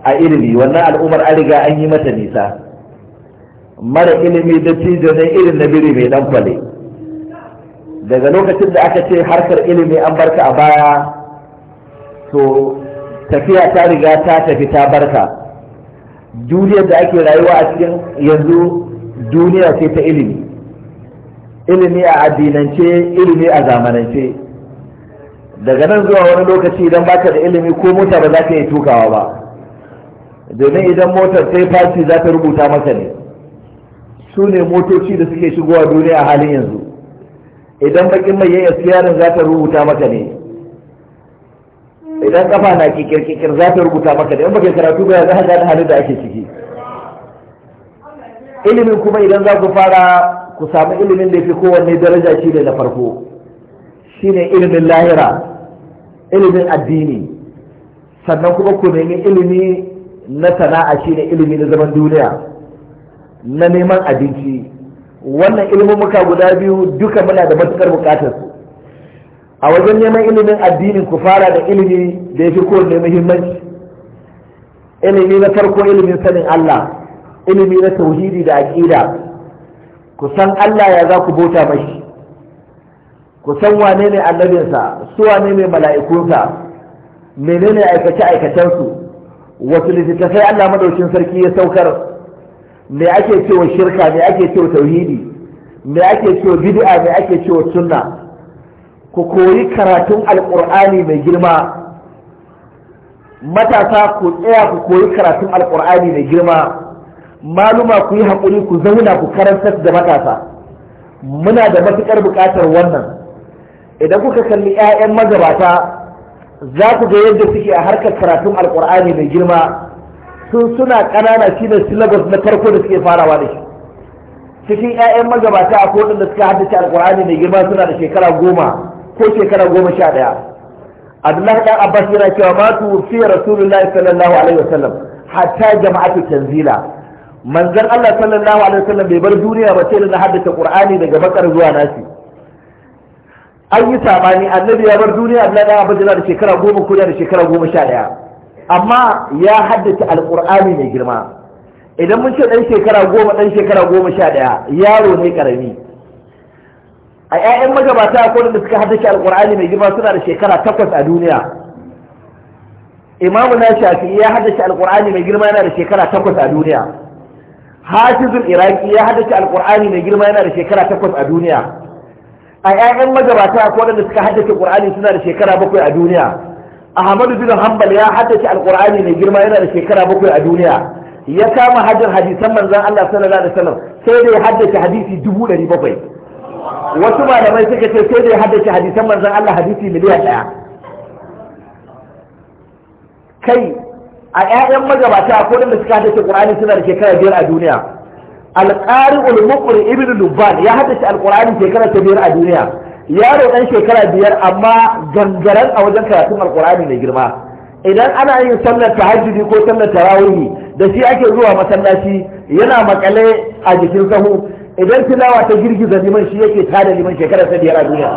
a ilimi wannan al'ummar an riga an yi mata nisa mara ilimi da cijo irin na biri mai dan kwale daga lokacin da aka ce harkar ilimi an barka a baya to tafiya ta riga ta tafi ta barka duniyar da ake rayuwa a cikin yanzu duniya ce ta ilimi ilimi a addinance ilimi a zamanance daga nan zuwa wani lokaci idan baka da ilimi ko mota ba za ka yi tukawa ba domin idan motar sai fashi za ta rubuta maka ne su ne motoci da suke shigowa duniya a halin yanzu idan bakin mai yayyar siyarin za ta rubuta maka ne idan kafa na kikir kikir za ta rubuta maka da yan baka karatu ba za ka gane halin da ake ciki ilimin kuma idan za ku fara ku samu ilimin da fi kowanne daraja shi ne na farko shine ilimin lahira ilimin addini sannan kuma ku nemi ilimi na sana'a shine ilimi na zaman duniya na neman abinci wannan ilimin muka guda biyu duka muna da matukar bukatar su a wajen neman ilimin addini ku fara da ilimi da ya yafi kowanne muhimmanci ilimi na farko ilimin sanin Allah ilimi na tauhidi da aqida ku san Allah ya za ku bauta mashi ku san wane ne annabinsa su wane ne mala'ikunsa menene aikace aikacensu wasu littattafai Allah madaukin sarki ya saukar me ake cewa shirka me ake cewa tauhidi me ake cewa bid'a me ake cewa sunna ku koyi karatun alƙur'ani mai girma matasa ku tsaya ku koyi karatun alƙur'ani mai girma maluma ku yi haƙuri ku zauna ku karanta da matasa muna da matuƙar buƙatar wannan idan kuka kalli 'ya'yan magabata za ku ga yadda suke a harkar karatun alƙur'ani mai girma sun suna ƙanana shi ne syllabus na farko da suke farawa da shi cikin 'ya'yan magabata a kodin da suka haddace alƙur'ani mai girma suna da shekara goma ko shekara goma sha ɗaya abdullahi ɗan abbas yana cewa ma tuwfiya rasulullahi sallallahu alaihi wasallam hatta jama'atu tanzila manzon Allah sallallahu alaihi wasallam bai bar duniya ba sai da haddace qur'ani daga bakar zuwa nasi an yi sabani annabi ya bar duniya abdullahi ɗan abbas yana da shekara goma ko da shekara goma sha ɗaya amma ya haddace alqur'ani mai girma idan mun ce ɗan shekara goma ɗan shekara goma sha ɗaya yaro ne ƙarami. a 'ya'yan magabata ko da suka haddace alkur'ani mai girma suna da shekara takwas a duniya imamu na shafi ya haddace alkur'ani mai girma yana da shekara takwas a duniya hafizul iraki ya haddace alkur'ani mai girma yana da shekara takwas a duniya a 'ya'yan magabata ko da suka haddace Kur'ani suna da shekara bakwai a duniya ahmadu bin hanbal ya haddace alkur'ani mai girma yana da shekara bakwai a duniya ya kama hajjar hadisan manzon Allah sallallahu alaihi wasallam sai dai haddace hadisi dubu ɗari bakwai wasu malamai suka ce sai dai haddace hadisan manzon Allah hadisi miliyan ɗaya kai a ƴaƴan magabata akwai da suka haddace Qur'ani suna da shekara biyar a duniya alqari'ul muqri ibn lubban ya haddace alqur'ani shekara ta biyar a duniya yaro dan shekara biyar amma gangaren a wajen karatun alqur'ani mai girma idan ana yin sallar tahajjudi ko sallar tarawih da shi ake zuwa masallaci yana makale a jikin sahu idan tilawa ta girgiza liman shi yake tada liman shekara ta biyar a duniya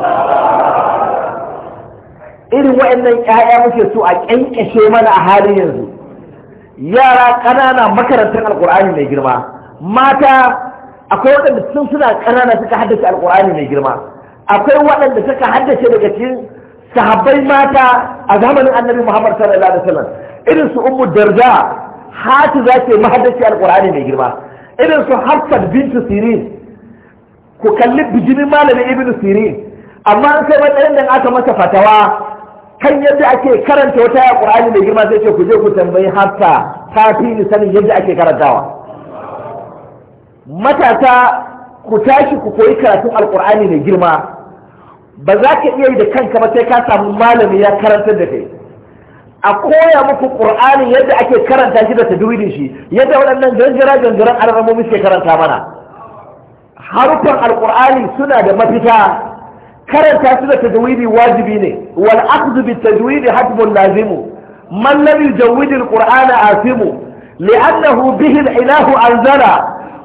irin wa'annan ƴaƴa muke so a ƙyanƙyashe mana a halin yanzu yara ƙanana makarantar alƙur'ani mai girma mata akwai waɗanda sun suna ƙanana suka haddace alƙur'ani mai girma akwai waɗanda suka haddace daga cikin sahabbai mata a zamanin annabi muhammad sallallahu alaihi wasallam irin su ummu darda hatu za ta yi mahaddaci alƙur'ani mai girma irin su Hafsat bintu Sirin ku kalli bijimin malamin Ibn Sirin amma an sai matsayin da aka masa fatawa kan yadda ake karanta wata ya Qur'ani mai girma sai ce ku je ku tambayi Hafsa ta fi ni sanin yadda ake karantawa matasa ku tashi ku koyi karatun Alƙur'ani mai girma ba za ka iya yi da kanka ba sai ka samu malami ya karantar da kai a koya muku qur'ani yadda ake karanta shi da tajwidin shi yadda waɗannan janjira janjiran alamomi suke karanta mana harufan alqur'ani suna da mafita karanta su da tajwidi wajibi ne wal akhdhu bit tajwidi hatmun lazimu man lam yujawwid alqur'ana asimu li'annahu bihi al-ilahu anzala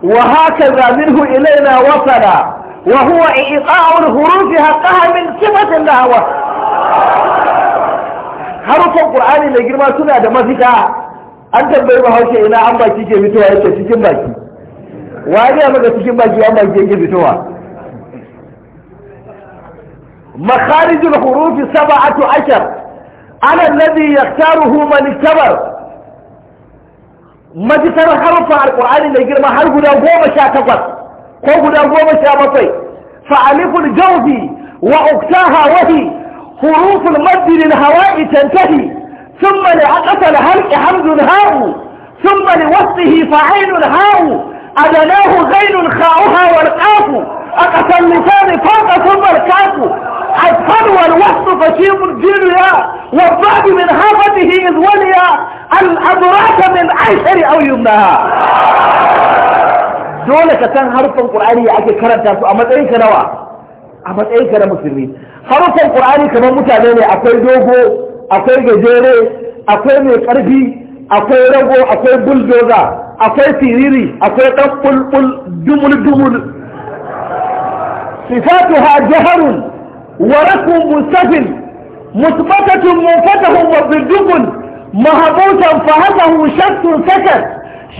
wa hakaza minhu ilayna wasala وهو إيقاع الحروف حقها من صفة الله harkar qur'ani mai girma suna da mafita an tambayi bahaushe ina an baki ke fitowa yake cikin baki wa ne maka cikin baki fitowa makharijul hurufi sab'atu ashar ala alladhi yaktaruhu man iktabar majitar harfa alqur'ani mai girma har guda goma sha takwas ko guda goma sha bakwai fa aliful jawfi wa uktaha حروف المد للهواء تنتهي ثم لعقص الهلك حمد هاء ثم لوسطه فعين هاء أدناه غين خاؤها والقاف أقصى اللسان فوق ثم الكاف الفن والوسط فشيم الدين يا والبعد من هافته إذ وليا الأدراك من أيسر أو يمناها دولة كان حرفا قرآني أكي كرنتا سؤال مدعين كنوا a matsayin ka na musulmi harufan qur'ani kamar mutane ne akwai dogo akwai gajere akwai mai karfi akwai rago akwai buldoza akwai siriri akwai dan bulbul dumul dumul sifatuha jaharun wa rakum mustafil مثبتة منفتح وضدق مهبوسا فهزه شخص سكت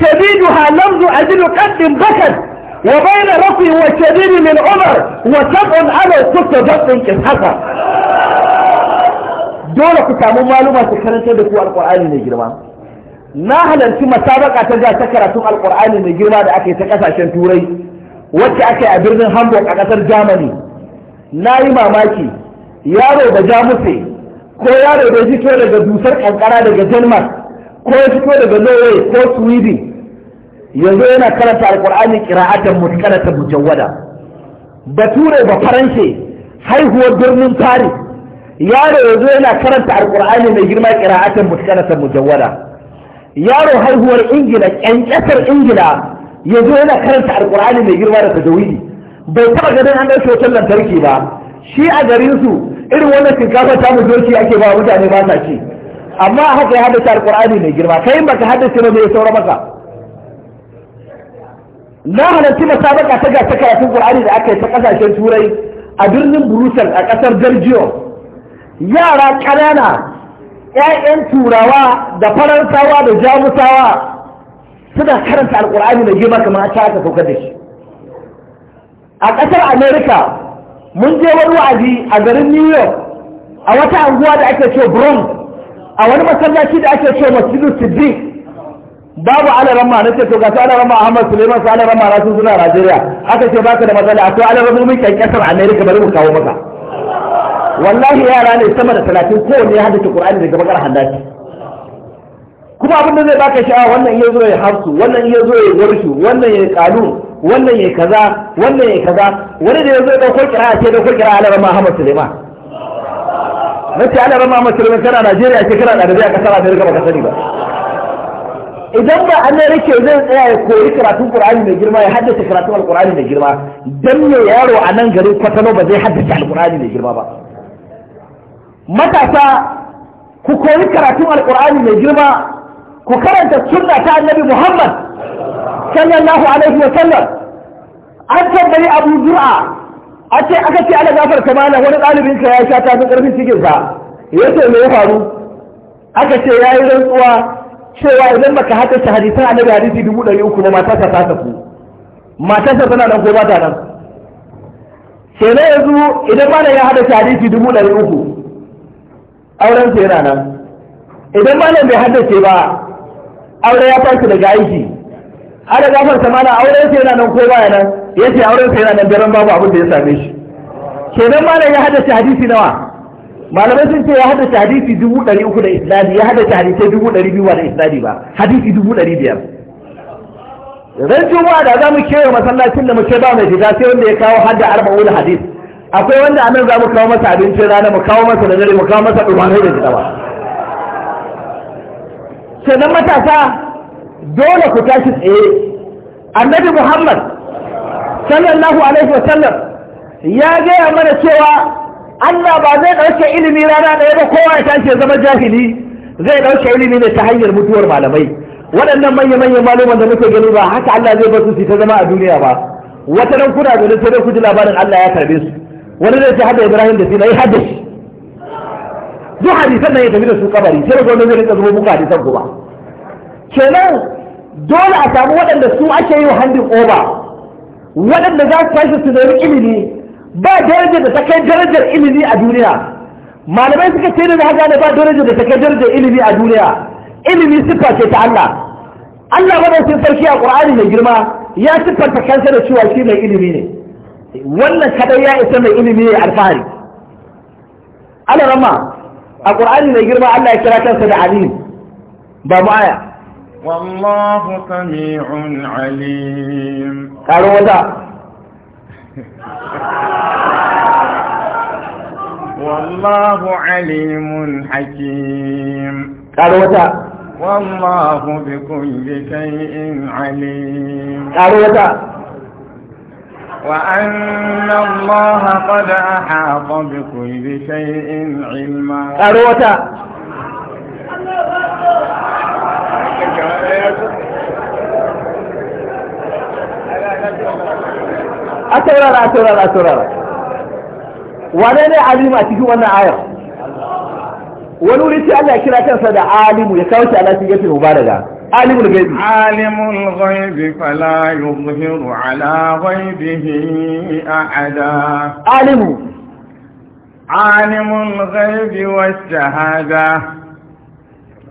شديدها لفظ أجل قد بكت وبين رفي وشديد من عمر وسبع على كنت ضبط كسحة dole ku samu maluma su karanta da ku alƙur'ani mai girma na halarci masabaka ta ja ta karatun alƙur'ani mai girma da aka yi ta ƙasashen turai wacce aka yi a birnin hamburg a ƙasar germany na yi mamaki yaro da jamuse ko yaro da fito daga dusar ƙanƙara daga denmark ko ya fito daga norway ko sweden yanzu yana karanta alkur'ani kira'atan mutkaratan mujawwada bature ba faranshe haihuwar birnin tari. yaro yanzu yana karanta alkur'ani mai girma kira'atan mutkaratan mujawwada yaro haihuwar ingila kyankyasar ingila yanzu yana karanta alkur'ani mai girma da tajawidi bai taba ganin an ɗauke wutar lantarki ba shi a garinsu irin wannan shinkafa ta mu ake ba mutane ba sa ci amma haka ya haddace alkur'ani mai girma kai baka haddace ba mai saura maka na halarci masabaka ta gasa karatun qur'ani da aka yi ta ƙasashen turai a birnin brussels a ƙasar belgium yara ƙanana 'ya'yan turawa da faransawa da jamusawa suna karanta alkur'ani da girma kamar ta aka saukar da shi a ƙasar america mun je wani wa'azi a garin new york a wata anguwa da ake ce bronx a wani masallaci da ake ce masjidu siddiq babu ala ma na ce to ga ala alaran ma Ahmad Suleiman su alaran ma rasu suna Najeriya aka ce baka da matsala to ala mu mun kasar America bari mu kawo maka wallahi yara ne sama da talatin kowanne ya ta Qur'ani daga bakar handaki kuma abin da zai baka sha'awa wannan iya zuwa ya hafsu wannan iya zuwa ya warshu wannan ya kalu wannan ya kaza wannan ya kaza wani da ya zo ya dauko kira ce dauko kira ala ma Ahmad Suleiman ce ala ma Ahmad Suleiman kana Najeriya ce kana da a kasar America baka sani ba idan ba amerika zai tsaya ya koyi karatun qur'ani mai girma ya haddace karatun alqur'ani mai girma dan ne yaro a nan garin kwatano ba zai haddace alqur'ani mai girma ba matasa ku koyi karatun alqur'ani mai girma ku karanta sunna ta annabi muhammad sallallahu alaihi wa sallam an tambayi abu zur'a a ce aka ce ana gafar wani ɗalibinka ya sha tafin ƙarfin cikinsa ya ce me ya faru aka ce ya yi rantsuwa cewa idan baka haddace hadisan annabi hadisi dubu ɗari uku ba matarsa ta tafi matarsa tana nan ko ba ta nan na yanzu idan malam ya haddace hadisi dubu ɗari uku auren sa yana nan idan malam bai haddace ba aure ya tashi daga aiki ana gafarta mana auren sa yana nan ko baya nan ce auren sa yana nan daren babu abin da ya same shi kenan malam ya haddace hadisi nawa malamai sun ce ya haddace hadisi dubu ɗari uku da isnadi ya haddace hadisai dubu ɗari biyu ba da isnadi ba hadisi dubu ɗari biyar ran wa da za mu wa masallacin da muke ba mai shiga sai wanda ya kawo hadda da hadis akwai wanda anan za mu kawo masa abincin rana mu kawo masa da dare mu kawo masa ɗumamai da gidawa sannan matasa dole ku tashi tsaye annabi muhammad sallallahu alaihi wa sallam ya gaya mana cewa Allah ba zai ɗauke ilimi rana ɗaya ba kowa ya tashi ya zama jahili zai ɗauke ilimi ne ta hanyar mutuwar malamai waɗannan manya-manyan maluman da muke gani ba haka Allah zai basu su ta zama a duniya ba wata nan kuna da sai dai ku ji labarin Allah ya karbe su wani zai ce hada Ibrahim da Sina ya hada shi duk hadisan nan ya tafi da su kabari sai da gwamnati zai rinka zubo muku hadisan ku ba kenan dole a samu waɗanda su ake yi wa handin oba waɗanda za su tashi su nemi ilimi ba darajar da ta kai darajar ilimi a duniya malamai suka ce da haka ne ba darajar da ta kai darajar ilimi a duniya ilimi siffa ce ta Allah Allah madaukakin sarki a Qur'ani mai girma ya siffanta kansa da cewa shi mai ilimi ne wannan kadai ya isa mai ilimi ne alfahari Allah rama a Qur'ani mai girma Allah ya kira kansa da alim ba mu aya wallahu sami'un alim karo wata والله عليم حكيم قال وتا والله بكل شيء عليم قال وتا وأن الله قد أحاط بكل شيء علما قال وتا a taurara a taurara a taurara wane ne alimu a cikin wannan ayar wani wuri sai Allah ya kira kansa da alimu ya kawo shi a cikin yafin mubalaga alimul ghaibi alimul ghaibi fala yuzhiru ala ghaibihi ahada alimu alimul ghaibi wash-shahada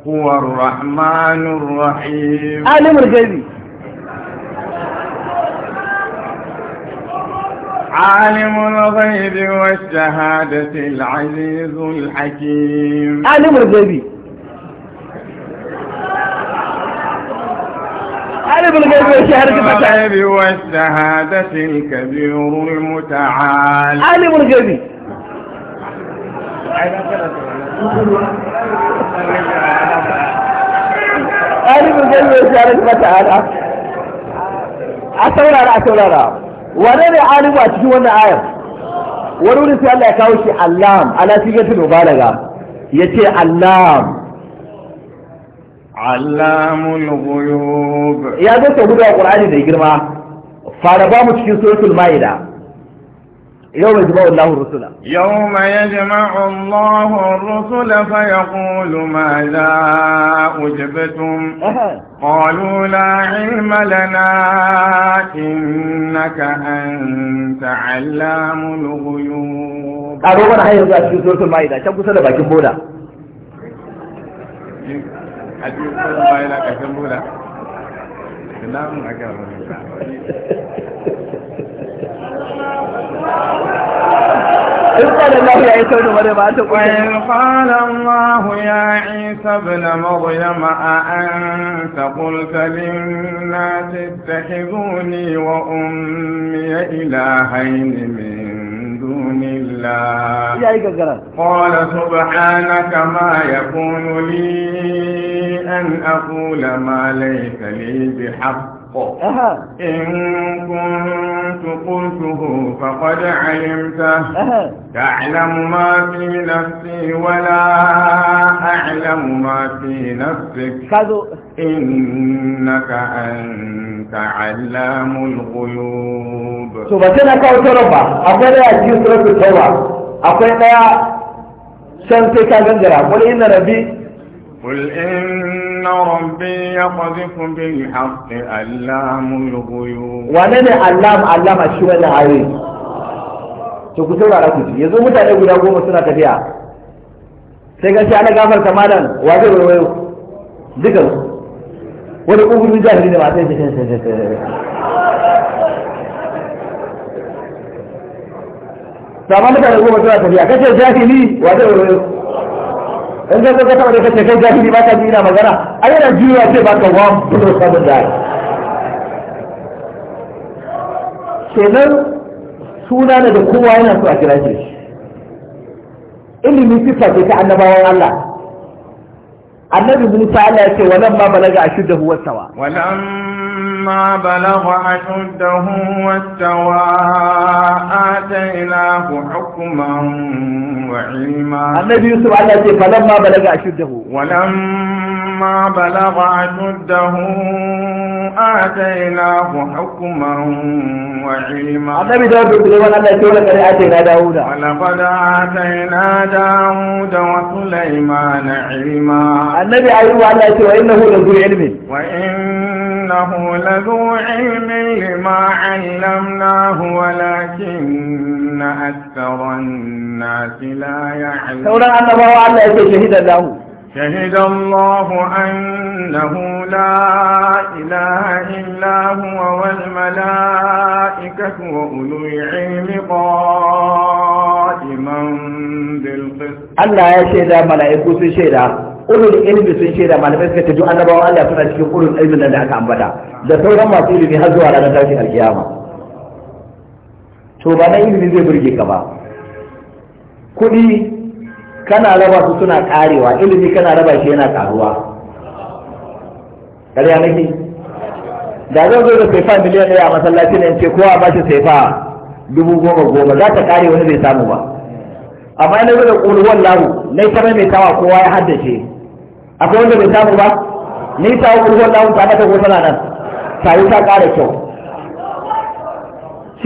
huwa ar rahim alimul ghaibi عالم الغيب والشهادة العزيز الحكيم عالم الغيب عالم الغيب والشهادة الغيب والشهادة المتعال عالم الغيب عالم الغيب والشهادة المتعال wane ne alimu a cikin wannan ayar wani wurin sai Allah ya kawo shi allam ala da mubalaga yace allam allamul ghuyub ya zo ta gudu qur'ani da girma fara ba mu cikin suratul maida يوم يجمع الله الرسل يوم يجمع الله الرسل فيقول ماذا أجبتم قالوا لا علم لنا إنك أنت علام الغيوب أبو من حيث في سورة المائدة كم قصة لبا كم بولا أجيب سورة المائدة كم بولا سلام أكبر قال الله يا عيسى ابن مريم أأنت قلت للناس اتخذوني وأمي إلهين من دون الله قال سبحانك ما يكون لي أن أقول ما ليس لي بحق الحق إن كنت قلته فقد علمته تعلم ما في نفسي ولا أعلم ما في نفسك كذو. إنك أنت علام الغيوب سبتنا كو أقول يا جيس رب التوبة أقول يا شمسي قل إن ربي قل إن ربي يقذف بالحق ألام الغيوب وانا علام علام الشيء اللي عليه to ku saurara ku yanzu mutane guda goma suna tafiya sai gashi ana gafarta malam wa zai waiwayo dukan wani ƙungurin jahili da masu yake sama mutane goma suna tafiya kace jahili wa zai waiwayo in ga ka taɓa da kace kai jahili ba ka ji ina magana ai yana juya ce ba ka wa bulo sabon da kenan suna ne da kowa yana so a kira shi ilimi sifa ce ta annabawan Allah annabi Musa Allah ya ce walan ma balaga ashuddahu wastawa walan ma balaga ashuddahu wastawa atainahu hukman wa ilma annabi Yusuf Allah ce falan ma balaga ashuddahu Walam ma balaga ashuddahu آتيناه حكما وعلما ولقد آتينا داود وسليمان ilma. annabi wa Allah ya ce wa innahu la zu ilmi wa innahu la zu ilmi lima 'allamnahu walakinna aktharan nas la ya'lamun sauran annabawa Allah ya ce shahidan lahu شهد الله أنه لا إله إلا هو والملائكة وأولو العلم قائما بالقسط الله يا شهد ملائكة شهد ulul ilmi sun shaida malamai suka tajo annabawan Allah suna cikin ulul ilmi nan da aka ambata da sauran masu ilimi har zuwa ranar tashin alkiyama to ba na ilimi zai burge ka ba kuɗi kana raba su suna karewa ilimi kana raba shi yana karuwa ƙarya nake da zan zo da saifa miliyan ɗaya a masallaci ne ce kowa ba shi saifa dubu goma goma za ta kare wani bai samu ba amma ina zo da ƙulwar lahu na ita mai tawa kowa ya haddace akwai wanda bai samu ba ni ta ƙulwar lahu ta mata goma nan sayi ta ƙara kyau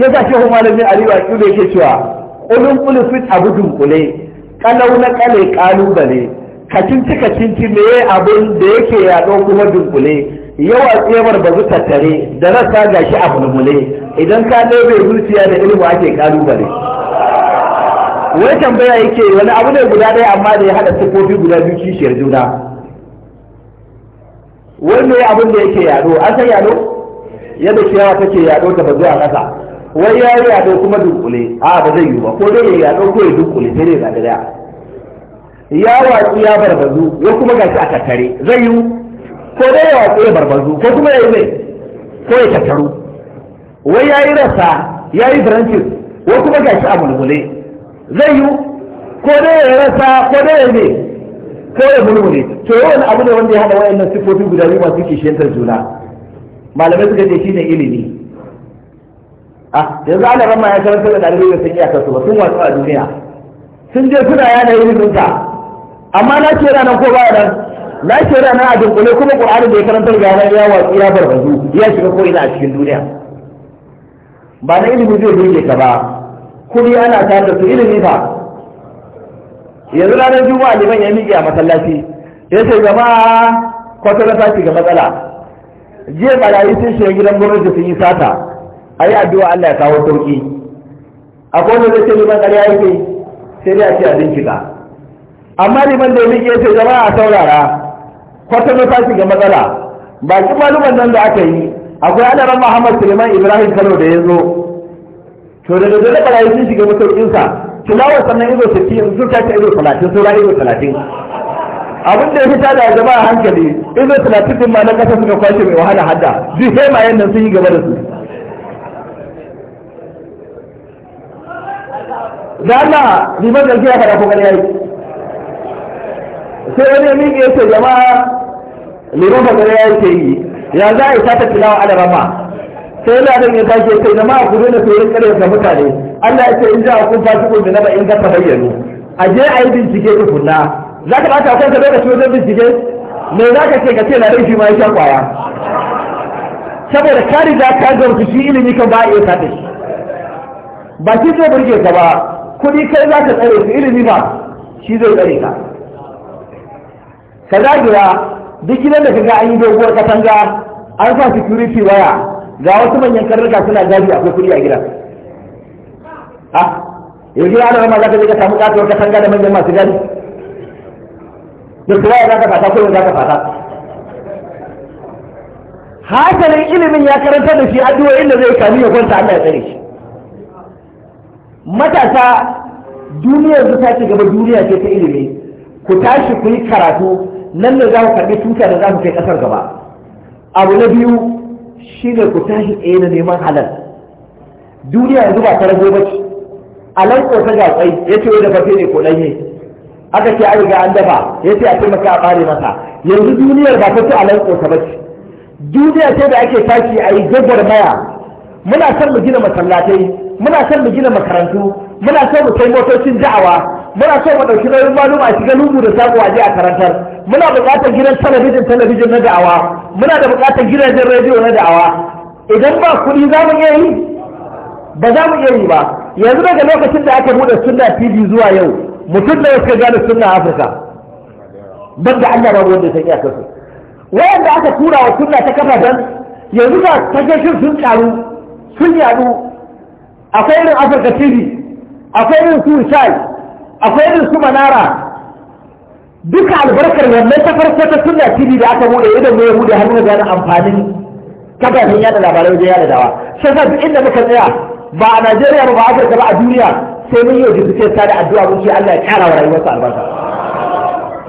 sai ta shehu malamin aliyu a ƙudu yake cewa ƙulun fit abu dunkule kalau na kale kalubale kacinci kacinci me abun da yake yaɗo kuma dunkule yawa tsebar ba tattare, tare da rasa gashi a mulmule idan ka ɗebe zuciya da ilimi ake kalubale wai tambaya yake wani abu ne guda ɗaya amma da ya haɗa sifofi guda biyu kishiyar juna Wani ya abin da yake yaɗo an san yaɗo yadda ciyawa take yaɗo ta bazu a ƙasa wai ya yi yaɗo kuma dunkule a ba zai yi ba ko dai ya yaɗo ko ya dunkule sai ne ga ɗaya ya watsu ya barbazu ya kuma gashi a tattare zai yi ko dai ya watsu ya barbazu ko kuma ya yi mai ko ya tattaru wai ya yi rasa ya yi branches wai kuma gashi a mulmule zai yi ko dai ya rasa ko dai ya mai ko ya mulmule to yawan abu ne wanda ya hada wayannan sifofi guda biyu masu kishiyantar juna malamai suka ce shine ilimi a yanzu ana ramma ya karanta da ɗalibai da sun iya kasu ba sun watsu a duniya sun je suna yanayin ilimin amma na ce ranar ko baya nan na ce ranar a dunkule kuma ƙur'anin da ya karanta ga nan ya watsi ya barbazu ya shiga ko ina a cikin duniya ba na ilimi zai burge ka ba kuɗi ana tare da su ilimi fa yanzu ranar juma'a liman ya miƙe a masallaci ya ce jama'a kwatar ta ga matsala jiya barayi sun shiga gidan gwamnati sun yi sata a yi addu'a Allah ya kawo sauƙi akwai wanda zai ce liman ƙarya yake sai dai a ce a bincika amma liman da ya miƙe ce jama'a a saurara kwata na tashi ga matsala bakin maluman nan da aka yi akwai adaran muhammad suleiman ibrahim kano da ya zo to daga dole barayi sun shiga masaukinsa tilawar sannan izo sittin sun tashi izo talatin sun izo talatin abin da ya fita da jama'a hankali izo talatin din ma na kasa suka kwashe mai wahala hadda duk ma yadda sun yi gaba da su da Allah liman da ya fara ko gani yayi sai wani ya ce yace lura da bakare ya ce yi ya za a yi sata tilawa ala rama sai ladan ya tashi yace jama'a ku daina tsoron kare ga mutane Allah ya ce in za a fashi ku na ba in ga bayyano a je a yi bincike tukunna za ka bata kanka zai ka ci wajen bincike me za ka ce ka ce rai shi ma ya sha kwaya saboda kari za ka gamsu shi ilimi kan ba a iya sata shi ba shi zai burge ka ba kuɗi kai za ka tsare su ilimi ba shi zai tsare ka ka zagira duk gidan da kaga an yi doguwar katanga an sa security waya ga wasu manyan karnuka suna gaji akwai kuɗi a a yau yanzu ana rama za ka je ka samu katuwar katanga da manyan masu gari da su waya za ka fata kullum za ka fata hakanin ilimin ya karanta da shi addu'o'in da zai kami ya kwanta Allah ya tsare shi matasa duniyar ta ci gaba duniya ce ta ilimi ku tashi ku yi karatu nan ne za ku karɓi tuta da za ku kai ƙasar gaba abu na biyu shi ne ku tashi tsaye na neman halal duniya yanzu ba ta rago bace alan ko ta gatsai ya ce da fafe ne ko ɗanye aka ce an riga an dafa ya ce a taimaka a ɓare masa yanzu duniyar ba ta ci alan ko ta bace duniya ce da ake tashi a yi maya muna son mu gina masallatai muna son mu gina makarantu muna son mu kai motocin da'awa muna son mu ɗauki nauyin malum a shiga lumu da samu je a karantar muna buƙatar gidan talabijin talabijin na da'awa muna da buƙatar gidajen rediyo na da'awa idan ba kuɗi za mu iya yi ba za mu iya yi ba yanzu daga lokacin da aka buɗe sunna tv zuwa yau mutum da suka gane sunna afirka ban da allah babu wanda ya san iyakarsu wayanda aka tura wa sunna ta kafa dan yanzu ba tashoshin sun karu sun yadu akwai irin afirka tv akwai irin su shai akwai irin su manara duka albarkar wannan ta farko ta suna tv da aka bude idan ne ya bude hannun da amfanin kafafen yada labarai wajen yada dawa sai sa duk inda muka tsaya ba a Najeriya ba ba Afirka ba a duniya sai mun yi jibuce ta da addu'a mun ce Allah ya kara wa rayuwarsa albarka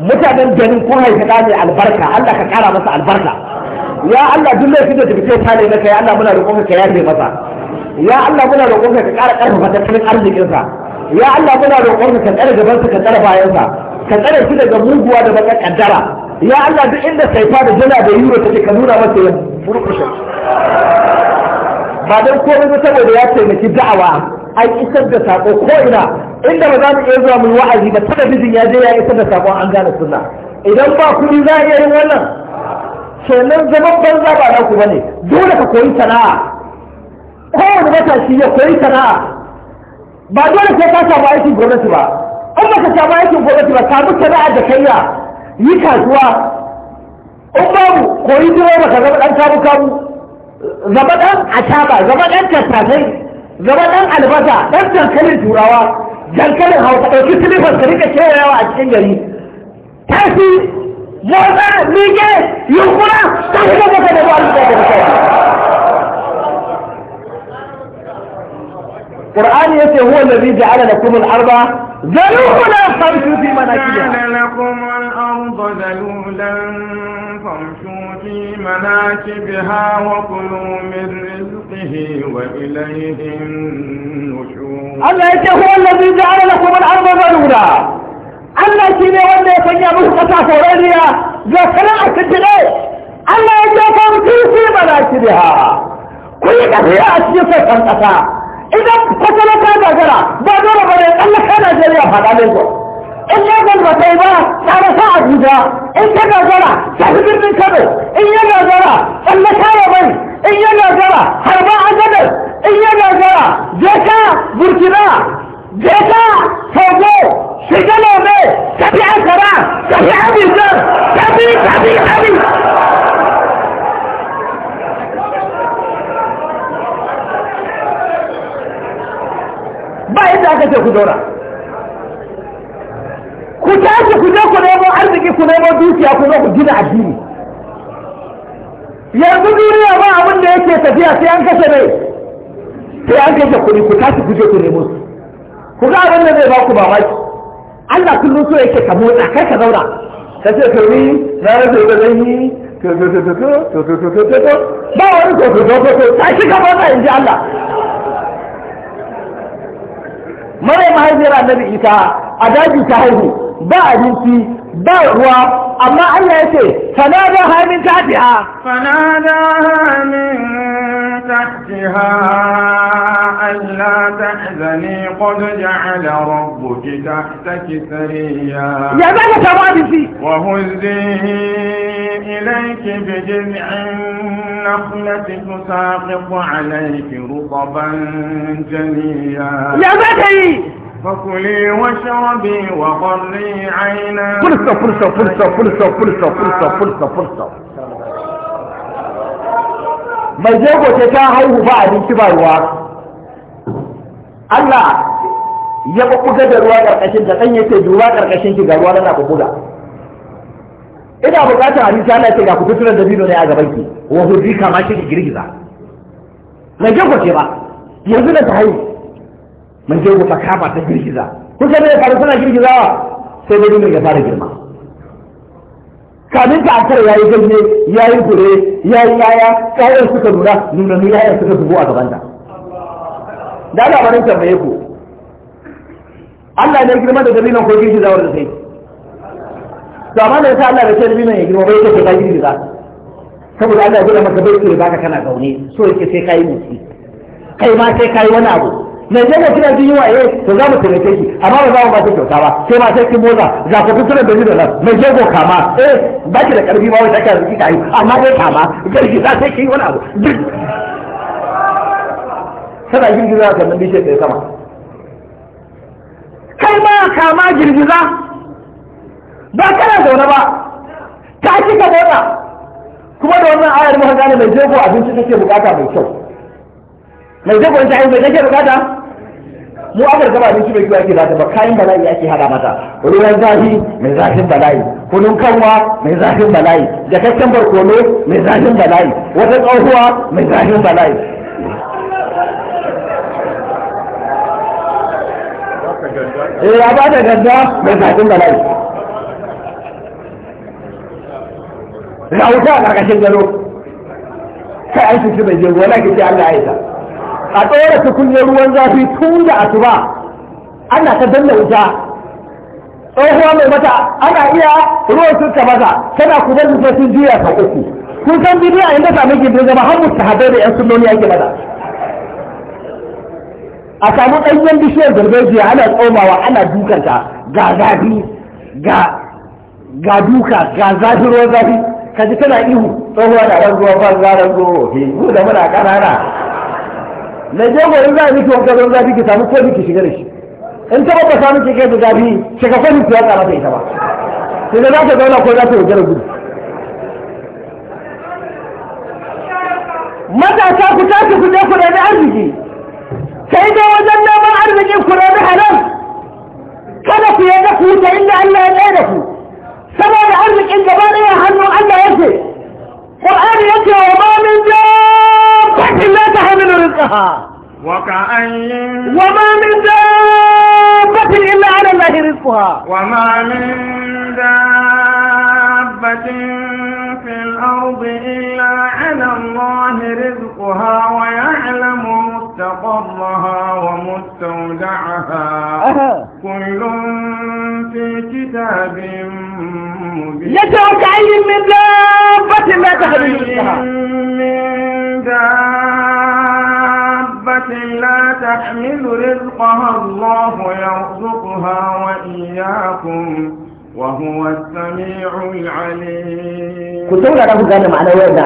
mutanen ganin kun haifi da mai albarka Allah ka kara masa albarka ya Allah duk laifin da jibuce ta ne na kai Allah muna roƙonka ka yafe masa ya Allah muna roƙonka ka kara ƙarfafa tattalin arzikinsa ya Allah muna roƙonka ka tsare gabansa ka tsare bayansa ka tsare su daga muguwa da baka kaddara ya Allah duk inda saifa da jana da yuro take ka nuna masa ya furkushe. ba dan komai ba saboda ya taimaki da'awa ai isar da sako ko ina inda ba za mu iya zuwa mu wa'azi ba talabijin ya je ya isar da sako an gane sunna idan ba kuɗi za a iya yin wannan kenan zaman banza ba na ku bane dole ka koyi sana'a kowane matashi ya koyi sana'a ba dole sai ka samu aikin gwamnati ba in ka samu aikin gwamnati ba samu sana'a da kaiya yi kasuwa in babu koyi ba ka zama ɗan samu kamu zama ɗan ataba zama ɗan tattasai zama ɗan albasa ɗan dankalin turawa dankalin hausa ɗauki silifas ka rika kewayawa a cikin gari tashi motsa mike yunkura ta hidda maka da ruwa da kai القرآن يسي هو الذي جعل لكم الأرض ذلولا فامشوا في مناكبها جعل لكم الأرض ذلولا فامشوا في مناكبها وكلوا من رزقه وإليه النشور الله يسي هو الذي جعل لكم الأرض ذلولا Allah shi ne wanda ya sanya musu ƙasa korariya ga kana a cikin Allah ya jefa mutum su yi mana shi da ha. Kun yi tafiya a cikin sassan ƙasa, idan kwatala ta gagara ba dole ba ne tsallaka najeriya faɗa lagos in lagos ba ta yi ba ta rasa abuja in ta gagara ta fi birnin kano in ya gagara tsallaka ya bai in ya gagara har ba a gadar in ya gagara je ka burkina je ka togo shiga lome tafi ankara tafi abidjan tafi tafi tafi ba yadda aka ce ku zauna ku tashi ku je ku nemo arziki ku nemo dukiya ku zo ku gina addini yanzu duniya ba abin da yake tafiya sai an kashe ne sai an kashe kuɗi ku tashi ku je ku nemo su ku ga abin da zai ba ku mamaki Allah kullum so yake ka motsa kai ka zauna ka ce to ni na rage da zan yi to to to to to to to to ba wani to to to to tashi ka motsa in ji Allah mare mahaifiyar annabi ita a daji ta haihu ba abinci ba ruwa amma Allah ya ce sanada hamin tahtiha sanada hamin tahtiha alla tahzani qad ja'ala rabbuki tahtaki sariya ya zaka samu abinci wa huzzi إليك بجذع النخلة تساقط عليك رطبا جنيا يا بدي فكلي واشربي وقري عينا فرصة فرصة فرصة فرصة فرصة فرصة فرصة فرصة mai jego ce ta haihu ba abinci ba ruwa Allah ya buga da ruwa ƙarƙashin da ɗan yake ƙarƙashin ki ga ruwa na buga ina bukatar abinci na ce ga ku tuturar dabino ne a gaban ki wa ka ma shi ki girgiza mai jego ce ba yanzu na ta haihu mai jego ta kama ta girgiza kun san da faru suna girgizawa sai dabino ya fara girma kamin ka akara yayi ganye yayi gure yayi yaya kayan suka nuna nuna ni yayan suka zubo a gaban ta da labarin mai ku Allah ne girma da dabino ko girgizawar da sai to amma da yasa Allah da ke ribi mai girma bai yake sai ka girbi saboda Allah ya gina maka bai ce baka kana gauni so yake sai ka yi kai ma sai ka yi wani abu mai zai suna jin wa eh to za mu tare shi amma ba za mu ba ta kyauta ba sai ma sai kin moza za ku kusa da da nan mai jego kama eh ba ki da karfi ba wai ta kira ki kai amma dai kama garki za sai kin wani abu sana girgiza ka nan bishe kai sama kai ma kama girgiza ba kana zaune ba ka ci ka motsa kuma da wannan ayar muka gane mai jego abinci take bukata mai kyau mai jego ta yi mai take bukata mu aka gaba abinci mai kyau ake zata ba kayan bala'i ake hada mata ruwan zafi mai zafin bala'i kunun kanwa mai zafin bala'i kakken barkono mai zafin bala'i wata tsohuwa mai zafin bala'i Eh ya ba da ganda mai zafin bala'i rauta wuta a ƙarƙashin gano kai aikin shi bai je wala ke ce Allah ya isa a tsora tukunyar ruwan zafi tun da asuba ana ta danna wuta tsohuwa mai mata ana iya ruwan sun maza tana kuma zuwa sun jiya ta uku kun san bidiyo a inda samun gindin zama har mutu haɗe da 'yan sunoni yake maza a samu ɗanyen bishiyar gargajiya ana tsomawa ana dukanta ga zafi ga duka ga zafi ruwan zafi ka ji tana ihu tsohuwa da ran ruwa ban za ran ruwa ke mu da muna kanana na je gori za miki wanka gazon zafi ki samu ko ki shiga da shi in ta ba samu ki kai da zafi ki ka kofi ki ya tsara ita ba sai da za ka zauna ko za ka yi gudu matasa ku tashi ku je ku rabi arziki Kai dai wajen neman arziki ku rabi halal kada ku yarda ku wuce inda Allah ya tsaye da ku كما يعلمك ان جبال ايه حنو لا يجي قرآن يجي وما من جابة لا تحمل رزقها وكأي وما من دابة إلا على الله رزقها وما من دابة في الأرض إلا على الله رزقها ويعلمها مستقرها ومستودعها كل في كتاب مبين يدعو كعين من دابة ما من دابة لا تحمل رزقها الله يرزقها وإياكم وهو السميع العليم كنت أقول لك أنا معنى وين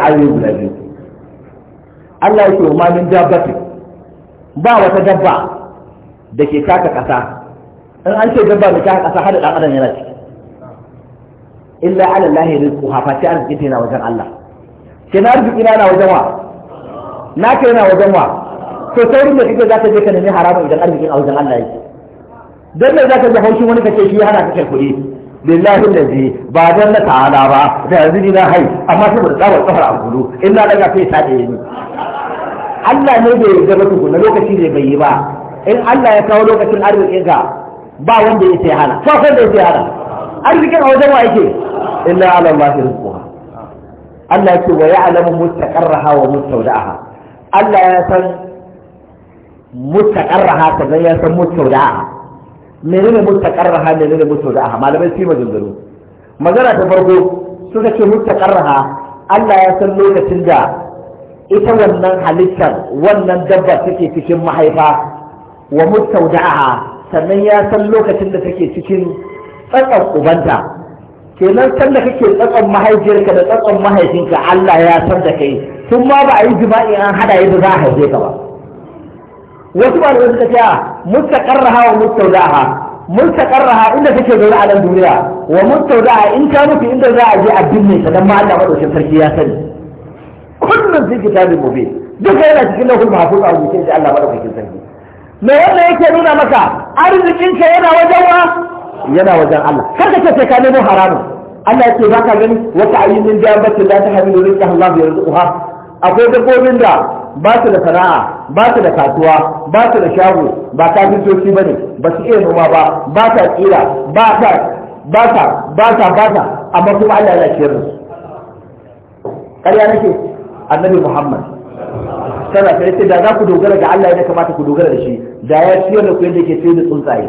عايز الله يقول ما من دابة ba wata dabba da ke taka ƙasa in an ce dabba da taka ƙasa har da ɗan adam yana ciki illa ala lahi rizqu ha fa ta arziki yana wajen Allah ke na arziki na wajen wa na kai na wajen wa to saurin da kike zaka je ka nemi haramun idan arzikin a wajen Allah yake dan da zaka ji haushin wani kace shi hana ka kuɗi lillahi allazi ba dan na ta'ala ba da yanzu ni na hai amma saboda tsawon kafar a gudu illa daga kai ta da ni Allah ne bai yarda ba tukuna lokaci ne bai yi ba in Allah ya kawo lokacin arzikin ka ba wanda ya sai hana ba wanda ya sai hana arzikin a wajen wa yake illa ala Allah rizquha Allah ya ce wa ya'lamu mustaqarraha wa mustawda'aha Allah ya san mustaqarraha ta sannan ya san mustawda'aha menene mustaqarraha menene mustawda'aha malamai sai maganganu magana ta farko suka ce mustaqarraha Allah ya san lokacin da ita wannan halittar wannan dabba take cikin mahaifa wa mustaudaha sannan ya san lokacin da take cikin tsatsan ubanta kenan san da kake tsatsan mahaifiyarka da tsatsan mahaifinka Allah ya san da kai tun ma ba a yi jima'i an hada yadda za a haife ka ba wasu ba da suka ce ah, mustaqarraha wa mustaudaha mustaqarraha inda take zaune a nan duniya wa mustaudaha in ta nufi inda za a je a binne ta dan ma Allah madaukakin sarki ya sani kullum fi kitabin mubin duka yana cikin lahul mahfuz a rubuce da Allah madaukakin sarki me wannan yake nuna maka ka yana wajen wa yana wajen Allah kar ka ce sai ka nemo haramun Allah ya ce ba ka gani wata ayyukan dabbatin da ta wurin rizqa Allah ya rizquha akwai dabbobin da ba su da sana'a ba su da kasuwa ba su da shago ba kafintoci ba ne ba su iya noma ba ba sa tsira ba sa ba sa ba sa ba sa amma kuma Allah yana shirin. ƙarya nake annabi muhammad sana ta yace da za ku dogara ga Allah ya kamata ku dogara da shi da ya ciyar da ku yadda ke ciyar da tsuntsaye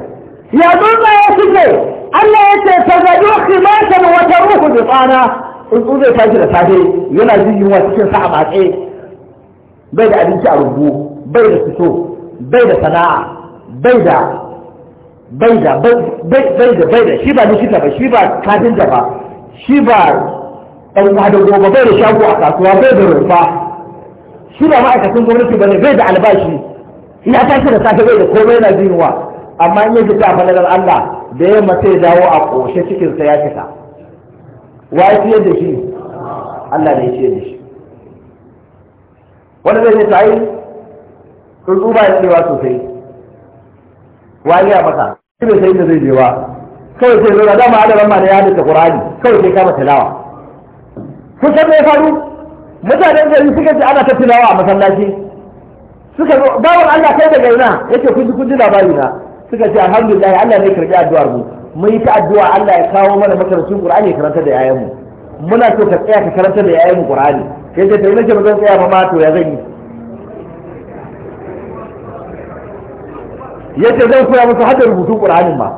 ya tsuntsaye suke Allah ya ce ta zaɗi khimatan wa taruhu bi tsana tsuntsu zai tashi da safe yana jin yunwa cikin sa a matse bai da abinci a rubu bai da fito bai da sana'a bai da bai da bai da bai da shi ba ni shi ba shi ba kafinta ba shi ba dan kwada gobe bai da shago a kasuwa bai da rumfa shi ba ma'aikacin gwamnati bane bai da albashi ya tashi da safe bai da komai na jinuwa amma in ya fita a falalar Allah da ya sai dawo a koshe cikinsa ya fita wa ya fiye da shi Allah ne ya fiye da shi wanda zai ce ta yi tsuntsu ba ya cewa sosai wa ya maka shi bai sai da zai je ba kawai sai zo da dama adaban ma da ya haddace Qur'ani kawai sai kama tilawa kun san me ya faru mutanen gari suka ce ana ta tilawa a masallaci suka zo bawon Allah kai daga ina yace kun ji kun ji labari na suka ce alhamdulillah Allah ne karbi addu'ar mu mun yi ta addu'a Allah ya kawo mana makarantun Qur'ani ya karanta da yayan mu muna so ka tsaya ka karanta da yayan mu Qur'ani sai ce sai nake ba zan tsaya ba ma to ya zan yi yace zan koya musu hadda rubutun Qur'anin ma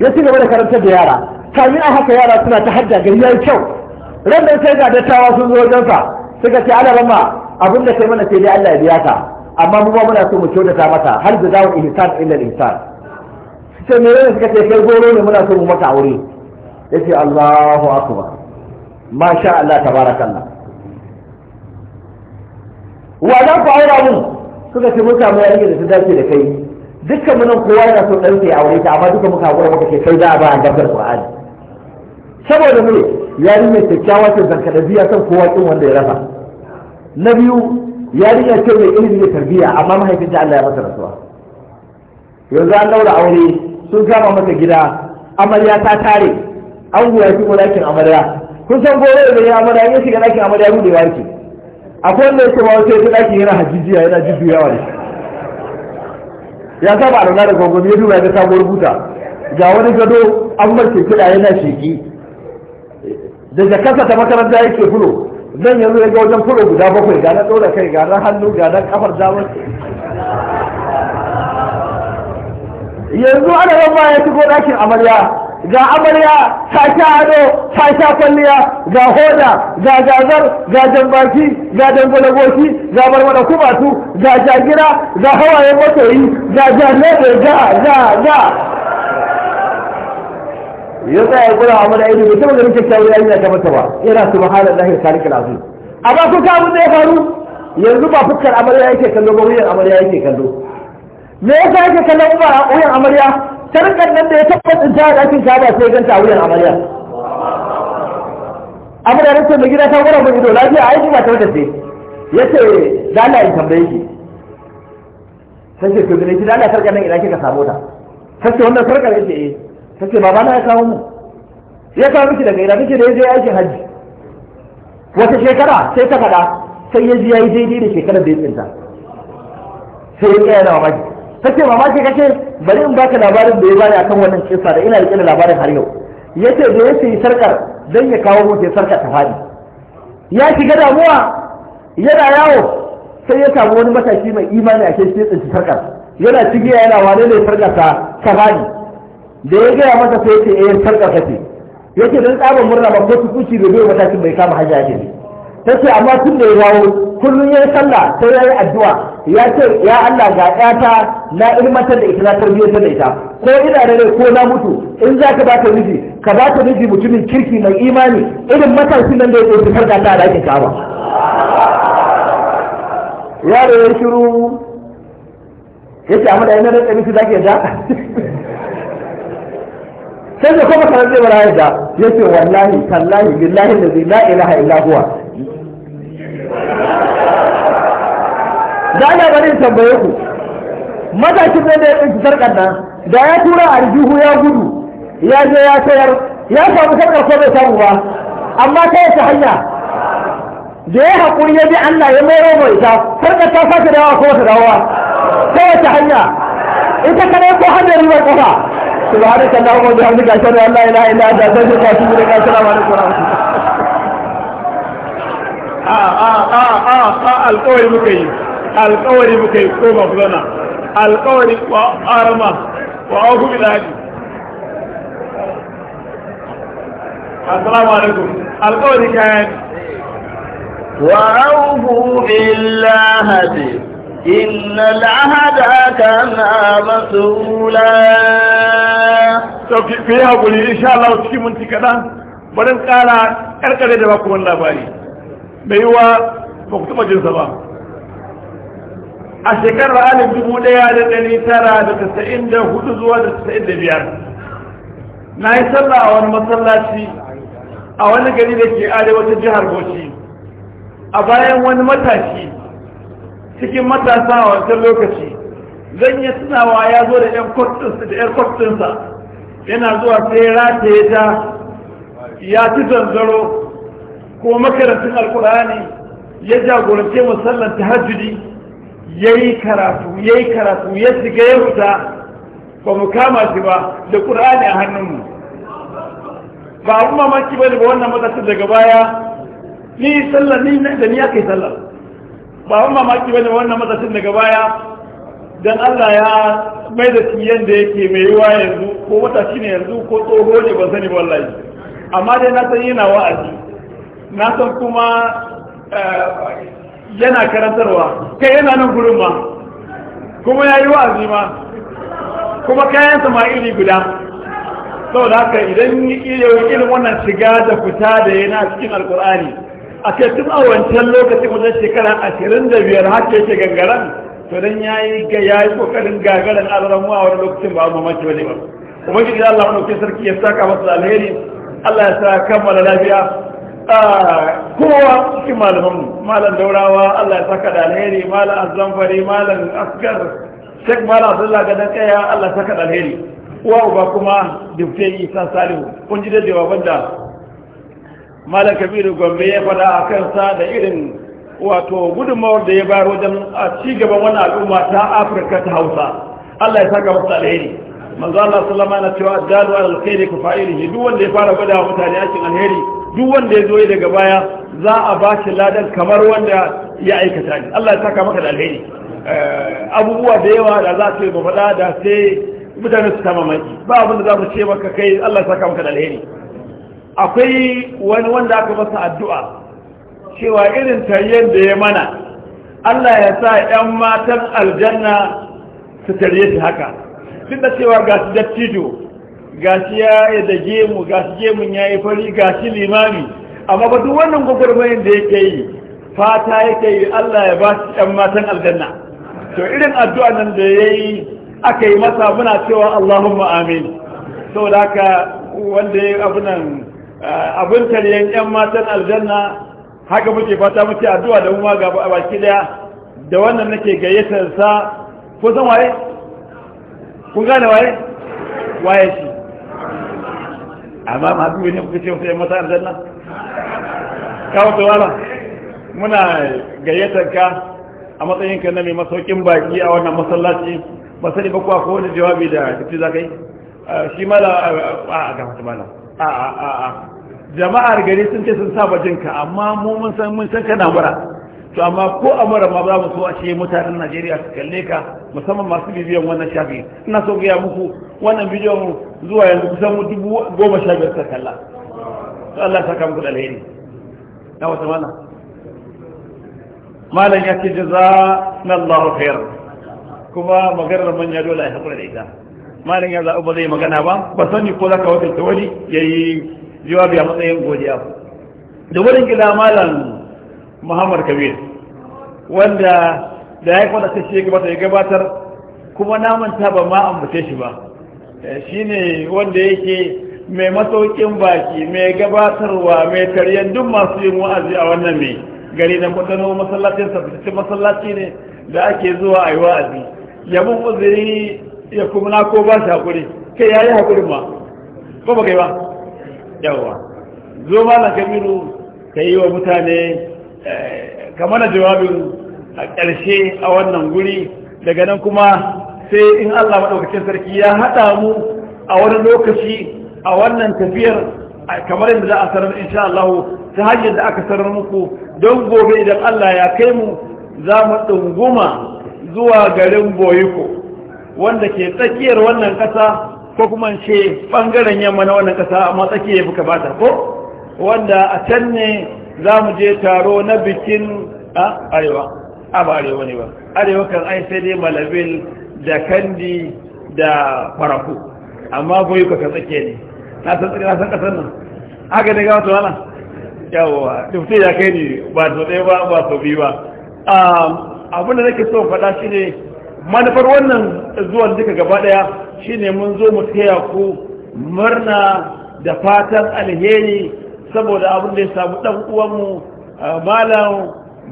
ya ci gaba da karanta da yara kamin a haka yara suna ta hadda gari yayi kyau ran sai ga dattawa sun zo wajen sa suka ce ala rama abin da kai mana sai dai Allah ya biya ka amma mu ba muna so mu ta mata har da zawo ihsan illa ihsan sai me ne suka ce kai goro ne muna so mu maka aure yace Allahu akbar ma sha Allah tabarakallah wa za ku aura mun suka ce mun samu yarinya da dace da kai dukkan mu kowa yana so dan sai aure ta amma duka muka gura muka ce kai za a ba an gafar Qur'ani saboda mu yarinya kyakkyawa ce zankadabiya kan kowa kin wanda ya rasa na biyu yarinya ce mai ilimi da tarbiyya amma mahaifinta Allah ya masa rasuwa yanzu an daura aure sun kama masa gida amarya ta tare an goya shi ko dakin amarya kun san gore da ya amarya ya shiga dakin amarya rudewa yake akwai wanda ya ce ma wasu ya dakin yana hajijiya yana jujjuyawa da shi ya saba a da gwagwami ya duba ya ga sabuwar buta ga wani gado an bar kiɗa yana sheki. da kasa ta makaranta yake fulo zan yanzu ya ga wajen fulo guda bakwai ga na ɗora kai ga na hannu ga na kafar damar yanzu ana yamma ya shigo ɗakin amarya ga amarya ta sha ado ta sha kwalliya ga hoda ga gazar ga jambaki ga dangwalagoshi ga barmada kubatu ga jagira ga hawayen masoyi ga jami'a ga ga ga ya tsaya ya gura amma da ido bai taba ganin kyakkyawar yarinya ta mata ba yana lahir khaliqul azim amma ko ka abin da ya faru yanzu ba fuskar amarya yake kallo ba wuyan amarya yake kallo me yasa yake kallon ba wuyan amarya sarkar nan da ya tabbatin ta a ɗakin kaba sai ganta wuyan amarya amma da rantsa mai gida ta gura mun ido lafiya a yi ba ta wata ya ce da Allah in tambaye ki sai ce to ne ki da Allah sarkar nan ina kika samu ta sai wannan sarkar yake eh ta ce baba na ya kawo mu ya kawo miki daga ina miki da ya je yi hajji wata shekara sai ta faɗa sai ya ji ya yi daidai da shekarar da ya tsinta sai ya tsaya na mamaki ta ce mamaki kace bari in baka labarin da ya bani akan wannan kisa da ina da da labarin har yau ya ce da ya sayi sarkar dan ya kawo mu sai sarkar ta faɗi ya shiga damuwa yana yawo sai ya samu wani matashi mai imani a kai sai tsinci sarkar yana cigiya yana wane ne sarkar ta ta faɗi da ya gaya masa sai ce eh sarƙa kace yake dan tsaban murna ba ko tukuci da bai matakin bai kama hanya ake ta ce amma tun da ya dawo kullum ya yi sallah sai ya yi addu'a ya ce ya Allah ga ƴata na ilmantar da ita na tarbiyyar da ita ko ina da rai ko na mutu in za ka bata miji ka bata miji mutumin kirki mai imani irin matakin nan da ya ɗauki farka ta da ake kama yaro ya shiru ya ce amma da yana da tsamisi za ka yarda sai da kuma sanar zai baraya da yace wallahi tallahi billahi allazi la ilaha illa huwa da ana bari tambaye ku matashin da ya ɗinki sarkar nan da ya tura a rijihu ya gudu ya je ya sayar ya samu sarkar ko bai samu ba amma ta yace hanya da ya haƙuri ya bi Allah ya mero mai ita sarkar ta sake dawa ko ta dawowa ta yace hanya ita kadai ko hanyar ruwan kafa سبحانك اللهم وبحمدك أشهد أن لا إله إلا أنت أستغفرك وأتوب إليك السلام عليكم ورحمة الله آه آه آه آه آه القول مكيف القول مكيف قوم أفضلنا القول وأرمى وأوفوا بالعهد السلام عليكم القول كان وأوفوا بالعهد إن العهد كان مسؤولا في haƙuri insha Allah cikin minti kaɗan barin ƙara ƙarƙare da baku labari Bai yiwa ba ku taɓa jinsa ba a shekarar alif dubu ɗaya da ɗari tara da tasa'in da hudu zuwa da tasa'in da biyar na yi sallah a wani masallaci a wani gari da ke arewacin jihar bauchi a bayan wani matashi cikin matasa a wancan lokaci zan yi tunawa ya zo da yan kwastinsa da yan kwastinsa yana zuwa sai rataye ta ya ci zanzaro ko makarantun alkurani ya jagorance musallan hajjudi ya yi karatu ya yi karatu ya shiga ya huta, ba mu kama shi ba da ƙur'ani a hannunmu ba abin mamaki ba ne ba wannan matasar daga baya ni sallar ni da ni aka yi sallar ba wani mamaki bane wannan matsatsin daga baya don Allah ya mai da shi yadda yake mai yiwa yanzu ko wata shi ne yanzu ko tsoho ne ban sani wallahi amma dai na san yana wa'azi na san kuma eh, yana karantarwa kai yana nan gurin ma kuma ya yi wa'azi ma kuma kayan iri guda saboda haka idan ilimin wannan shiga da fita da yana cikin alkur'ani a ce tun a wancan lokaci wajen shekara ashirin da biyar haka yake gangaren to don ya yi ga ya yi kokarin gagarin mu a wani lokacin ba mamaki ba ne ba kuma gidi Allah wani okin sarki ya saka masa alheri Allah ya sa kammala lafiya kowa cikin mu malam daurawa Allah ya saka da alheri malam azamfari malam askar shek malam abdullahi gadon kaya Allah ya saka da alheri uwa uba kuma dubte isa salihu kun ji dadewa banda Mallam kabiru gombe ya fada a kansa da irin wato gudunmawar da ya bayar wajen a cigaban wani al'umma ta afirka ta hausa allah ya saka masa alheri manzo allah sallama na cewa dalu al alkhairi ku fa'ilihi duk wanda ya fara gwada mutane aikin alheri duk wanda ya zo yi daga baya za a ba shi ladan kamar wanda ya aikata ne allah ya saka maka da alheri eh, abubuwa da yawa da za su yi faɗa da sai mutane su kama maki ba abin da za mu ce maka kai allah ya saka maka da alheri akwai wani wanda aka masa addu'a cewa irin taryen da ya mana Allah ya sa 'yan matan aljanna su karye shi haka duk da cewa ga su dattijo ga shi ya yi da gemu ga shi gemun ya yi fari ga shi limami amma ba duk wannan gwagwarmayin da yake yi fata yake yi Allah ya ba shi 'yan matan aljanna to irin addu'a nan da ya yi aka yi masa muna cewa Allahumma amin saboda haka wanda ya abu nan abin tallen yan matan aljanna haka muke fata muke addu'a da mu ma ga baki daya da wannan nake gayyatar sa ko san waye kun gane waye waye shi amma ma haɗu ne kuka ce wasu yan matan aljanna kawo tsawara muna gayyatar ka a matsayinka na mai masaukin baki a wannan masallaci ba sani ba ko wani jawabi da kaci za ka yi shi mala a gafata mala a a a a jama'ar gari sun ce sun saba jinka amma mu mun san mun san kana mura to amma ko a mura ma za mu so a ce mutanen Najeriya su kalle ka musamman masu bibiyan wannan shafi ina so ga muku wannan mu zuwa yanzu kusan mu dubu goma sha biyar ta kalla to Allah saka muku da alheri na wata mana malam ya ce jaza na Allah khair kuma maganar manya dole a hakura da ita malin ya zaɓi ba zai magana ba ba sani ko za ka wakilta wani ya yi jawabi a matsayin godiya da wurin gida malam muhammad kabir wanda da ya kwada ta shi gabata ya gabatar kuma namanta ba ma ambace shi ba eh, shi ne wanda yake mai masaukin baki mai gabatarwa mai taryan duk masu yin wa'azi a wannan mai gari na kwatano masallacin sabbatattun masallaci ne da ake zuwa a yi wa'azi yabon uzuri ya kuma na ko ba shi haƙuri kai ya yi haƙurin ma ko ba kai ba yawwa zo malam kabiru ka yi wa mutane eh, kamar jawabin a ƙarshe a wannan guri daga nan kuma sai in allah maɗaukacin sarki ya haɗa mu a wani lokaci a wannan tafiyar kamar yadda za a in sha Allah ta hanyar da aka sanar muku don gobe idan Allah ya kai mu za mu ɗunguma zuwa garin boyiko wanda ke tsakiyar wannan ƙasa ko kuma ce ɓangaren yamma na wannan ƙasa amma tsakiyar ya fi bata, ko wanda a can ne za mu je taro na bikin a arewa a ba arewa ne ba arewa kan ai sai dai malabil da kandi da faraku amma goyi ka tsakiya ne na san tsakiya na san ƙasar nan haka ne gawa tuwana yawa dufte ya kai ne ba sau ɗaya ba ba sau biyu ba abin da nake so faɗa shi ne manufar wannan zuwan duka gaba daya shine mun zo mu taya ku murna da fatan alheri saboda abin da ya samu dan uwanmu malam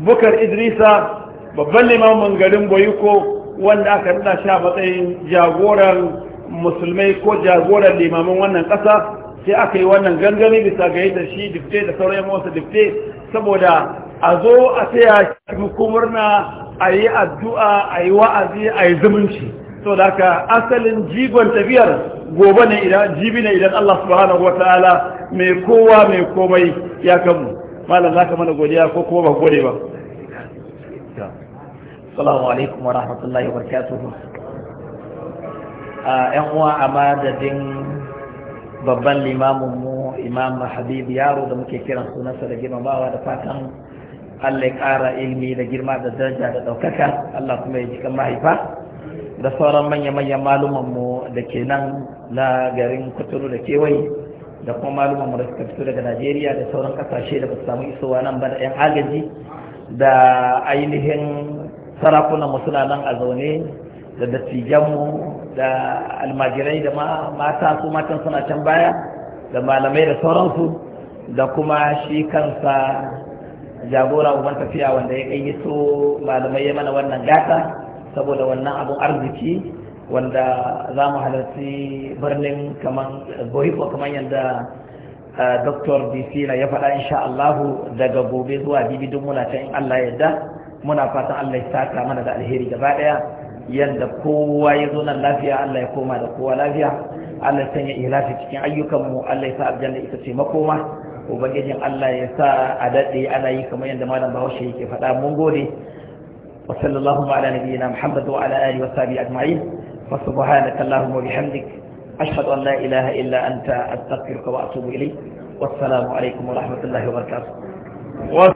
bukar idrisa babban limamin garin boyiko wanda aka nada shi a matsayin jagoran musulmai ko jagoran limamin wannan ƙasa. sai aka yi wannan gangami bisa ga yadda shi difte da sauran yawansa difte saboda a zo a taya shi hukumurna a yi addu'a a yi wa'azi a yi zumunci so da aka asalin jigon tafiyar gobe ne idan jibi ne idan Allah subhanahu wa ta'ala mai kowa mai komai ya kanmu malam za ka mana godiya ko kuma ba gode ba salamu alaikum wa rahmatullahi wa barakatuhu yan uwa da madadin babban limamin mu imam habib yaro da muke kiran sunansa da girmamawa da fatan allah ya ƙara ilmi da girma da daraja da ɗaukaka allah kuma ya ji kan mahaifa da sauran manya-manyan mu da ke nan na garin kuturu da kewaye da kuma malumanmu da suka fito daga najeriya da sauran kasashe da ba su samu isowa nan ba da 'yan agaji da ainihin sarakunanmu suna nan a zaune da dattijanmu da almajirai da mata su matan suna can baya da malamai da sauransu da kuma shi kansa jagora uban tafiya wanda ya so malamai ya mana wannan gata saboda wannan abun arziki wanda za mu halarci birnin kaman gohiko kaman yadda dr bisina ya faɗa insha Allahu daga gobe zuwa bibi duk muna can in Allah ya yarda muna fatan Allah ya saka mana da alheri gaba ɗaya yadda kowa ya zo nan lafiya Allah ya koma da kowa lafiya Allah ya sanya ihlafi cikin ayyukanmu Allah ya sa aljanna ita ce makoma ubangijin Allah ya sa a daɗe ana yi kamar yadda malam Bahaushe yake faɗa mun gode wa sallallahu ala nabiyyina Muhammad wa ala alihi wa sahbihi ajma'in wa subhanaka allahumma bihamdik ashhadu an la ilaha illa anta astaghfiruka wa atubu ilayk wassalamu alaikum wa rahmatullahi wa barakatuh